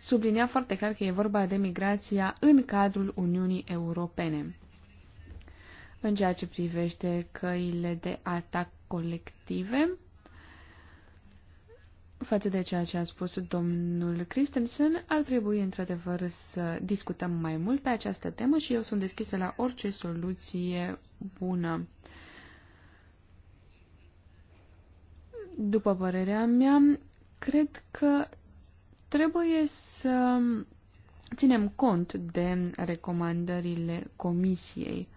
A: sublinia foarte clar că e vorba de migrația în cadrul Uniunii Europene. În ceea ce privește căile de atac colective, Față de ceea ce a spus domnul Christensen, ar trebui într-adevăr să discutăm mai mult pe această temă și eu sunt deschisă la orice soluție bună. După părerea mea, cred că trebuie să ținem cont de recomandările comisiei.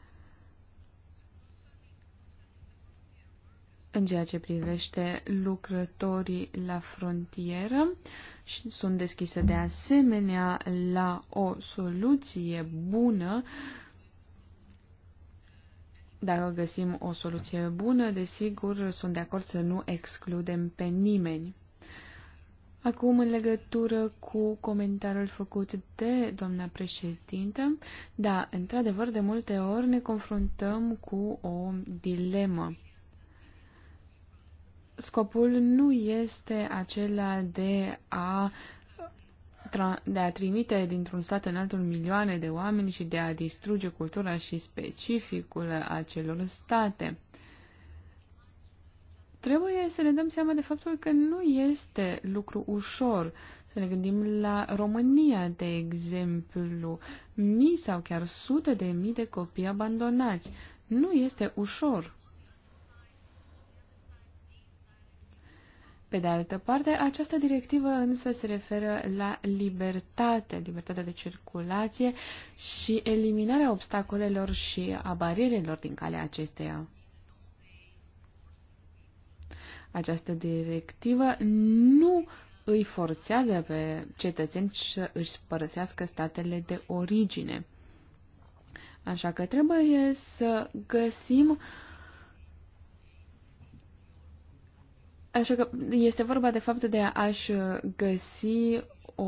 A: în ceea ce privește lucrătorii la frontieră și sunt deschise de asemenea la o soluție bună. Dacă găsim o soluție bună, desigur, sunt de acord să nu excludem pe nimeni. Acum, în legătură cu comentariul făcut de doamna președintă, da, într-adevăr, de multe ori ne confruntăm cu o dilemă scopul nu este acela de a de a trimite dintr-un stat în altul milioane de oameni și de a distruge cultura și specificul acelor state. Trebuie să ne dăm seama de faptul că nu este lucru ușor. Să ne gândim la România, de exemplu, mii sau chiar sute de mii de copii abandonați. Nu este ușor Pe de altă parte, această directivă însă se referă la libertate, libertatea de circulație și eliminarea obstacolelor și a barierelor din calea acesteia. Această directivă nu îi forțează pe cetățeni să își părăsească statele de origine. Așa că trebuie să găsim uh, Așa că este vorba de fapt de a-și găsi o,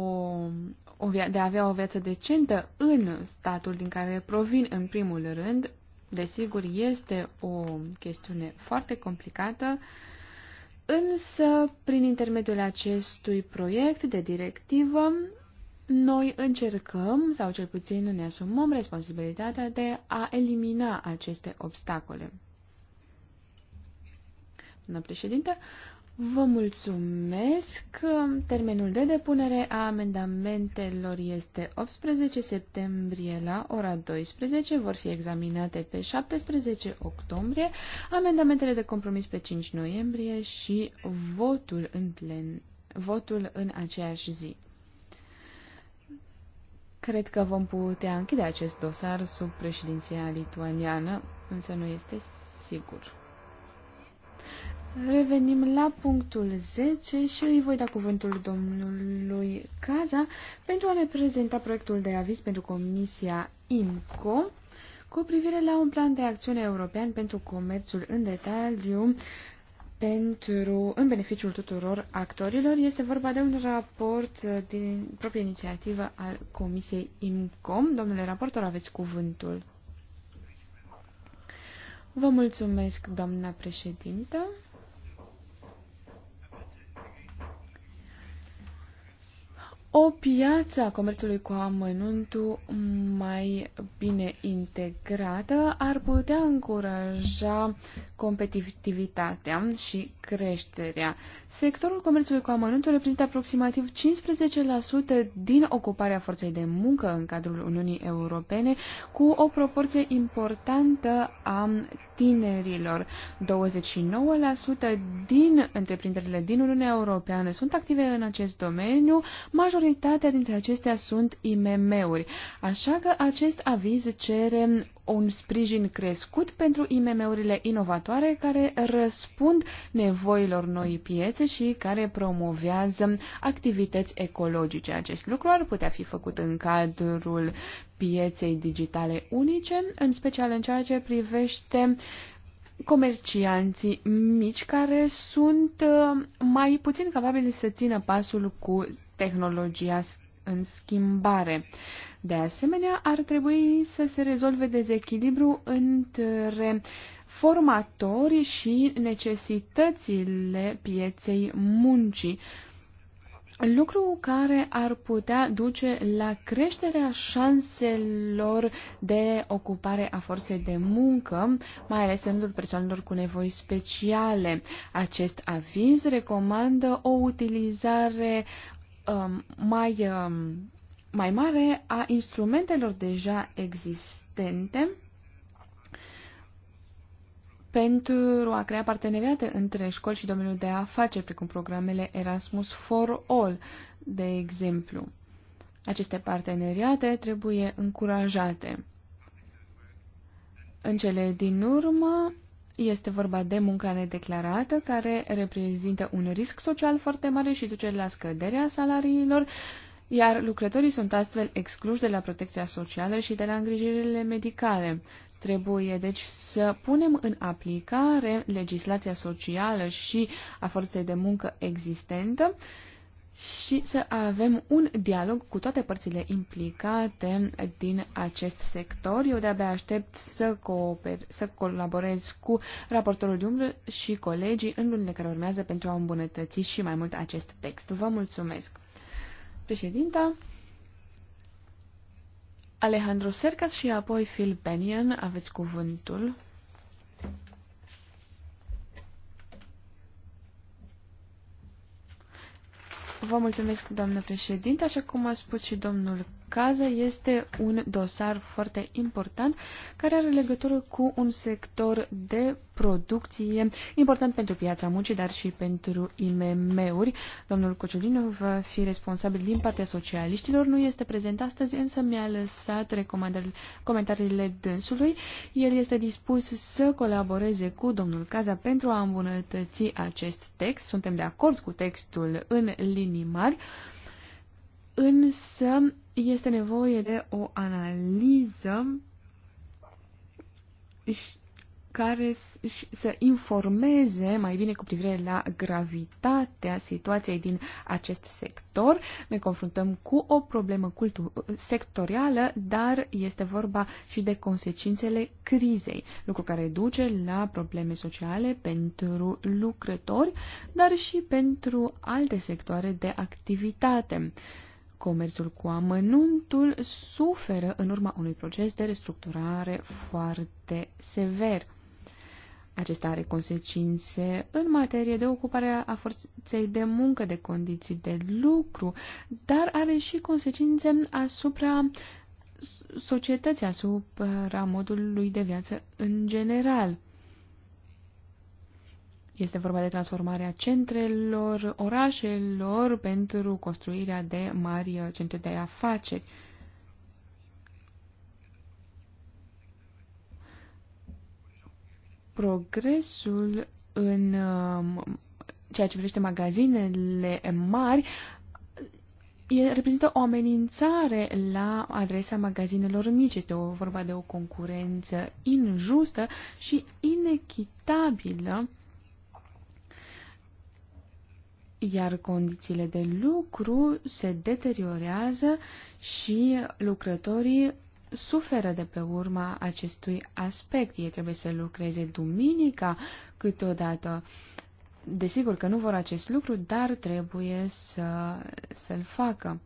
A: o de a avea o viață decentă în statul din care provin în primul rând. Desigur, este o chestiune foarte complicată, însă prin intermediul acestui proiect de directivă noi încercăm, sau cel puțin ne asumăm responsabilitatea de a elimina aceste obstacole. Doamna președinte, Vă mulțumesc. Termenul de depunere a amendamentelor este 18 septembrie la ora 12. Vor fi examinate pe 17 octombrie, amendamentele de compromis pe 5 noiembrie și votul în plen, votul în aceeași zi. Cred că vom putea închide acest dosar sub președinția lituaniană, însă nu este sigur. Revenim la punctul 10 și îi voi da cuvântul domnului Caza pentru a ne prezenta proiectul de aviz pentru Comisia IMCO cu privire la un plan de acțiune european pentru comerțul în detaliu pentru, în beneficiul tuturor actorilor. Este vorba de un raport din proprie inițiativă al Comisiei IMCOM. Domnule raportor, aveți cuvântul. Vă mulțumesc, doamna președintă. o piață a comerțului cu amănuntul mai bine integrată ar putea încuraja competitivitatea și creșterea. Sectorul comerțului cu amănuntul reprezintă aproximativ 15% din ocuparea forței de muncă în cadrul Uniunii Europene, cu o proporție importantă a tinerilor. 29% din întreprinderile din Uniunea Europeană sunt active în acest domeniu, majoritatea majoritatea dintre acestea sunt IMM-uri, așa că acest aviz cere un sprijin crescut pentru IMM-urile inovatoare care răspund nevoilor noi piețe și care promovează activități ecologice. Acest lucru ar putea fi făcut în cadrul pieței digitale unice, în special în ceea ce privește uh, comercianții mici care sunt uh, mai puțin capabili să țină pasul cu tehnologia în schimbare. De asemenea, ar trebui să se rezolve dezechilibru între formatori și necesitățile pieței muncii lucru care ar putea duce la creșterea șanselor de ocupare a forței de muncă, mai ales în rândul persoanelor cu nevoi speciale. Acest aviz recomandă o utilizare um, mai, um, mai mare a instrumentelor deja existente pentru a crea parteneriate între școli și domeniul de afaceri, precum programele Erasmus for All, de exemplu. Aceste parteneriate trebuie încurajate. În cele din urmă, este vorba de munca nedeclarată, care reprezintă un risc social foarte mare și duce la scăderea salariilor, iar lucrătorii sunt astfel excluși de la protecția socială și de la îngrijirile medicale. Trebuie, deci, să punem în aplicare legislația socială și a forței de muncă existentă și să avem un dialog cu toate părțile implicate din acest sector. Eu de-abia aștept să, cooper, să colaborez cu raportorul Dumnezeu și colegii în lunile care urmează pentru a îmbunătăți și mai mult acest text. Vă mulțumesc! Președinta, Alejandro Sercas și apoi Phil Bennion, aveți cuvântul. Vă mulțumesc, doamnă președinte, așa cum a spus și domnul cază este un dosar foarte important care are legătură cu un sector de producție important pentru piața muncii, dar și pentru IMM-uri. Domnul Cociolino va fi responsabil din partea socialiștilor. Nu este prezent astăzi, însă mi-a lăsat comentariile dânsului. El este dispus să colaboreze cu domnul Caza pentru a îmbunătăți acest text. Suntem de acord cu textul în linii mari însă este nevoie de o analiză care să informeze mai bine cu privire la gravitatea situației din acest sector. Ne confruntăm cu o problemă sectorială, dar este vorba și de consecințele crizei, lucru care duce la probleme sociale pentru lucrători, dar și pentru alte sectoare de activitate. Uh, comerțul cu amănuntul suferă în urma unui proces de restructurare foarte sever. Acesta are consecințe în materie de ocupare a forței de muncă, de condiții de lucru, dar are și consecințe asupra societății, asupra modului de viață în general. Este vorba de transformarea centrelor, orașelor pentru construirea de mari uh, centre de afaceri. Progresul în um, ceea ce privește magazinele mari reprezintă o amenințare la adresa magazinelor mici. Este o vorba de o concurență injustă și inechitabilă iar condițiile de lucru se deteriorează și lucrătorii suferă de pe urma acestui aspect. Ei trebuie să lucreze duminica câteodată. Desigur că nu vor acest lucru, dar trebuie să, să-l facă.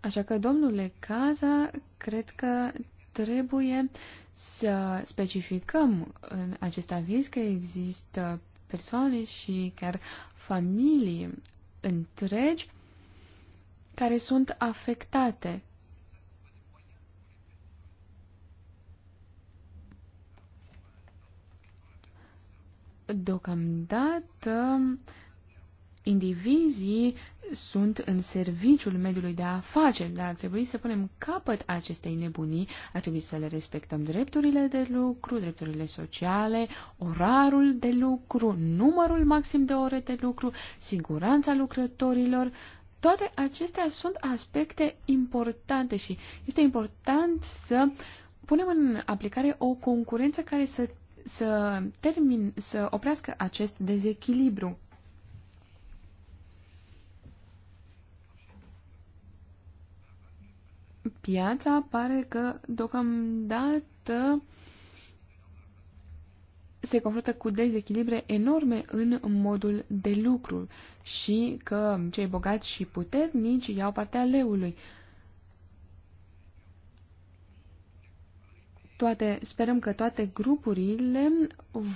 A: Așa că, domnule Caza, cred că trebuie să specificăm în acest aviz că există persoane și chiar familii întregi care sunt afectate. Deocamdată, indivizii sunt în serviciul mediului de afaceri, dar ar trebui să punem capăt acestei nebunii, ar trebui să le respectăm drepturile de lucru, drepturile sociale, orarul de lucru, numărul maxim de ore de lucru, siguranța lucrătorilor. Toate acestea sunt aspecte importante și este important să punem în aplicare o concurență care să, să, termin, să oprească acest dezechilibru. piața pare că deocamdată se confruntă cu dezechilibre enorme în modul de lucru și că cei bogați și puternici iau partea leului. Toate, sperăm că toate grupurile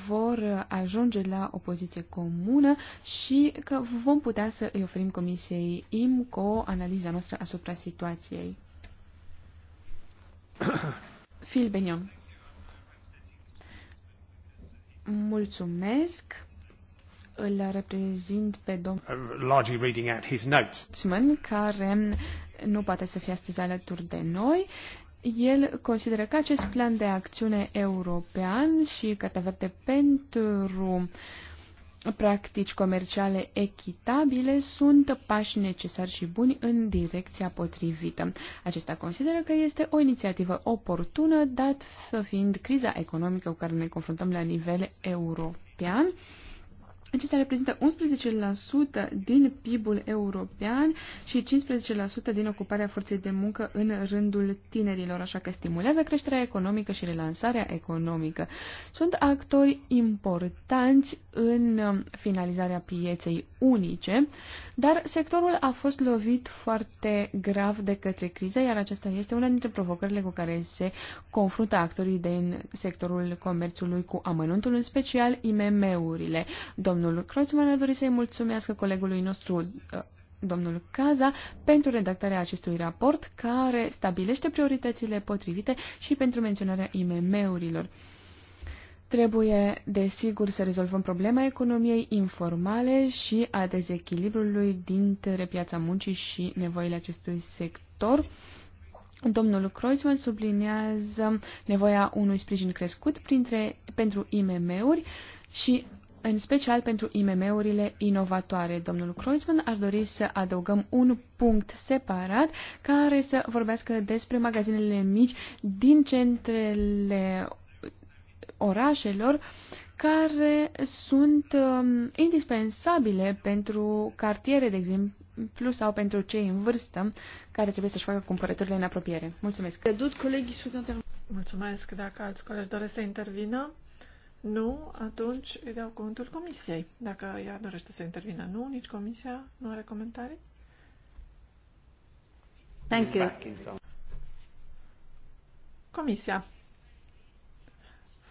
A: vor ajunge la o poziție comună și că vom putea să îi oferim Comisiei IMCO analiza noastră asupra situației. (coughs) Phil Benion. Mulțumesc. Îl reprezint pe domnul largely reading out his notes. care nu poate să fie astăzi alături de noi. El consideră că acest plan de acțiune european și Cartea Verde pentru uh, practici comerciale echitabile sunt pași necesari și buni în direcția potrivită. Acesta consideră că este o inițiativă oportună, dat fiind criza economică cu care ne confruntăm la nivel european Acestea reprezintă 11% din PIB-ul european și 15% din ocuparea forței de muncă în rândul tinerilor, așa că stimulează creșterea economică și relansarea economică. Sunt actori importanți în um, finalizarea pieței unice, dar sectorul a fost lovit foarte grav de către criză, iar aceasta este una dintre provocările cu care se confruntă actorii din sectorul comerțului cu amănuntul, în special IMM-urile. Domnul Domnul Kreuzmann ar dori să-i mulțumească colegului nostru, uh, domnul Caza, pentru redactarea acestui raport care stabilește prioritățile potrivite și pentru menționarea IMM-urilor. Trebuie, desigur, să rezolvăm problema economiei informale și a dezechilibrului dintre piața muncii și nevoile acestui sector. Domnul Kreuzmann subliniază nevoia unui sprijin crescut printre, pentru IMM-uri și în special pentru IMM-urile inovatoare. Domnul Kreuzmann ar dori să adăugăm un punct separat care să vorbească despre magazinele mici din centrele orașelor care sunt um, indispensabile pentru cartiere, de exemplu, sau pentru cei în vârstă care trebuie să-și facă cumpărăturile în apropiere. Mulțumesc!
B: Mulțumesc! Dacă alți colegi doresc să intervină, nu, atunci îi dau cuvântul comisiei. Dacă ea dorește să intervină, nu, nici comisia nu are comentarii. Thank you. Comisia.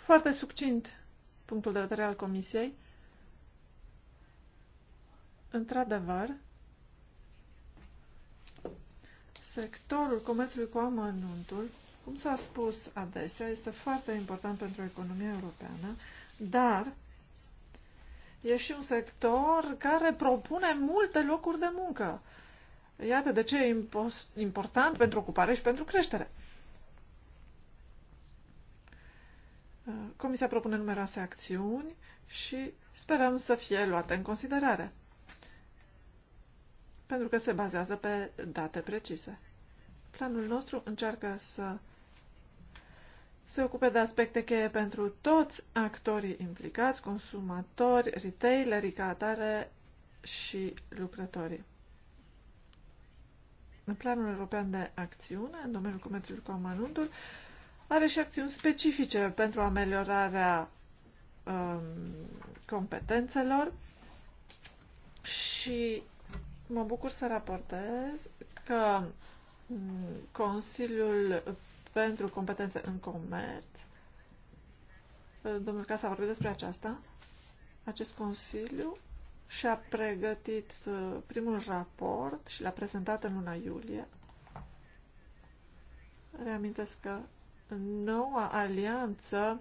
B: Foarte succint punctul de vedere al comisiei. Într-adevăr, sectorul comerțului cu amănuntul cum s-a spus adesea, este foarte important pentru economia europeană, dar e și un sector care propune multe locuri de muncă. Iată de ce e important pentru ocupare și pentru creștere. Comisia propune numeroase acțiuni și sperăm să fie luate în considerare, pentru că se bazează pe date precise. Planul nostru încearcă să se ocupe de aspecte cheie pentru toți actorii implicați, consumatori, retaileri ca atare și lucrătorii. În Planul European de Acțiune, în domeniul comerțului cu amănuntul, are și acțiuni specifice pentru ameliorarea um, competențelor și mă bucur să raportez că mm, Consiliul pentru competențe în comerț. Domnul Casa a vorbit despre aceasta. Acest Consiliu și-a pregătit uh, primul raport și l-a prezentat în luna iulie. Reamintesc că noua alianță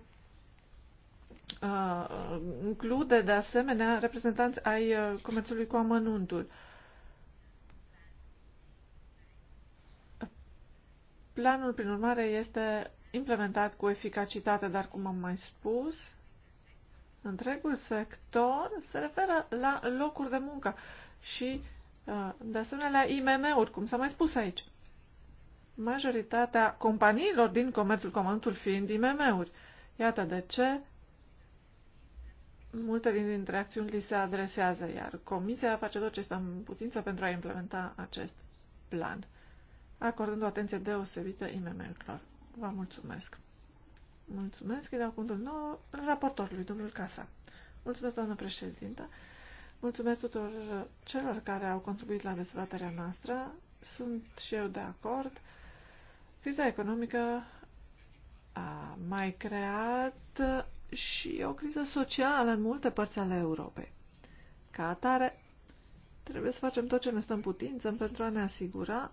B: uh, include de asemenea reprezentanți ai uh, comerțului cu amănuntul. Uh, Planul, prin urmare, este implementat cu eficacitate, dar, cum am mai spus, întregul sector se referă la locuri de muncă și, uh, de asemenea, la IMM-uri, cum s-a mai spus aici. Majoritatea companiilor din comerțul comantul fiind IMM-uri. Iată de ce multe dintre acțiuni li se adresează, iar Comisia face tot ce este în putință pentru a implementa acest plan acordând o atenție deosebită IMM-urilor. Vă mulțumesc! Mulțumesc, îi dau cuvântul nou raportorului, domnul Casa. Mulțumesc, doamnă președintă. Mulțumesc tuturor celor care au contribuit la dezbaterea noastră. Sunt și eu de acord. Criza economică a mai creat și o criză socială în multe părți ale Europei. Ca atare, trebuie să facem tot ce ne stăm putință pentru a ne asigura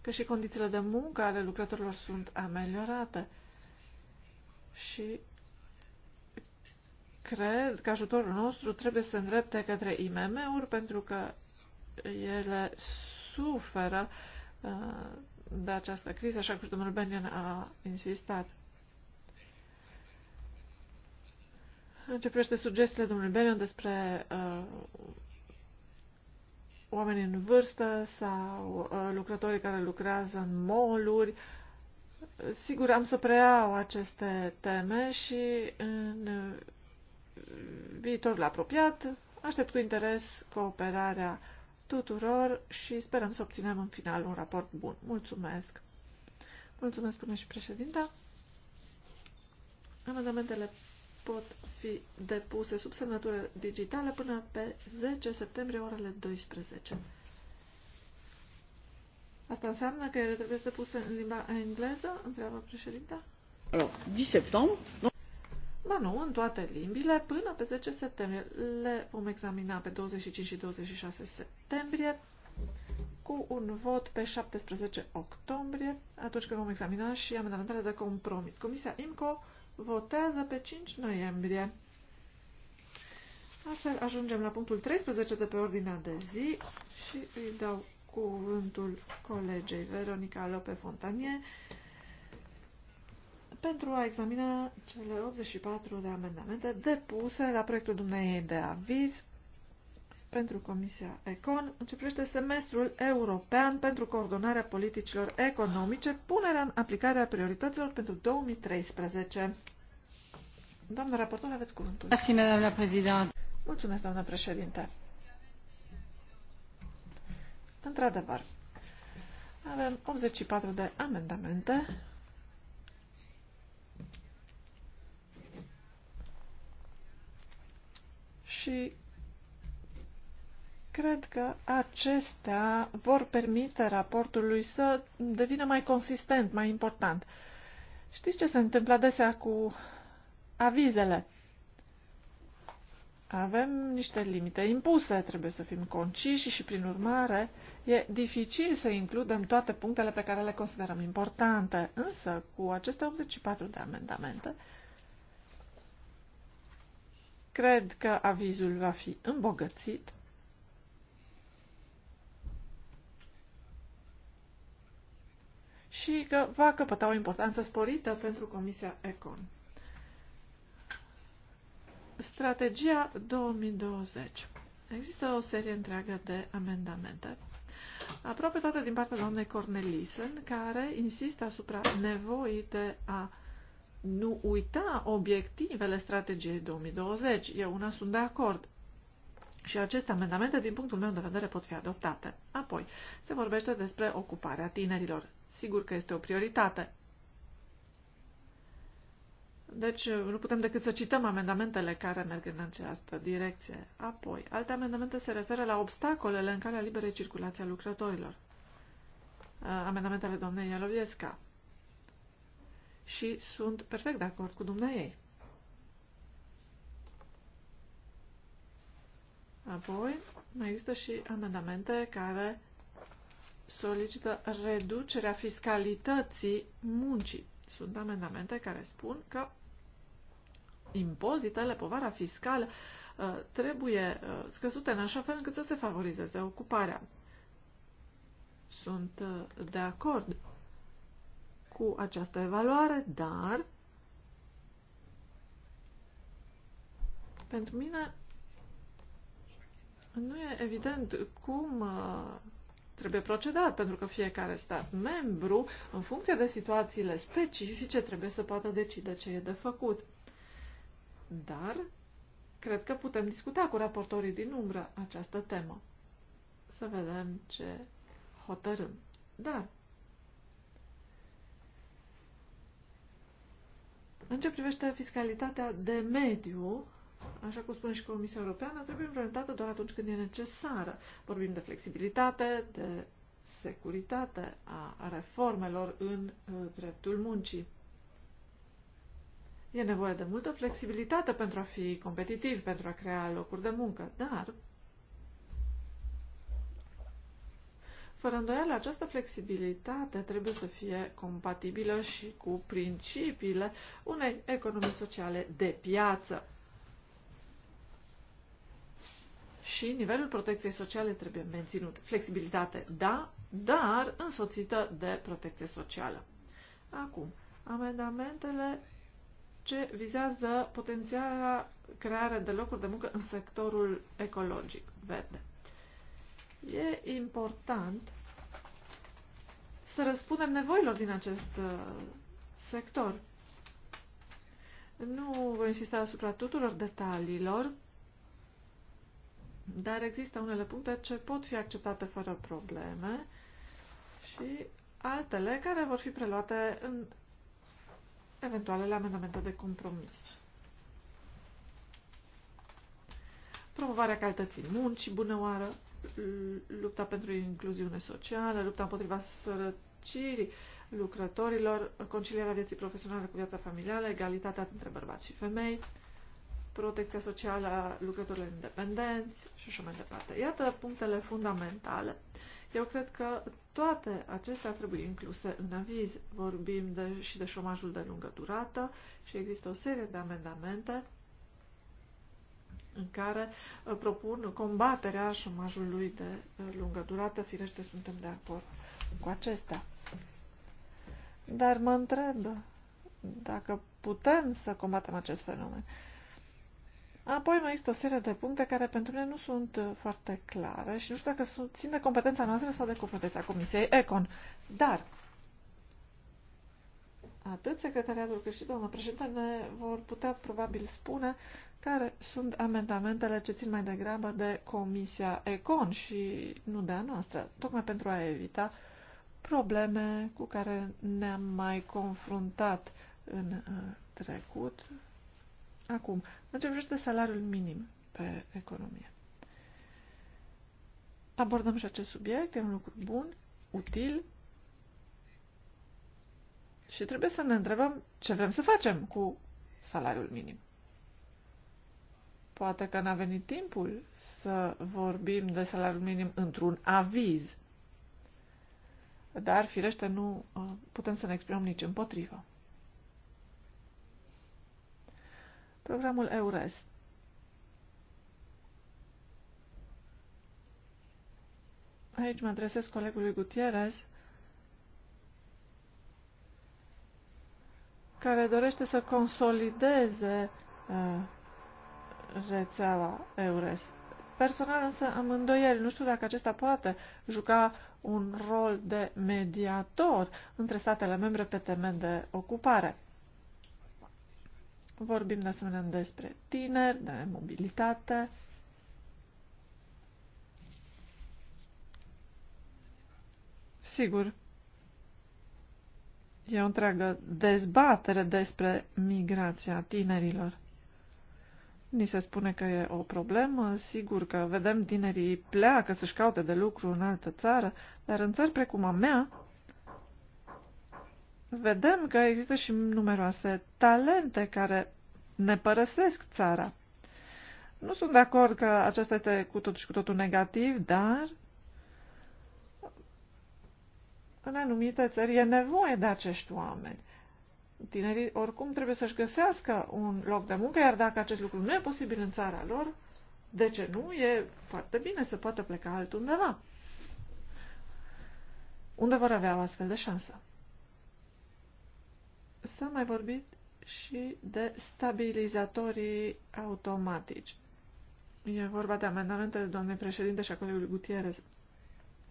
B: că și condițiile de muncă ale lucrătorilor sunt ameliorate. Și cred că ajutorul nostru trebuie să îndrepte către IMM-uri pentru că ele suferă uh, de această criză, așa cum domnul Benian a insistat. Începește sugestiile domnului Benion despre uh, oamenii în vârstă sau uh, lucrătorii care lucrează în moluri. Sigur, am să preiau aceste teme și în uh, viitorul apropiat aștept cu interes cooperarea tuturor și sperăm să obținem în final un raport bun. Mulțumesc! Mulțumesc, până și președinta! Amendamentele pot fi depuse sub semnătură digitală până pe 10 septembrie, orele 12. Asta înseamnă că ele trebuie să depuse în limba engleză? Întreabă președinta. Alors, 10 septembrie. Ba nu, în toate limbile, până pe 10 septembrie. Le vom examina pe 25 și 26 septembrie cu un vot pe 17 octombrie, atunci când vom examina și amendamentele de compromis. Comisia IMCO votează pe 5 noiembrie. Astfel ajungem la punctul 13 de pe ordinea de zi și îi dau cuvântul colegei Veronica Lope Fontanie pentru a examina cele 84 de amendamente depuse la proiectul dumneiei de aviz pentru Comisia Econ începește semestrul european pentru coordonarea politicilor economice, punerea în aplicare a priorităților pentru 2013. Doamnă raportor, aveți cuvântul. Mulțumesc, doamnă președinte. Într-adevăr, avem 84 de amendamente și Cred că acestea vor permite raportului să devină mai consistent, mai important. Știți ce se întâmplă adesea cu avizele? Avem niște limite impuse, trebuie să fim conciși și, prin urmare, e dificil să includem toate punctele pe care le considerăm importante. Însă, cu aceste 84 de amendamente, cred că avizul va fi îmbogățit și că va căpăta o importanță sporită pentru Comisia Econ. Strategia 2020. Există o serie întreagă de amendamente, aproape toate din partea doamnei Cornelisen, care insistă asupra nevoii de a nu uita obiectivele strategiei 2020. Eu una sunt de acord. Și aceste amendamente, din punctul meu de vedere, pot fi adoptate. Apoi, se vorbește despre ocuparea tinerilor. Sigur că este o prioritate. Deci nu putem decât să cităm amendamentele care merg în această direcție. Apoi, alte amendamente se referă la obstacolele în calea liberei circulației a lucrătorilor. Amendamentele doamnei Ialoviesca. Și sunt perfect de acord cu dumneai. Apoi, mai există și amendamente care solicită reducerea fiscalității muncii. Sunt amendamente care spun că impozitele, povara fiscală uh, trebuie uh, scăzute în așa fel încât să se favorizeze ocuparea. Sunt uh, de acord cu această evaluare, dar pentru mine nu e evident cum trebuie procedat, pentru că fiecare stat membru, în funcție de situațiile specifice, trebuie să poată decide ce e de făcut. Dar cred că putem discuta cu raportorii din umbră această temă. Să vedem ce hotărâm. Dar În ce privește fiscalitatea de mediu, așa cum spune și Comisia Europeană, trebuie implementată doar atunci când e necesară. Vorbim de flexibilitate, de securitate a reformelor în uh, dreptul muncii. E nevoie de multă flexibilitate pentru a fi competitiv, pentru a crea locuri de muncă, dar Fără îndoială, această flexibilitate trebuie să fie compatibilă și cu principiile unei economii sociale de piață. și nivelul protecției sociale trebuie menținut. Flexibilitate, da, dar însoțită de protecție socială. Acum, amendamentele ce vizează potențiala creare de locuri de muncă în sectorul ecologic verde. E important să răspundem nevoilor din acest uh, sector. Nu voi insista asupra tuturor detaliilor, dar există unele puncte ce pot fi acceptate fără probleme și altele care vor fi preluate în eventualele amendamente de compromis. Promovarea calității muncii, bună oară, lupta pentru incluziune socială, lupta împotriva sărăcirii lucrătorilor, concilierea vieții profesionale cu viața familială, egalitatea dintre bărbați și femei, protecția socială a lucrătorilor independenți și așa mai departe. Iată punctele fundamentale. Eu cred că toate acestea trebuie incluse în aviz. Vorbim de, și de șomajul de lungă durată și există o serie de amendamente în care uh, propun combaterea șomajului de uh, lungă durată. Firește, suntem de acord cu acestea. Dar mă întreb dacă putem să combatem acest fenomen. Apoi mai este o serie de puncte care pentru mine nu sunt uh, foarte clare și nu știu dacă sunt, țin de competența noastră sau de competența Comisiei Econ. Dar atât secretariatul cât și doamna președinte ne vor putea probabil spune care sunt amendamentele ce țin mai degrabă de Comisia Econ și nu de a noastră, tocmai pentru a evita probleme cu care ne-am mai confruntat în uh, trecut Acum, în ce privește salariul minim pe economie. Abordăm și acest subiect, e un lucru bun, util și trebuie să ne întrebăm ce vrem să facem cu salariul minim. Poate că n-a venit timpul să vorbim de salariul minim într-un aviz, dar firește nu uh, putem să ne exprimăm nici împotrivă. Programul EURES. Aici mă adresez colegului Gutierrez, care dorește să consolideze uh, rețeaua EURES. Personal însă am îndoieli, nu știu dacă acesta poate juca un rol de mediator între statele membre pe temen de ocupare. Vorbim de asemenea despre tineri, de mobilitate. Sigur, e o întreagă dezbatere despre migrația tinerilor. Ni se spune că e o problemă, sigur că vedem tinerii pleacă să-și caute de lucru în altă țară, dar în țări precum a mea, vedem că există și numeroase talente care ne părăsesc țara. Nu sunt de acord că acesta este cu tot și cu totul negativ, dar în anumite țări e nevoie de acești oameni. Tinerii oricum trebuie să-și găsească un loc de muncă, iar dacă acest lucru nu e posibil în țara lor, de ce nu? E foarte bine să poată pleca altundeva. Unde vor avea o astfel de șansă? S-a mai vorbit și de stabilizatorii automatici. E vorba de amendamentele doamnei președinte și a colegului Gutierrez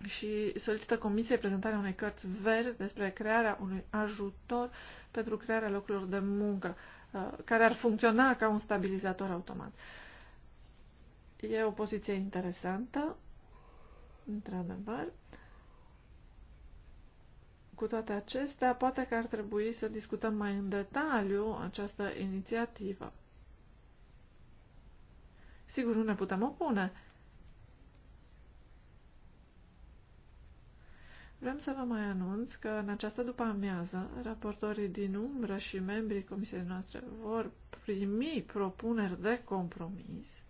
B: și solicită comisiei prezentarea unei cărți verzi despre crearea unui ajutor pentru crearea locurilor de muncă, uh, care ar funcționa ca un stabilizator automat. E o poziție interesantă, într-adevăr. Cu toate acestea, poate că ar trebui să discutăm mai în detaliu această inițiativă. Sigur, nu ne putem opune. Vrem să vă mai anunț că în această după-amiază, raportorii din umbră și membrii comisiei noastre vor primi propuneri de compromis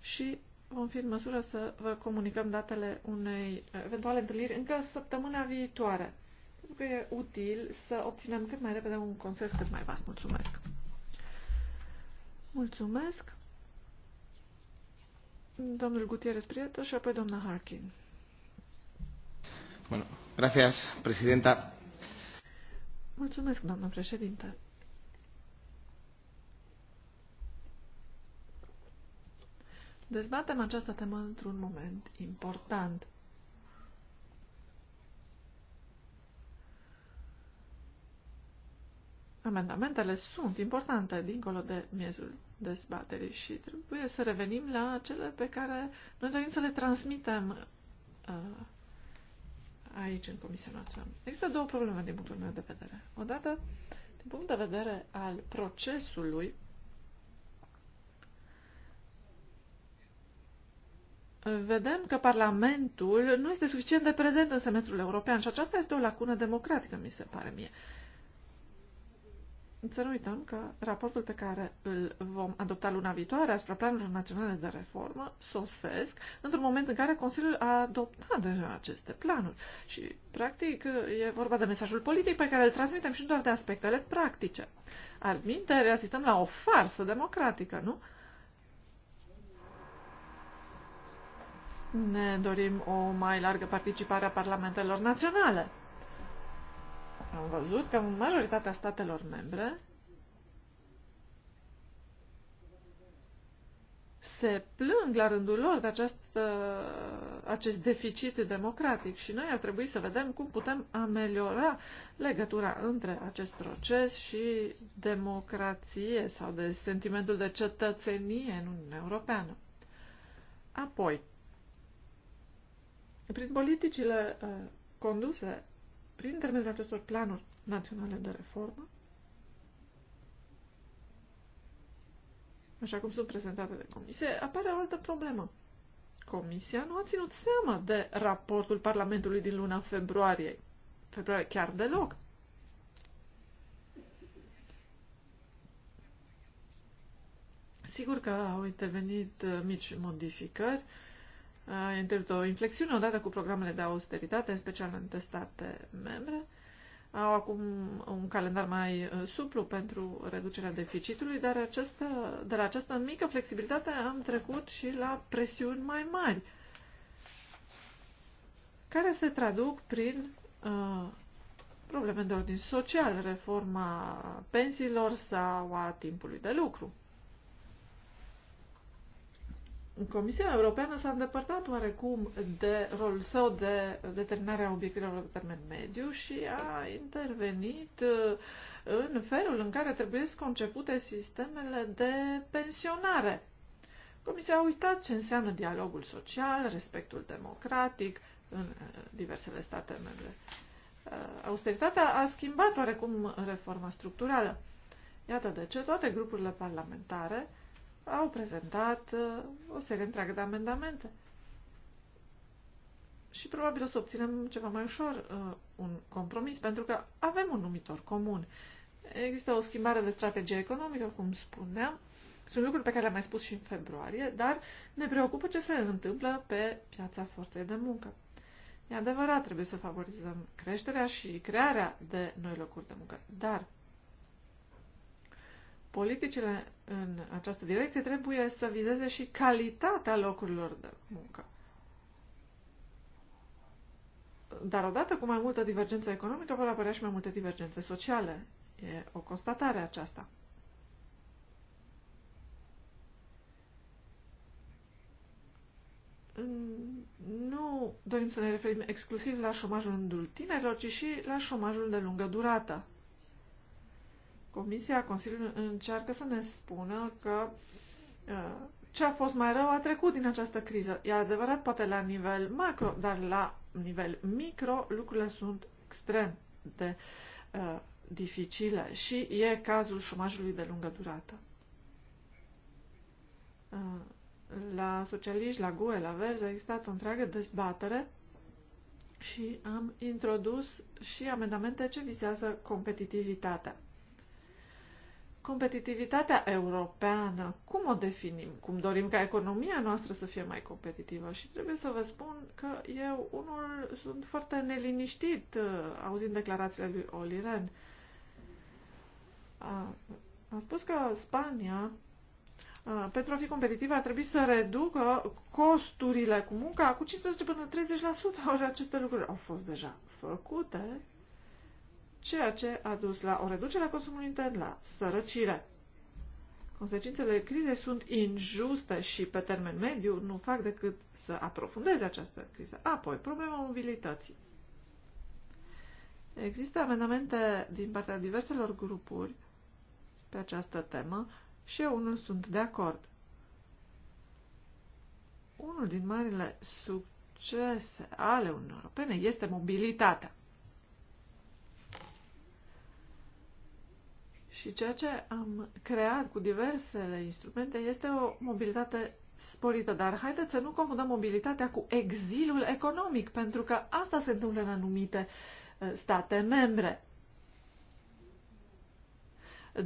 B: și vom fi în măsură să vă comunicăm datele unei eventuale întâlniri încă săptămâna viitoare. Pentru că e util să obținem cât mai repede un consens cât mai vast. Mulțumesc! Mulțumesc! Domnul Gutierrez Prieto și apoi doamna Harkin.
D: Bueno, gracias, presidenta.
B: Mulțumesc, doamnă președinte. Dezbatem această temă într-un moment important. Amendamentele sunt importante dincolo de miezul dezbaterii și trebuie să revenim la cele pe care noi dorim să le transmitem uh, aici, în comisia noastră. Există două probleme din punctul meu de vedere. Odată, din punct de vedere al procesului vedem că Parlamentul nu este suficient de prezent în semestrul european și aceasta este o lacună democratică, mi se pare mie. Să nu uităm că raportul pe care îl vom adopta luna viitoare asupra planurilor naționale de reformă sosesc într-un moment în care Consiliul a adoptat deja aceste planuri. Și, practic, e vorba de mesajul politic pe care îl transmitem și doar de aspectele practice. Al minte, asistăm la o farsă democratică, nu? Ne dorim o mai largă participare a parlamentelor naționale. Am văzut că majoritatea statelor membre se plâng la rândul lor de acest, uh, acest deficit democratic și noi ar trebui să vedem cum putem ameliora legătura între acest proces și democrație sau de sentimentul de cetățenie în Uniunea Europeană. Apoi, prin politicile uh, conduse prin intermediul acestor planuri naționale de reformă, așa cum sunt prezentate de comisie, apare o altă problemă. Comisia nu a ținut seama de raportul Parlamentului din luna februarie. Februarie chiar deloc. Sigur că au intervenit uh, mici modificări, E întâlnit o inflexiune odată cu programele de austeritate, în special în testate state membre. Au acum un calendar mai uh, suplu pentru reducerea deficitului, dar această, de la această mică flexibilitate am trecut și la presiuni mai mari, care se traduc prin uh, probleme de ordin social, reforma pensiilor sau a timpului de lucru. Comisia Europeană s-a îndepărtat oarecum de rolul său de determinare a obiectivelor pe termen mediu și a intervenit uh, în felul în care trebuie concepute sistemele de pensionare. Comisia a uitat ce înseamnă dialogul social, respectul democratic în uh, diversele state membre. Uh, austeritatea a schimbat oarecum reforma structurală. Iată de ce toate grupurile parlamentare au prezentat uh, o serie întreagă de amendamente. Și probabil o să obținem ceva mai ușor uh, un compromis, pentru că avem un numitor comun. Există o schimbare de strategie economică, cum spuneam, sunt lucruri pe care le-am mai spus și în februarie, dar ne preocupă ce se întâmplă pe piața forței de muncă. E adevărat, trebuie să favorizăm creșterea și crearea de noi locuri de muncă, dar Politicile în această direcție trebuie să vizeze și calitatea locurilor de muncă. Dar odată cu mai multă divergență economică vor apărea și mai multe divergențe sociale. E o constatare aceasta. nu dorim să ne referim exclusiv la șomajul în tinerilor, ci și la șomajul de lungă durată. Comisia, Consiliului încearcă să ne spună că uh, ce a fost mai rău a trecut din această criză. E adevărat, poate la nivel macro, dar la nivel micro lucrurile sunt extrem de uh, dificile și e cazul șomajului de lungă durată. Uh, la socialiști, la GUE, la Verzi a existat o întreagă dezbatere și am introdus și amendamente ce vizează competitivitatea. Competitivitatea europeană, cum o definim? Cum dorim ca economia noastră să fie mai competitivă? Și trebuie să vă spun că eu, unul, sunt foarte neliniștit uh, auzind declarațiile lui Oli Ren. A, a spus că Spania, pentru a fi competitivă, ar trebui să reducă costurile cu munca cu 15 până 30%. Ori aceste lucruri au fost deja făcute ceea ce a dus la o reducere a consumului intern, la sărăcire. Consecințele crizei sunt injuste și pe termen mediu nu fac decât să aprofundeze această criză. Apoi, problema mobilității. Există amendamente din partea diverselor grupuri pe această temă și eu unul sunt de acord. Unul din marile succese ale Uniunii Europene este mobilitatea. Și ceea ce am creat cu diversele instrumente este o mobilitate sporită, dar haideți să nu confundăm mobilitatea cu exilul economic, pentru că asta se întâmplă în anumite uh, state membre.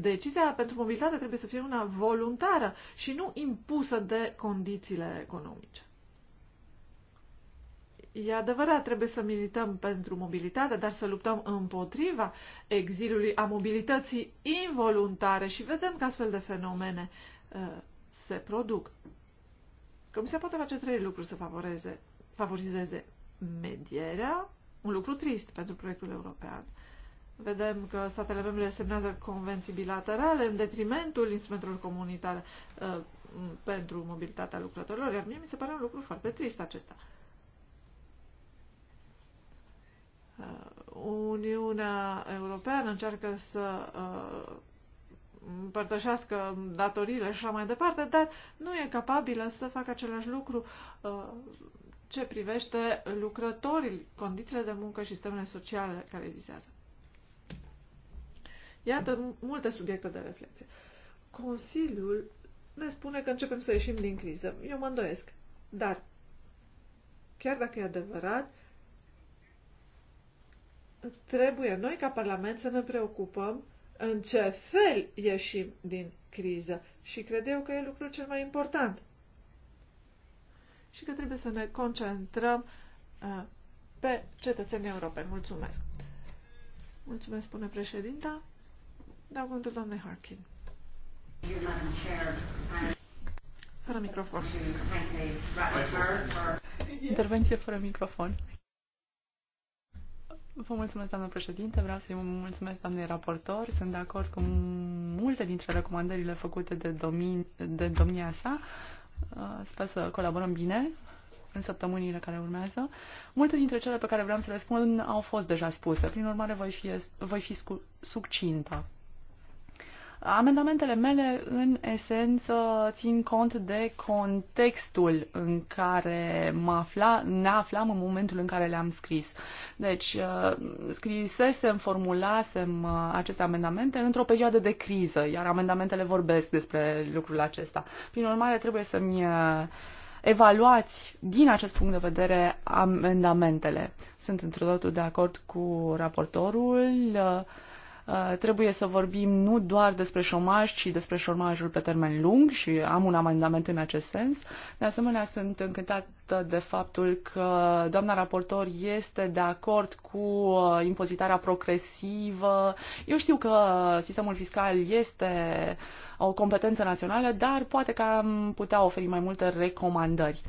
B: Decizia pentru mobilitate trebuie să fie una voluntară și nu impusă de condițiile economice. E adevărat, trebuie să milităm pentru mobilitate, dar să luptăm împotriva exilului, a mobilității involuntare și vedem că astfel de fenomene uh, se produc. Comisia poate face trei lucruri să favoreze, favorizeze medierea, un lucru trist pentru proiectul european. Vedem că statele membre semnează convenții bilaterale în detrimentul instrumentelor comunitare uh, pentru mobilitatea lucrătorilor, iar mie mi se pare un lucru foarte trist acesta. Uh, Uh, Uniunea Europeană încearcă să uh, împărtășească datoriile și așa mai departe, dar nu e capabilă să facă același lucru uh, ce privește lucrătorii, condițiile de muncă și sistemele sociale care vizează. Iată multe subiecte de reflexie. Consiliul ne spune că începem să ieșim din criză. Eu mă îndoiesc. Dar, chiar dacă e adevărat, trebuie noi ca Parlament să ne preocupăm în ce fel ieșim din criză. Și cred eu că e lucrul cel mai important. Și că trebuie să ne concentrăm uh, pe cetățenii europeni. Mulțumesc! Mulțumesc, spune președinta. Dau cuvântul doamnei Harkin. Fără microfon.
C: Intervenție fără microfon. Vă mulțumesc, doamnă președinte. Vreau să-i mulțumesc, doamnei raportor. Sunt de acord cu multe dintre recomandările făcute de, domin, de domnia sa. Uh, sper să colaborăm bine în săptămânile care urmează. Multe dintre cele pe care vreau să le spun au fost deja spuse. Prin urmare, voi fi, voi fi succintă. Amendamentele mele, în esență, țin cont de contextul în care mă afla, ne aflam în momentul în care le-am scris. Deci, uh, scrisesem, formulasem uh, aceste amendamente într-o perioadă de criză, iar amendamentele vorbesc despre lucrul acesta. Prin urmare, trebuie să-mi uh, evaluați din acest punct de vedere amendamentele. Sunt într totul de acord cu raportorul. Uh, Uh, trebuie să vorbim nu doar despre șomaj, ci despre șomajul pe termen lung și am un amendament în acest sens. De asemenea, sunt încântată de faptul că doamna raportor este de acord cu uh, impozitarea progresivă. Eu știu că sistemul fiscal este o competență națională, dar poate că am putea oferi mai multe recomandări.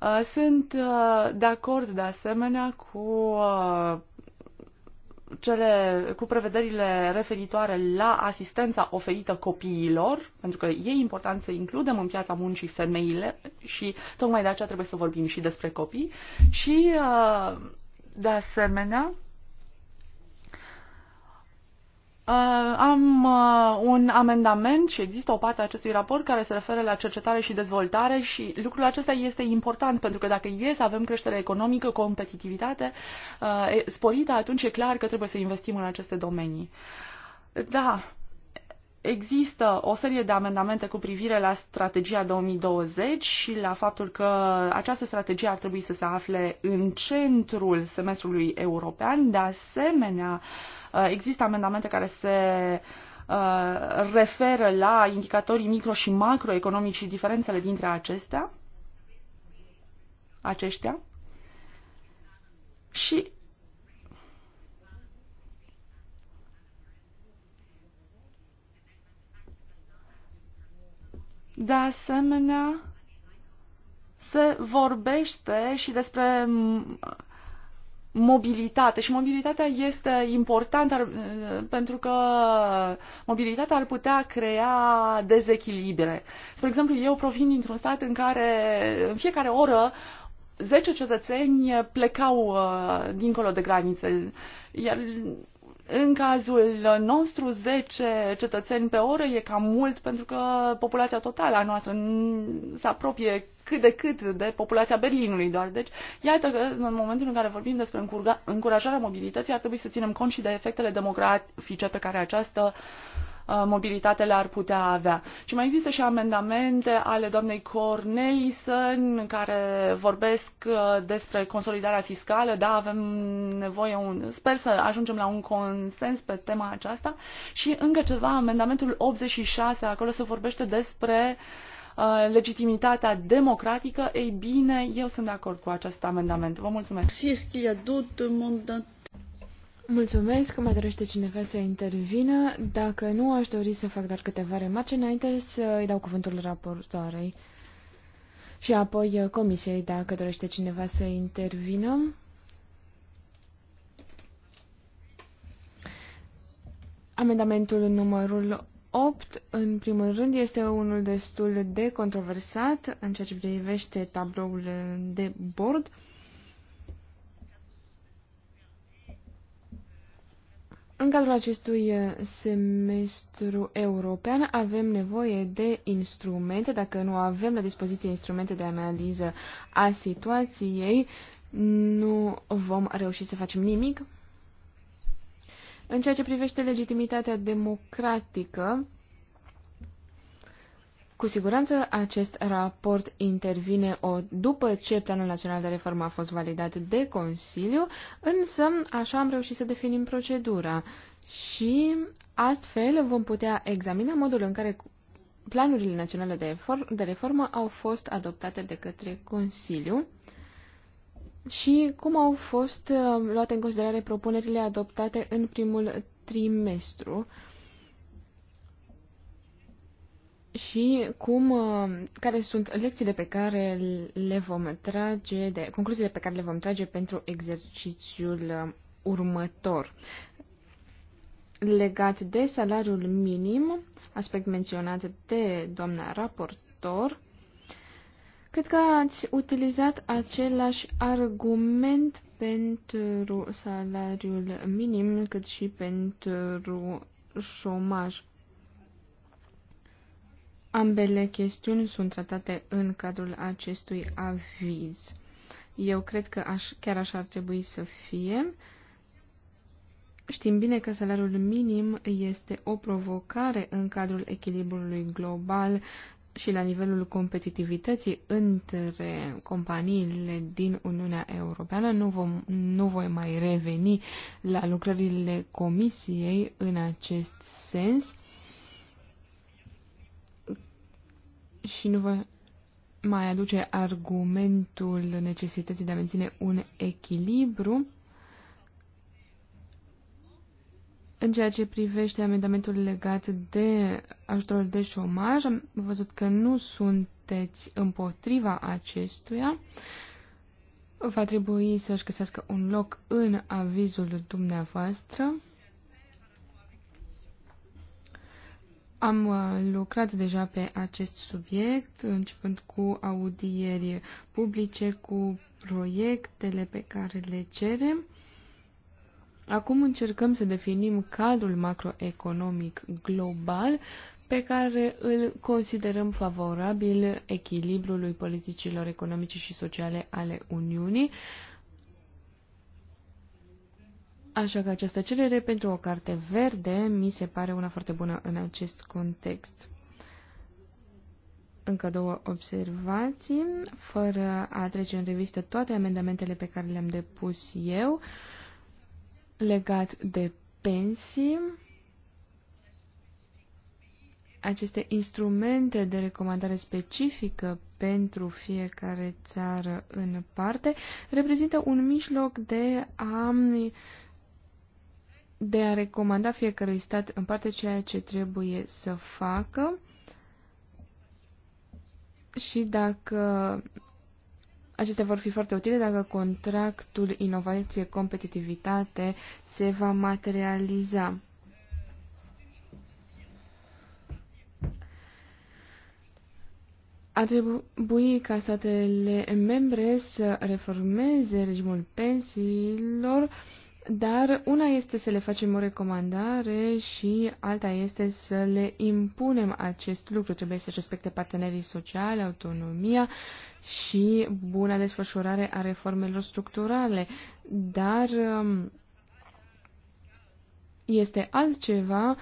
C: Uh, sunt de acord de asemenea cu cele, cu prevederile referitoare la asistența oferită copiilor, pentru că e important să includem în piața muncii femeile și tocmai de aceea trebuie să vorbim și despre copii și uh, de asemenea Uh, am uh, un amendament și există o parte a acestui raport care se referă la cercetare și dezvoltare și lucrul acesta este important pentru că dacă e să avem creștere economică, competitivitate uh, sporită, atunci e clar că trebuie să investim în aceste domenii. Da, Există o serie de amendamente cu privire la strategia 2020 și la faptul că această strategie ar trebui să se afle în centrul semestrului european. De asemenea, uh, există amendamente care se uh, referă la indicatorii micro și macroeconomici și diferențele dintre acestea, aceștia. Și De asemenea, se vorbește și despre mobilitate și mobilitatea este importantă pentru că mobilitatea ar putea crea dezechilibre. Spre exemplu, eu provin dintr-un stat în care în fiecare oră 10 cetățeni plecau uh, dincolo de granițe, iar în cazul nostru, 10 cetățeni pe oră e cam mult pentru că populația totală a noastră se apropie cât de cât de populația Berlinului doar. Deci, iată că în momentul în care vorbim despre încurajarea mobilității, ar trebui să ținem cont și de efectele demografice pe care această uh, Uh, mobilitate le-ar putea avea. Și mai există și amendamente ale doamnei Cornelison care vorbesc uh, despre consolidarea fiscală. Da, avem nevoie, un... sper să ajungem la un consens pe tema aceasta. Și încă ceva, amendamentul 86, acolo se vorbește despre uh, legitimitatea democratică, ei bine, eu sunt de acord cu acest amendament. Vă mulțumesc. Si, est-ce qu'il y a
A: d'autres Mulțumesc că mai dorește cineva să intervină. Dacă nu, aș dori să fac doar câteva remarce înainte să îi dau cuvântul raportoarei și apoi comisiei, dacă dorește cineva să intervină. Amendamentul numărul 8, în primul rând, este unul destul de controversat în ceea ce privește tabloul de bord. Uh, În cadrul acestui semestru european avem nevoie de instrumente, dacă nu avem la dispoziție instrumente de analiză a situației, nu vom reuși să facem nimic. În ceea ce privește legitimitatea democratică, cu siguranță acest raport intervine o, după ce Planul Național de Reformă a fost validat de Consiliu, însă așa am reușit să definim procedura și astfel vom putea examina modul în care planurile naționale de, de reformă au fost adoptate de către Consiliu și cum au fost uh, luate în considerare propunerile adoptate în primul trimestru uh, și cum, uh, care sunt lecțiile pe care le vom trage, de, concluziile pe care le vom trage pentru exercițiul uh, următor. Legat de salariul minim, aspect menționat de doamna raportor, cred că ați utilizat același argument pentru salariul minim cât și pentru șomaj Ambele chestiuni sunt tratate în cadrul acestui aviz. Eu cred că aș, chiar așa ar trebui să fie. Știm bine că salariul minim este o provocare în cadrul echilibrului global și la nivelul competitivității între companiile din Uniunea Europeană. Nu, vom, nu voi mai reveni la lucrările Comisiei în acest sens și nu vă mai aduce argumentul necesității de a menține un echilibru în ceea ce privește amendamentul legat de ajutorul de șomaj. Am văzut că nu sunteți împotriva acestuia. Va trebui să-și găsească un loc în avizul dumneavoastră. Am uh, lucrat deja pe acest subiect, începând cu audieri publice, cu proiectele pe care le cerem. Acum încercăm să definim cadrul macroeconomic global pe care îl considerăm favorabil echilibrului politicilor economice și sociale ale Uniunii, Așa că această cerere pentru o carte verde mi se pare una foarte bună în acest context. Încă două observații, fără a trece în revistă toate amendamentele pe care le-am depus eu, legat de pensii, aceste instrumente de recomandare specifică pentru fiecare țară în parte reprezintă un mijloc de a de a recomanda fiecărui stat în parte ceea ce trebuie să facă și dacă acestea vor fi foarte utile dacă contractul inovație-competitivitate se va materializa. A trebui ca statele membre să reformeze regimul pensiilor uh, dar una este să le facem o recomandare și alta este să le impunem acest lucru. Trebuie să respecte partenerii sociale, autonomia și buna desfășurare a reformelor structurale. Dar um, este altceva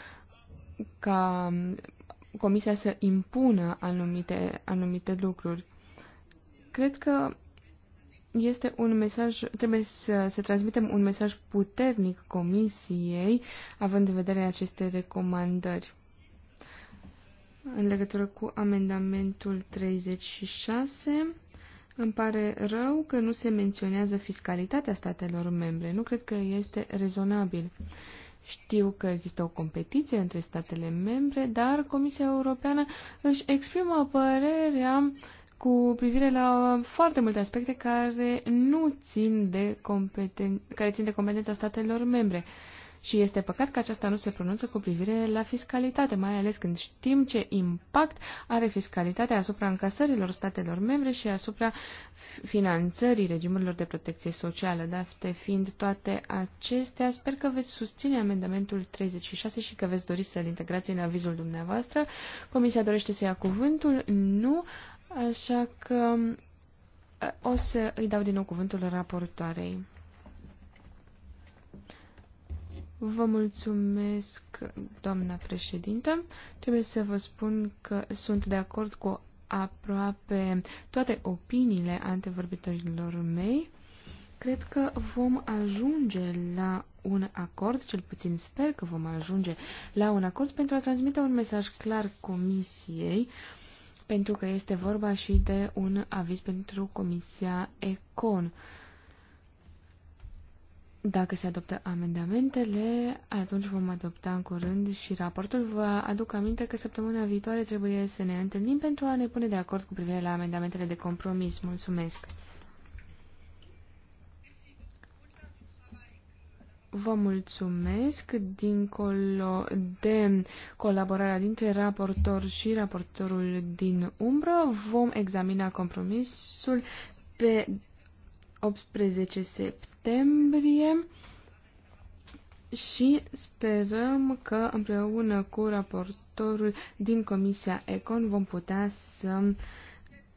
A: ca um, Comisia să impună anumite, anumite lucruri. Cred că este un mesaj, trebuie să, să transmitem un mesaj puternic Comisiei, având în vedere aceste recomandări. În legătură cu amendamentul 36, îmi pare rău că nu se menționează fiscalitatea statelor membre. Nu cred că este rezonabil. Știu că există o competiție între statele membre, dar Comisia Europeană își exprimă părerea uh, cu privire la uh, foarte multe aspecte care nu țin de competen- care țin de competența statelor membre. Și este păcat că aceasta nu se pronunță cu privire la fiscalitate, mai ales când știm ce impact are fiscalitatea asupra încasărilor statelor membre și asupra finanțării regimurilor de protecție socială. Dar fiind toate acestea, sper că veți susține amendamentul 36 și că veți dori să-l integrați în avizul dumneavoastră. Comisia dorește să ia cuvântul? Nu. Așa că o să îi dau din nou cuvântul raportoarei. Vă mulțumesc, doamna președintă. Trebuie să vă spun că sunt de acord cu aproape toate opiniile antevorbitorilor mei. Cred că vom ajunge la un acord, cel puțin sper că vom ajunge la un acord pentru a transmite un mesaj clar Comisiei uh, pentru că este vorba și de un aviz pentru Comisia Econ. Dacă se adoptă amendamentele, atunci vom adopta în curând și raportul. Vă aduc aminte că săptămâna viitoare trebuie să ne întâlnim pentru a ne pune de acord cu privire la amendamentele de compromis. Mulțumesc! Vă mulțumesc. Dincolo de colaborarea dintre raportor și raportorul din umbră, vom examina compromisul pe 18 septembrie și sperăm că împreună cu raportorul din Comisia Econ vom putea să uh,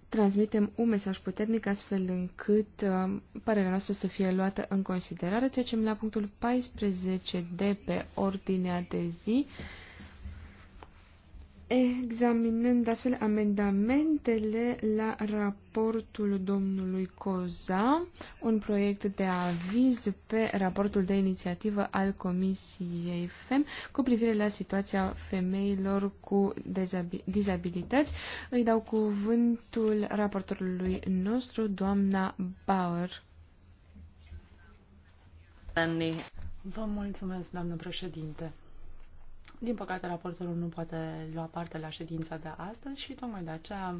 A: transmitem un mesaj puternic astfel încât uh, părerea noastră să fie luată în considerare. Trecem la punctul 14 de pe ordinea de zi examinând astfel amendamentele la raportul domnului Coza, un proiect de aviz pe raportul de inițiativă al Comisiei FEM cu privire la situația femeilor cu dizabilități. Îi dau cuvântul raportorului nostru, doamna Bauer.
C: Vă mulțumesc, doamnă președinte. Din păcate, raportorul nu poate lua parte la ședința de astăzi și tocmai de aceea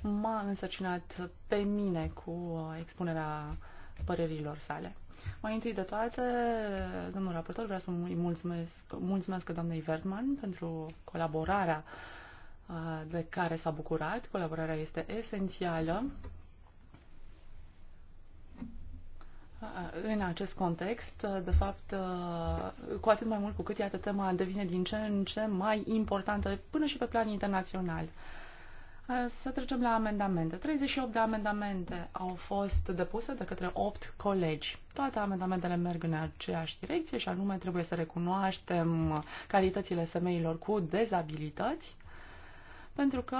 C: m-a însărcinat pe mine cu expunerea părerilor sale. Mai întâi de toate, domnul raportor, vreau să îi mulțumesc, mulțumesc doamnei Vertman pentru colaborarea uh, de care s-a bucurat. Colaborarea este esențială în acest context, de fapt, cu atât mai mult cu cât, iată, tema devine din ce în ce mai importantă, până și pe plan internațional. Să trecem la amendamente. 38 de amendamente au fost depuse de către 8 colegi. Toate amendamentele merg în aceeași direcție și anume trebuie să recunoaștem calitățile femeilor cu dezabilități, pentru că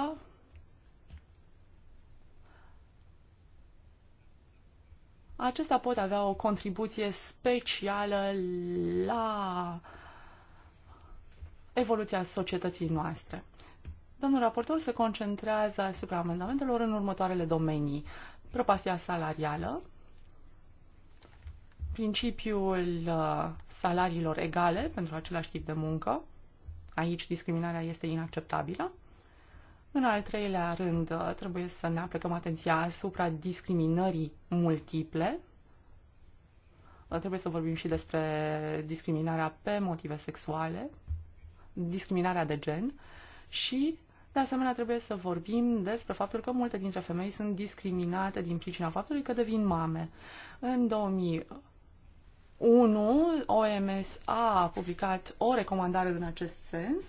C: acesta pot avea o contribuție specială la evoluția societății noastre. Domnul raportor se concentrează asupra amendamentelor în următoarele domenii. Propastia salarială, principiul uh, salariilor egale pentru același tip de muncă, aici discriminarea este inacceptabilă, în al treilea rând, uh, trebuie să ne aplicăm atenția asupra discriminării multiple. Uh, trebuie să vorbim și despre discriminarea pe motive sexuale, discriminarea de gen și, de asemenea, trebuie să vorbim despre faptul că multe dintre femei sunt discriminate din pricina faptului că devin mame. În 2000 1. OMS a publicat o recomandare în acest sens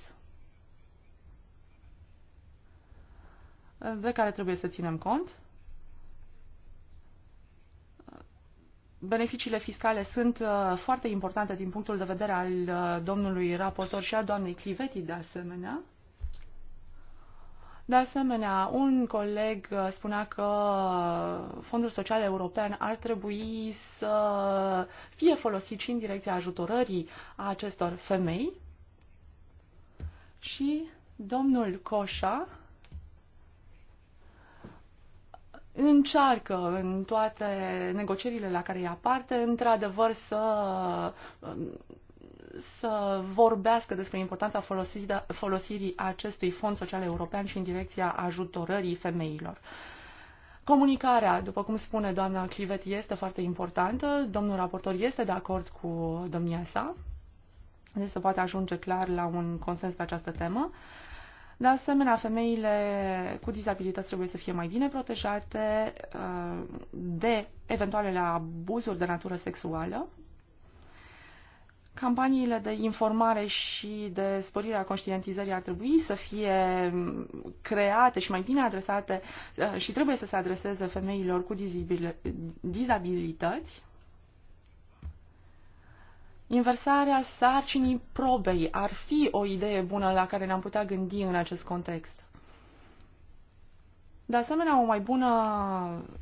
C: de care trebuie să ținem cont. Beneficiile fiscale sunt uh, foarte importante din punctul de vedere al uh, domnului raportor și al doamnei Cliveti de asemenea. De asemenea, un coleg uh, spunea că Fondul Social European ar trebui să fie folosit și în direcția ajutorării a acestor femei. Și domnul Coșa încearcă în toate negocierile la care ia parte, într-adevăr, să să vorbească despre importanța folosirii acestui fond social european și în direcția ajutorării femeilor. Comunicarea, după cum spune doamna Clivet, este foarte importantă. Domnul raportor este de acord cu domnia sa. Deci se poate ajunge clar la un consens pe această temă. Uh, de asemenea, femeile cu dizabilități trebuie să fie mai bine protejate uh, de eventualele abuzuri de natură sexuală. Campaniile de informare și de sporire a conștientizării ar trebui să fie create și mai bine adresate uh, și trebuie să se adreseze femeilor cu dizabilități Inversarea sarcinii probei ar fi o idee bună la care ne-am putea gândi în acest context. De asemenea, o mai bună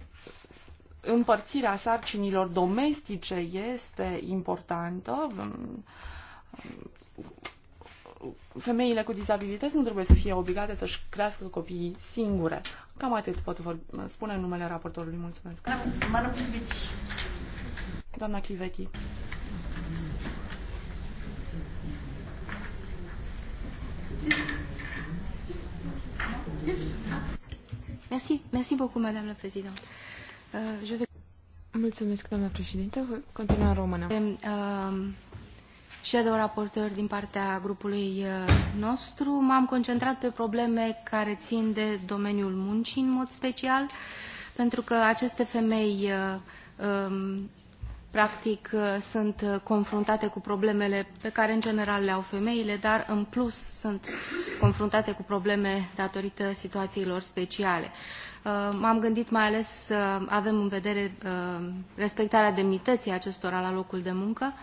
C: împărțire a sarcinilor domestice este importantă. Femeile cu dizabilități nu trebuie să fie obligate să-și crească copiii singure. Cam atât pot spune numele raportorului. Mulțumesc. Doamna Chiveti.
D: Merci, merci beaucoup, Madame la Présidente. Uh, je vais... Mulțumesc, doamna președinte. Voi continua în română. Uh, shadow raportor din partea grupului uh, nostru. M-am concentrat pe probleme care țin de domeniul muncii în mod special, pentru că aceste femei uh, um, practic uh, sunt uh, confruntate cu problemele pe care în general le au femeile, dar în plus sunt confruntate cu probleme datorită situațiilor speciale. Uh, m-am gândit mai ales să avem în vedere respectarea demnității acestora la locul de muncă,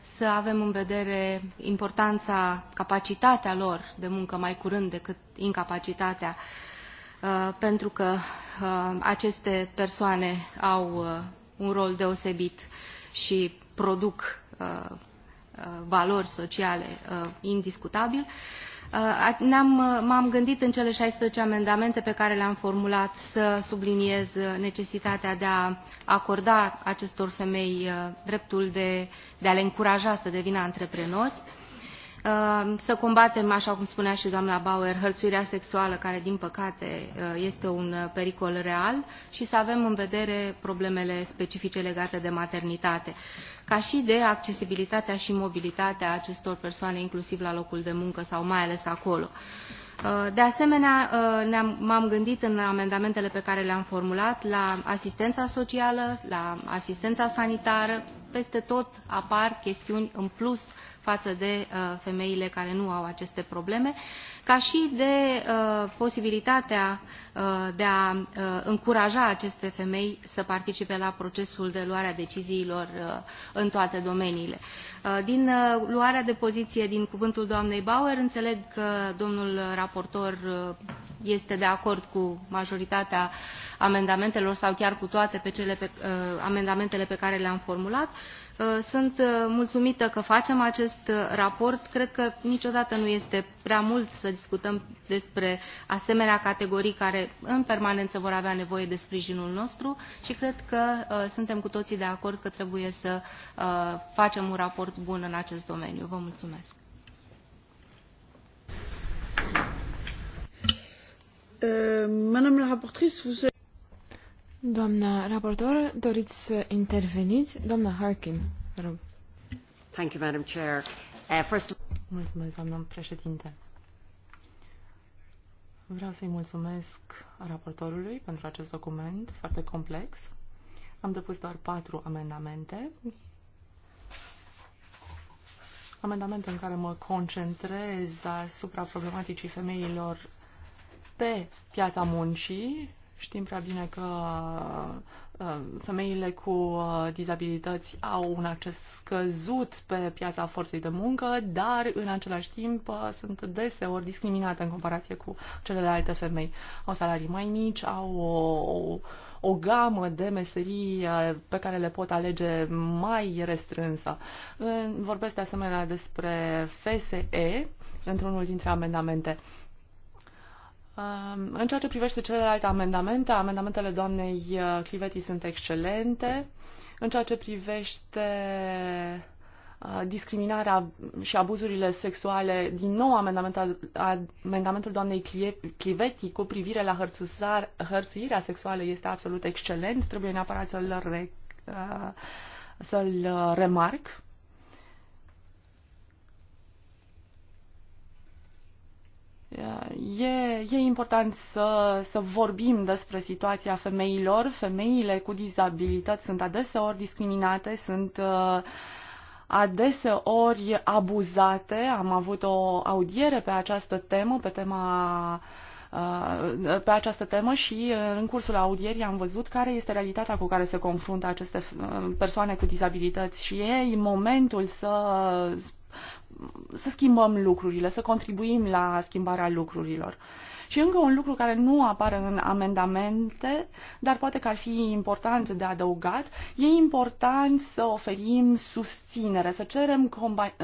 D: să avem în vedere importanța, capacitatea lor de muncă mai curând decât incapacitatea, pentru că aceste persoane au un rol deosebit și produc uh, uh, valori sociale uh, indiscutabil. Uh, uh, m-am gândit în cele 16 amendamente pe care le-am formulat să subliniez necesitatea de a acorda acestor femei dreptul de, de a le încuraja să devină antreprenori Uh, să combatem, așa cum spunea și doamna Bauer, hărțuirea sexuală, care din păcate uh, este un uh, pericol real, și să avem în vedere problemele specifice legate de maternitate, ca și de accesibilitatea și mobilitatea acestor persoane, inclusiv la locul de muncă sau mai ales acolo. Uh, de asemenea, uh, m-am gândit în amendamentele pe care le-am formulat la asistența socială, la asistența sanitară, peste tot apar chestiuni în plus față de uh, femeile care nu au aceste probleme ca și de uh, posibilitatea uh, de a uh, încuraja aceste femei să participe la procesul de luare a deciziilor uh, în toate domeniile. Uh, din uh, luarea de poziție din cuvântul doamnei Bauer, înțeleg că domnul raportor uh, este de acord cu majoritatea amendamentelor sau chiar cu toate pe cele pe, uh, amendamentele pe care le-am formulat. Uh, Uh, sunt uh, mulțumită că facem acest uh, raport. Cred că niciodată nu este prea mult să discutăm despre asemenea categorii care în permanență vor avea nevoie de sprijinul nostru și cred că suntem cu toții de acord că trebuie să facem un raport bun în acest domeniu. Vă mulțumesc.
A: Euh, madame la rapporteure, vous Doamna raportor, doriți să interveniți? Doamna Harkin, rog.
B: Thank you, Madam Chair. Uh,
C: first... Mulțumesc, doamna președinte. Vreau să-i mulțumesc raportorului pentru acest document foarte complex. Am depus doar patru amendamente. Amendamente în care mă concentrez asupra problematicii femeilor pe piața muncii Știm prea bine că uh, femeile cu uh, dizabilități au un acces scăzut pe piața forței de muncă, dar în același timp uh, sunt deseori discriminate în comparație cu celelalte femei. Au salarii mai mici, au o, o, o gamă de meserii pe care le pot alege mai restrânsă. Vorbesc de asemenea despre FSE într-unul dintre amendamente. Um, în ceea ce privește celelalte amendamente, amendamentele doamnei uh, Cliveti sunt excelente. În ceea ce privește uh, discriminarea și abuzurile sexuale, din nou amendamentul, amendamentul doamnei Cliveti cu privire la hărțuirea sexuală este absolut excelent. Trebuie neapărat să-l, re, uh, să-l remarc. E, e important să, să vorbim despre situația femeilor. Femeile cu dizabilități sunt adeseori discriminate, sunt uh, adeseori abuzate. Am avut o audiere pe această temă, pe tema uh, pe această temă și în cursul audierii am văzut care este realitatea cu care se confruntă aceste uh, persoane cu dizabilități și e momentul să să schimbăm lucrurile, să contribuim la schimbarea lucrurilor. Și încă un lucru care nu apare în amendamente, dar poate că ar fi important de adăugat, e important să oferim susținere, să cerem uh,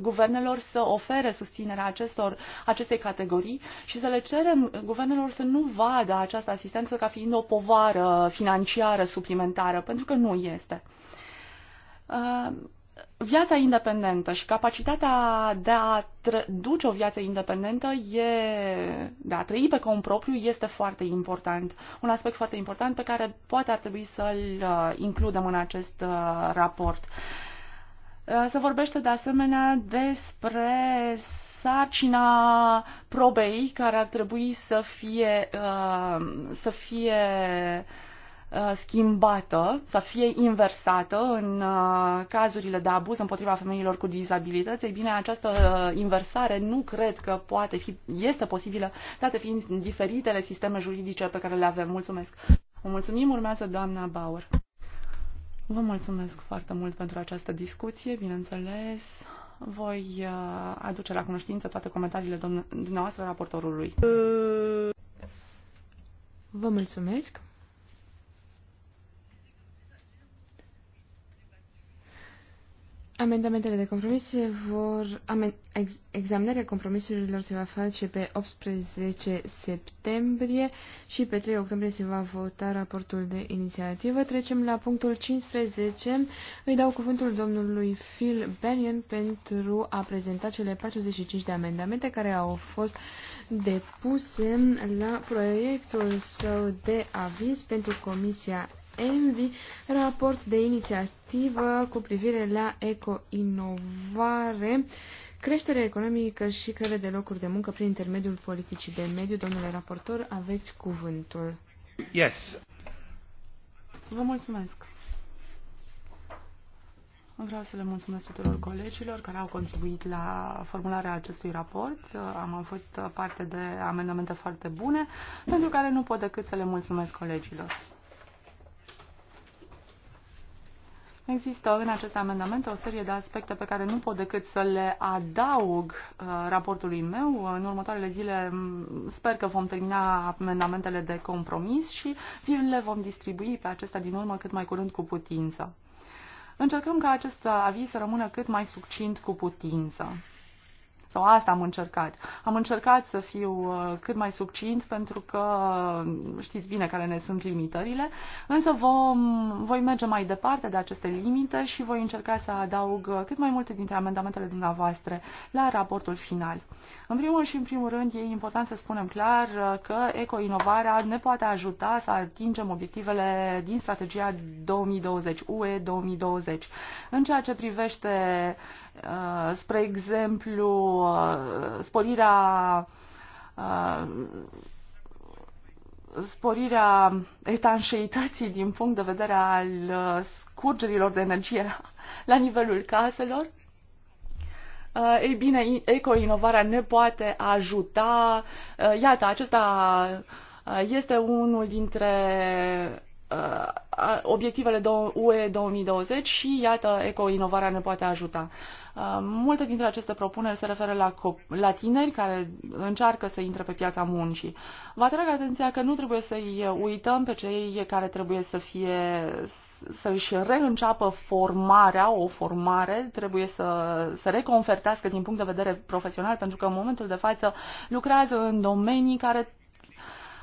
C: guvernelor să ofere susținerea acestor, acestei categorii și să le cerem guvernelor să nu vadă această asistență ca fiind o povară financiară suplimentară, pentru că nu este. Uh, viața independentă și capacitatea de a duce o viață independentă, e, de a trăi pe cont propriu, este foarte important. Un aspect foarte important pe care poate ar trebui să-l uh, includem în acest uh, raport. Uh, se vorbește de asemenea despre sarcina probei care ar trebui să fie, să fie Uh, schimbată, să fie inversată în uh, cazurile de abuz împotriva femeilor cu dizabilități, ei bine, această uh, inversare nu cred că poate fi, este posibilă, date fiind diferitele sisteme juridice pe care le avem. Mulțumesc! Vă mulțumim, urmează doamna Bauer. Vă mulțumesc foarte mult pentru această discuție, bineînțeles. Voi aduce la cunoștință toate comentariile dumneavoastră raportorului. Vă mulțumesc.
A: Amendamentele de compromis vor... Amen, ex, examinarea compromisurilor se va face pe 18 septembrie și pe 3 octombrie se va vota raportul de inițiativă. Trecem la punctul 15. Îi dau cuvântul domnului Phil Bennion pentru a prezenta cele 45 de amendamente care au fost depuse la proiectul său de aviz pentru Comisia ENVI, raport de inițiativă cu privire la ecoinovare, creștere economică și creare de locuri de muncă prin intermediul politicii de mediu. Domnule raportor, aveți cuvântul. Yes. Vă mulțumesc.
C: Vreau să le mulțumesc tuturor colegilor care au contribuit la formularea acestui raport. Am avut parte de amendamente foarte bune, pentru care nu pot decât să le mulțumesc colegilor. Există în acest amendament o serie de aspecte pe care nu pot decât să le adaug uh, raportului meu. În următoarele zile mm, sper că vom termina amendamentele de compromis și le vom distribui pe acestea din urmă cât mai curând cu putință. Încercăm ca acest aviz să rămână cât mai succint cu putință sau asta am încercat. Am încercat să fiu uh, cât mai succint pentru că uh, știți bine care ne sunt limitările, însă vom, voi merge mai departe de aceste limite și voi încerca să adaug uh, cât mai multe dintre amendamentele dumneavoastră la raportul final. În primul și în primul rând e important să spunem clar că ecoinovarea ne poate ajuta să atingem obiectivele din strategia 2020, UE 2020. În ceea ce privește Uh, spre exemplu, uh, sporirea uh, sporirea etanșeității din punct de vedere al scurgerilor de energie (laughs) la nivelul caselor. Ei bine, ecoinovarea ne poate ajuta. Iată, acesta este unul dintre Uh, obiectivele UE 2020 și, iată, eco-inovarea ne poate ajuta. Uh, multe dintre aceste propuneri se referă la, la tineri care încearcă să intre pe piața muncii. Vă atrag atenția că nu trebuie să-i uităm pe cei care trebuie să fie să-și reînceapă formarea, o formare, trebuie să se reconfertească din punct de vedere profesional, pentru că în momentul de față lucrează în domenii care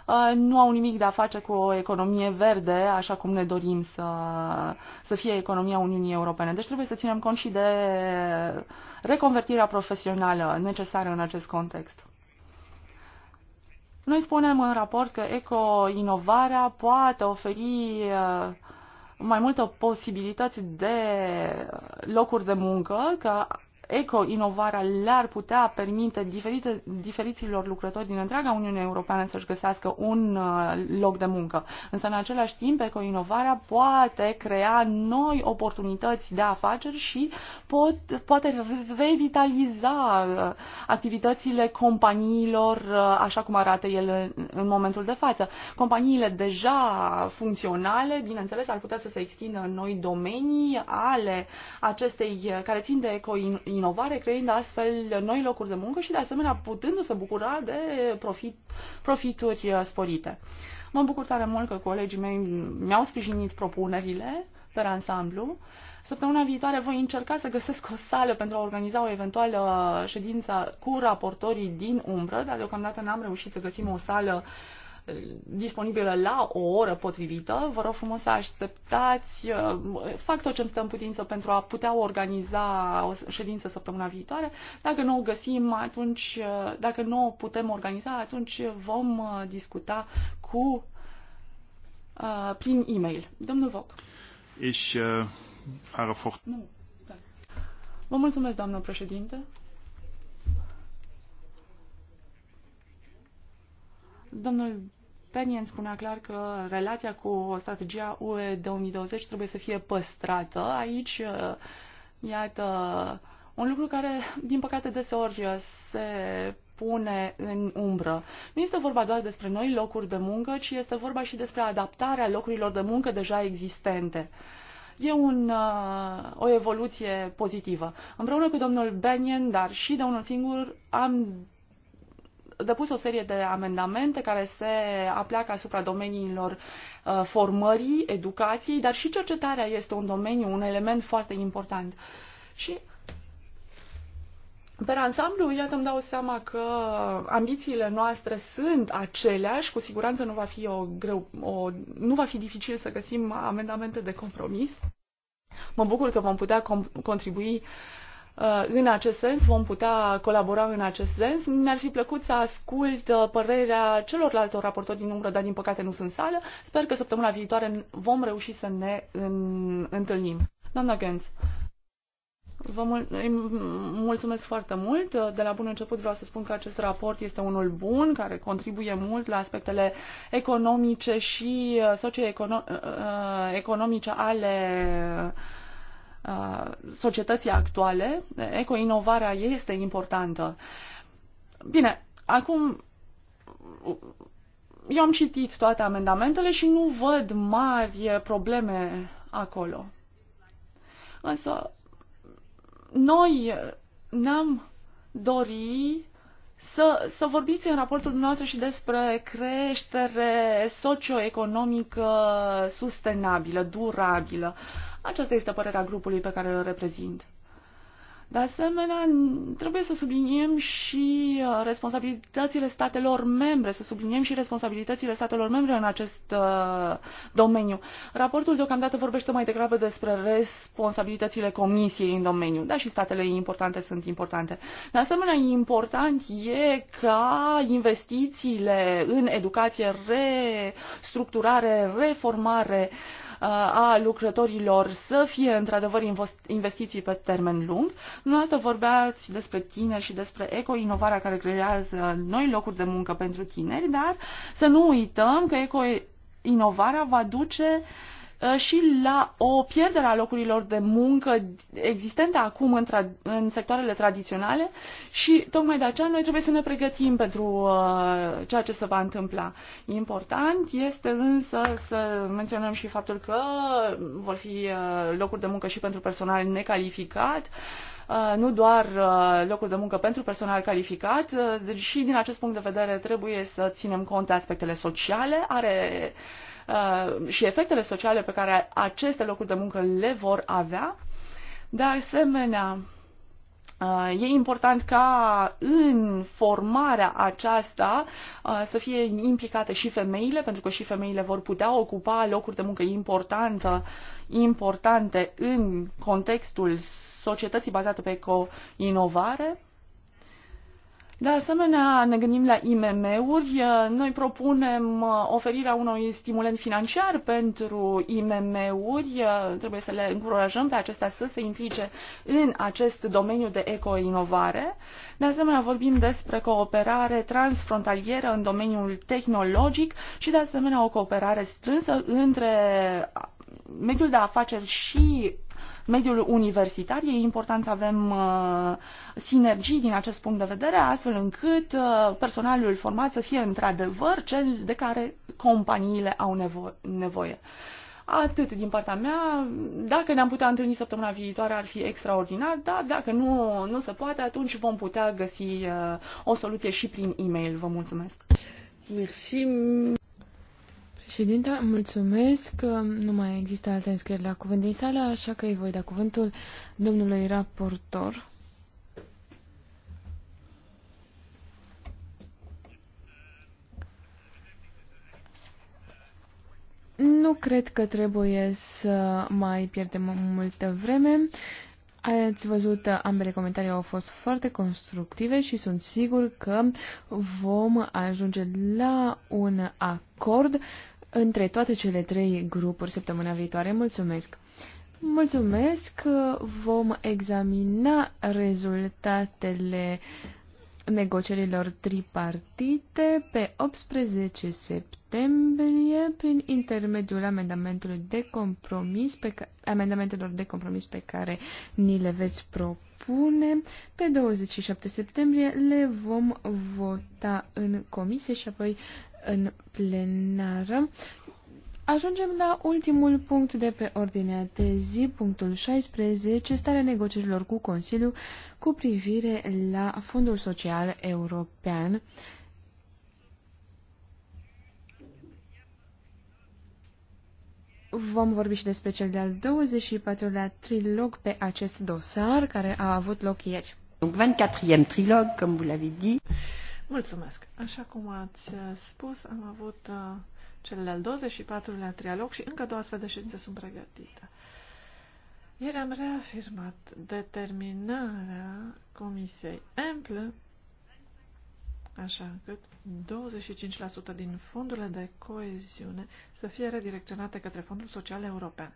C: Uh, nu au nimic de a face cu o economie verde, așa cum ne dorim să, să fie economia Uniunii Europene. Deci trebuie să ținem cont și de reconvertirea profesională necesară în acest context. Noi spunem în raport că eco-inovarea poate oferi uh, mai multe posibilități de locuri de muncă, că eco-inovarea le-ar putea permite diferite, diferiților lucrători din întreaga Uniune Europeană să-și găsească un uh, loc de muncă. Însă, în același timp, eco-inovarea poate crea noi oportunități de afaceri și pot, poate revitaliza uh, activitățile companiilor uh, așa cum arată el în momentul de față. Companiile deja funcționale, bineînțeles, ar putea să se extindă în noi domenii ale acestei care țin de eco -inovare inovare, creând astfel noi locuri de muncă și, de asemenea, putându-se bucura de profit, profituri uh, sporite. Mă bucur tare mult că colegii mei mi-au sprijinit propunerile pe ansamblu. Săptămâna viitoare voi încerca să găsesc o sală pentru a organiza o eventuală uh, ședință cu raportorii din umbră, dar deocamdată n-am reușit să găsim o sală uh, disponibilă la o oră
B: potrivită.
C: Vă rog frumos să așteptați. Uh, fac tot ce-mi stă în putință pentru a putea organiza o ședință săptămâna viitoare. Dacă nu o găsim, atunci, uh, dacă nu o putem organiza, atunci vom uh, discuta cu prin e-mail. Domnul Voc.
A: Ich uh, fahre fort. Nu.
C: Vă mulțumesc, doamnă președinte. Domnul Penien spunea clar că relația cu strategia UE 2020 trebuie să fie păstrată. Aici, uh, iată, un lucru care, din păcate, deseori uh, se pune în umbră. Nu este vorba doar despre noi locuri de muncă, ci este vorba și despre adaptarea locurilor de muncă deja existente. E un, uh, o evoluție pozitivă. Împreună cu domnul Benien, dar și de unul singur, am depus o serie de amendamente care se apleacă asupra domeniilor uh, formării, educației, dar și cercetarea este un domeniu, un element foarte important. Și pe ansamblu, iată, îmi dau seama că ambițiile noastre sunt aceleași, cu siguranță nu va fi, o greu, o, nu va fi dificil să găsim amendamente de compromis. Mă bucur că vom putea contribui uh, Uh, în acest sens, vom putea colabora în acest sens. Mi-ar fi plăcut să ascult uh, părerea celorlalte raportori din umbră, dar din păcate nu sunt sală. Sper că săptămâna viitoare vom reuși să ne în... întâlnim. Doamna Gens, vă mul- mulțumesc foarte mult. De la bun început vreau să spun că acest raport este unul bun, care contribuie mult la aspectele economice și uh, socioeconomice ale Uh, societății actuale, ecoinovarea ei este importantă. Bine, acum eu am citit toate amendamentele și nu văd mari probleme acolo. Însă noi ne-am dori să, să vorbiți în raportul dumneavoastră și despre creștere socioeconomică sustenabilă, durabilă. Uh, aceasta este părerea grupului pe care îl reprezint. De asemenea, trebuie să subliniem și uh, responsabilitățile statelor membre, să subliniem și responsabilitățile statelor membre în acest uh, domeniu. Raportul deocamdată vorbește mai degrabă despre responsabilitățile comisiei în domeniu. Da, și statele importante sunt importante. De asemenea, important e ca investițiile în educație, restructurare, reformare, uh, a lucrătorilor să fie într-adevăr investiții pe termen lung. Dumneavoastră vorbeați despre tineri și despre eco-inovarea care creează noi locuri de muncă pentru tineri, dar să nu uităm că eco-inovarea va duce uh, Uh, și la o pierdere a locurilor de muncă existente acum în, tra- în sectoarele tradiționale și tocmai de aceea noi trebuie să ne pregătim pentru uh, ceea ce se va întâmpla. Important este însă să menționăm și faptul că vor fi uh, locuri de muncă și pentru personal necalificat, uh, nu doar uh, locuri de muncă pentru personal calificat, deci și din acest punct de vedere trebuie să ținem cont de aspectele sociale, are Uh, și efectele sociale pe care aceste locuri de muncă le vor avea. De asemenea, uh, E important ca în formarea aceasta uh, să fie implicate și femeile, pentru că și femeile vor putea ocupa locuri de muncă importantă, importante în contextul societății bazate pe co-inovare. De asemenea, ne gândim la IMM-uri. Noi propunem uh, oferirea unui stimulent financiar pentru IMM-uri. Uh, trebuie să le încurajăm pe acestea să se implice în acest domeniu de ecoinovare. De asemenea, vorbim despre cooperare transfrontalieră în domeniul tehnologic și, de asemenea, o cooperare strânsă între uh, mediul de afaceri și mediul universitar. E important să avem uh, sinergii din acest punct de vedere, astfel încât uh, personalul format să fie într-adevăr cel de care companiile au nevo nevoie. Atât din partea mea. Dacă ne-am putea întâlni săptămâna viitoare ar fi extraordinar, dar dacă nu, nu se poate, atunci vom putea găsi uh, o soluție și prin e-mail. Vă mulțumesc!
A: Mersi! președinte, mulțumesc. Nu mai există alte înscrieri la cuvânt din sală, așa că îi voi da cuvântul domnului raportor. Nu cred că trebuie să mai pierdem multă vreme. Ați văzut, ambele comentarii au fost foarte constructive și sunt sigur că vom ajunge la un acord între toate cele trei grupuri săptămâna viitoare. Mulțumesc! Mulțumesc! Vom examina rezultatele uh, negocierilor tripartite pe 18 septembrie prin intermediul amendamentului de compromis pe ca, amendamentelor de compromis pe care ni le veți propune. Pe 27 septembrie le vom vota în comisie și apoi în plenară. Ajungem la ultimul punct de pe ordinea de zi, punctul 16, starea negocierilor cu Consiliul cu privire la Fondul Social European. Vom vorbi și despre cel de-al 24-lea trilog pe acest dosar care a avut loc ieri. 24e trilog, cum vous l'avez dit.
B: Mulțumesc. Așa cum ați spus, am avut uh cel de-al 24-lea trialog și încă două astfel de ședințe sunt pregătite. Ieri am reafirmat determinarea Comisiei Emple, așa încât 25% din fondurile de coeziune să fie redirecționate către Fondul Social European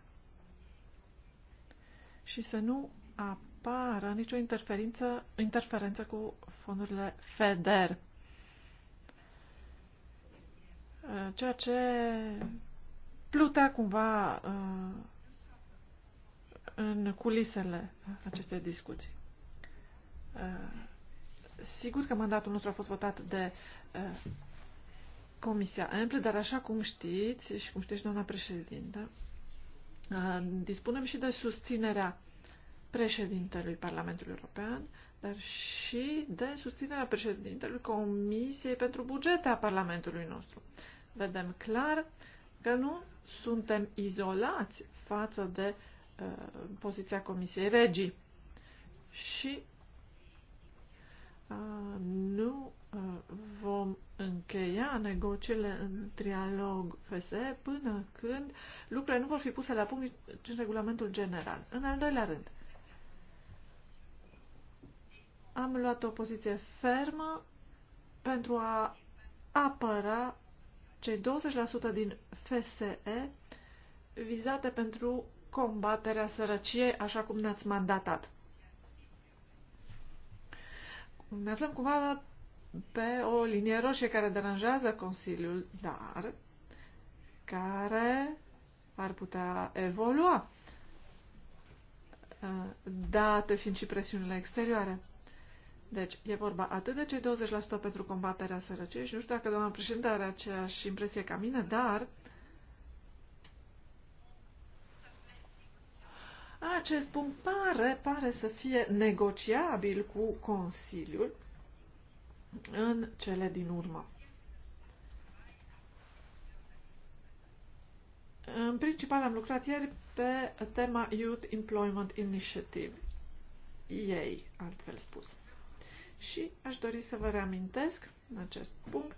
B: și să nu apară nicio interferență, interferență cu fondurile FEDER Uh, ceea ce plutea cumva uh, în culisele acestei discuții. Uh, sigur că mandatul nostru a fost votat de Comisia Emple, dar așa cum știți și cum știți doamna președintă, dispunem și de susținerea președintelui Parlamentului European, dar și de susținerea președintelui Comisiei pentru bugete a Parlamentului nostru. Vedem clar că nu suntem izolați față de uh, poziția Comisiei Regii și uh, nu uh, vom încheia negocierile în trialog FSE până când lucrurile nu vor fi puse la punct în regulamentul general. În al doilea rând, am luat o poziție fermă pentru a apăra cei 20% din FSE vizate pentru combaterea sărăciei, așa cum ne-ați mandatat. Ne aflăm cumva pe o linie roșie care deranjează Consiliul, dar care ar putea evolua, date fiind și presiunile exterioare. Deci, e vorba atât de cei 20% pentru combaterea sărăciei și nu știu dacă doamna președinte are aceeași impresie ca mine, dar acest punct pare, pare să fie negociabil cu Consiliul în cele din urmă. În principal am lucrat ieri pe tema Youth Employment Initiative, ei, altfel spus și aș dori să vă reamintesc în acest punct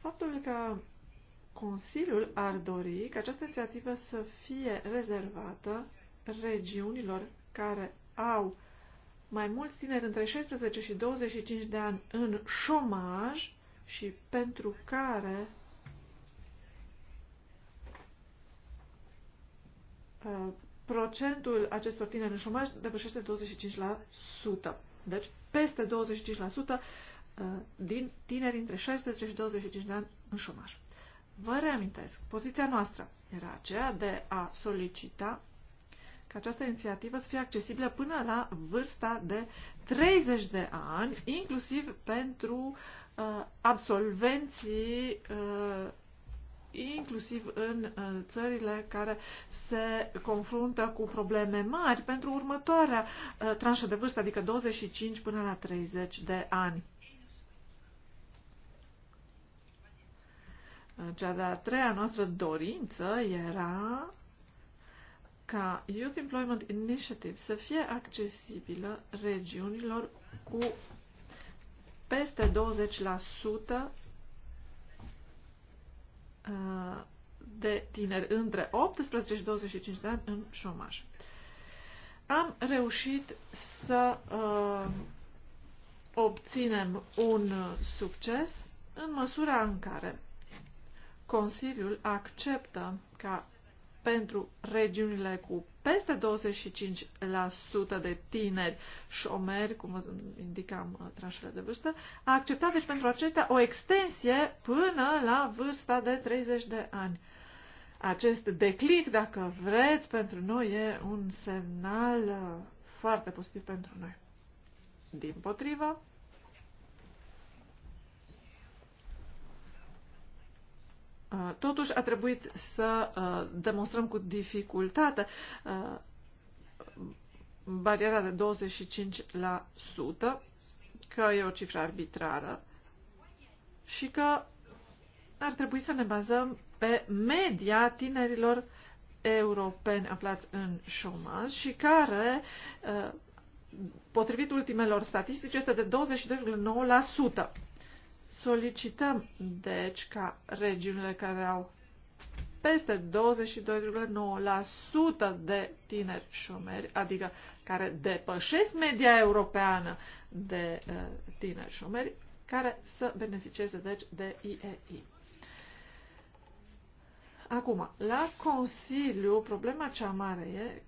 B: faptul că Consiliul ar dori ca această inițiativă să fie rezervată regiunilor care au mai mulți tineri între 16 și 25 de ani în șomaj și pentru care uh, procentul acestor tineri în șomaj depășește 25%. Deci, peste 25% uh, din tineri între 16 și 25 de ani în șomaj. Vă reamintesc, poziția noastră era aceea de a solicita ca această inițiativă să fie accesibilă până la vârsta de 30 de ani, inclusiv pentru uh, absolvenții uh, inclusiv în uh, țările care se confruntă cu probleme mari pentru următoarea uh, tranșă de vârstă, adică 25 până la 30 de ani. Cea de-a treia noastră dorință era ca Youth Employment Initiative să fie accesibilă regiunilor cu peste 20% Uh, de tineri între 18 și 25 de ani în șomaj. Am reușit să uh, obținem un succes în măsura în care Consiliul acceptă ca pentru regiunile cu peste 25% de tineri șomeri, cum vă indicam uh, tranșele de vârstă, a acceptat deci pentru acestea o extensie până la vârsta de 30 de ani. Acest declic, dacă vreți, pentru noi e un semnal uh, foarte pozitiv pentru noi. Din potrivă, Uh, totuși a trebuit să uh, demonstrăm cu dificultate uh, bariera de 25%, că e o cifră arbitrară și că ar trebui să ne bazăm pe media tinerilor europeni aflați în șomaj și care, potrivit ultimelor statistici, este de 22,9%. Solicităm, deci, ca regiunile care au peste 22,9% de tineri șomeri, adică care depășesc media europeană de uh, tineri șomeri, care să beneficieze, deci, de IEI. Acum, la Consiliu, problema cea mare e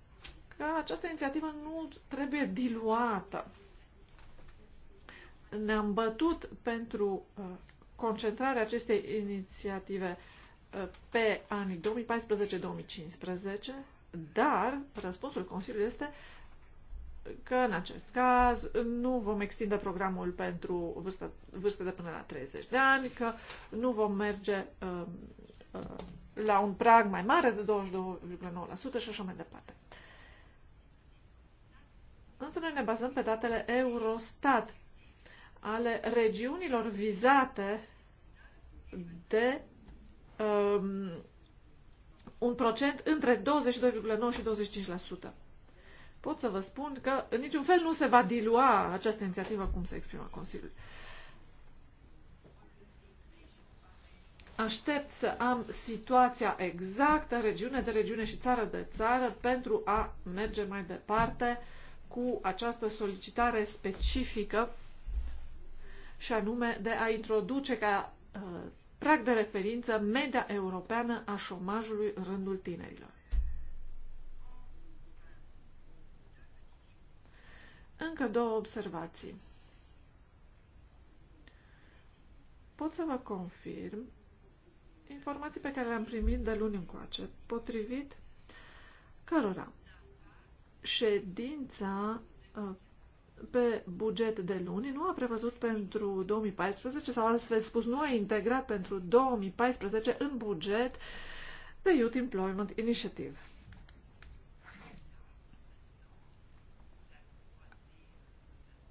B: că această inițiativă nu trebuie diluată ne-am bătut pentru uh, concentrarea acestei inițiative uh, pe anii 2014-2015, dar răspunsul Consiliului este că în acest caz nu vom extinde programul pentru vârstă, vârste de până la 30 de ani, că nu vom merge uh, uh, la un prag mai mare de 22,9% și așa mai departe. Însă noi ne bazăm pe datele Eurostat ale regiunilor vizate de um, un procent între 22,9 și 25%. Pot să vă spun că în niciun fel nu se va dilua această inițiativă cum se exprimă Consiliul. Aștept să am situația exactă, regiune de regiune și țară de țară, pentru a merge mai departe cu această solicitare specifică și anume de a introduce ca uh, prag de referință media europeană a șomajului în rândul tinerilor. Încă două observații. Pot să vă confirm informații pe care le-am primit de luni încoace, potrivit cărora ședința uh, pe buget de luni, nu a prevăzut pentru 2014 sau altfel spus, nu a integrat pentru 2014 în buget The Youth Employment Initiative.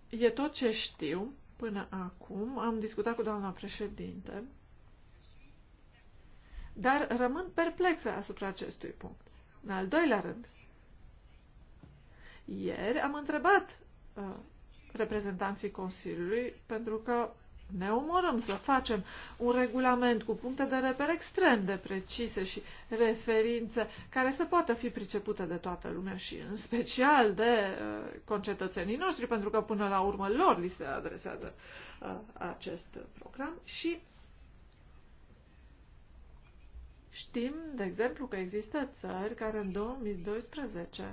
B: E tot ce știu până acum. Am discutat cu doamna președinte, dar rămân perplexă asupra acestui punct. În al doilea rând, ieri am întrebat Uh, reprezentanții Consiliului, pentru că ne omorăm să facem un regulament cu puncte de reper extrem de precise și referințe care să poată fi pricepute de toată lumea și în special de uh, concetățenii noștri, pentru că până la urmă lor li se adresează uh, acest program și știm, de exemplu, că există țări care în 2012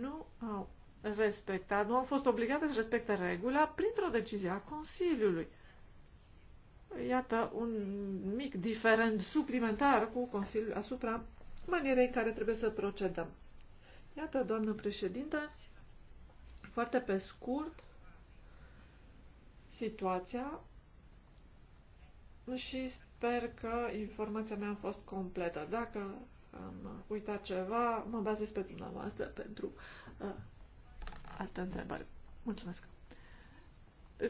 B: nu au respectat, nu au fost obligate să respecte regula printr-o decizie a Consiliului. Iată un mic diferent suplimentar cu Consiliul asupra manierei care trebuie să procedăm. Iată, doamnă președinte, foarte pe scurt, situația și sper că informația mea a fost completă. Dacă am uitat ceva, mă bazez pe dumneavoastră pentru uh, alte întrebări. Mulțumesc.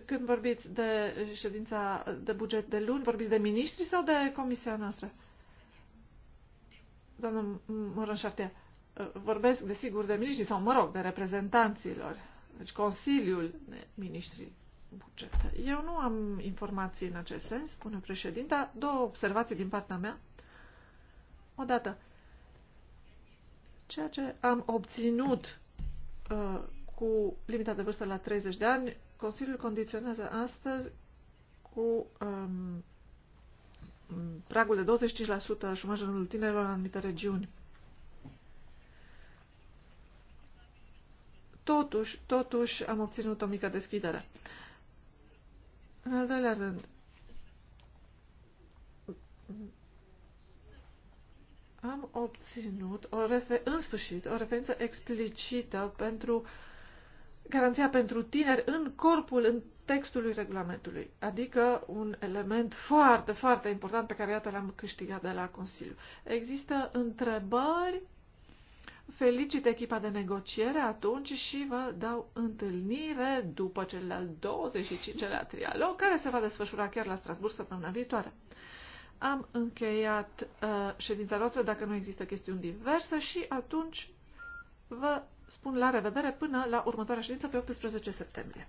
B: Când vorbiți de ședința de buget de luni, vorbiți de miniștri sau de comisia noastră? Moran Șartea, vorbesc desigur de miniștri sau, mă rog, de reprezentanților, deci Consiliul de Ministrii Buget. Eu nu am informații în acest sens, spune președinta. Două observații din partea mea. Odată, ceea ce am obținut uh, cu limita de vârstă la 30 de ani, Consiliul condiționează astăzi cu um, pragul de 25% a șumajelor tinerilor în anumite regiuni. Totuși, totuși am obținut o mică deschidere. În al doilea rând, am obținut o refer- în sfârșit o referință explicită pentru uh, garanția pentru tineri în corpul, în textului regulamentului, adică un element foarte, foarte important pe care iată l-am câștigat de la Consiliu. Există întrebări? Felicit echipa de negociere atunci și vă dau întâlnire după cel al 25-lea trialog, care se va desfășura chiar la Strasburg săptămâna viitoare. Am încheiat uh, ședința noastră dacă nu există chestiuni diverse și atunci vă spun la revedere până la următoarea ședință pe 18 septembrie.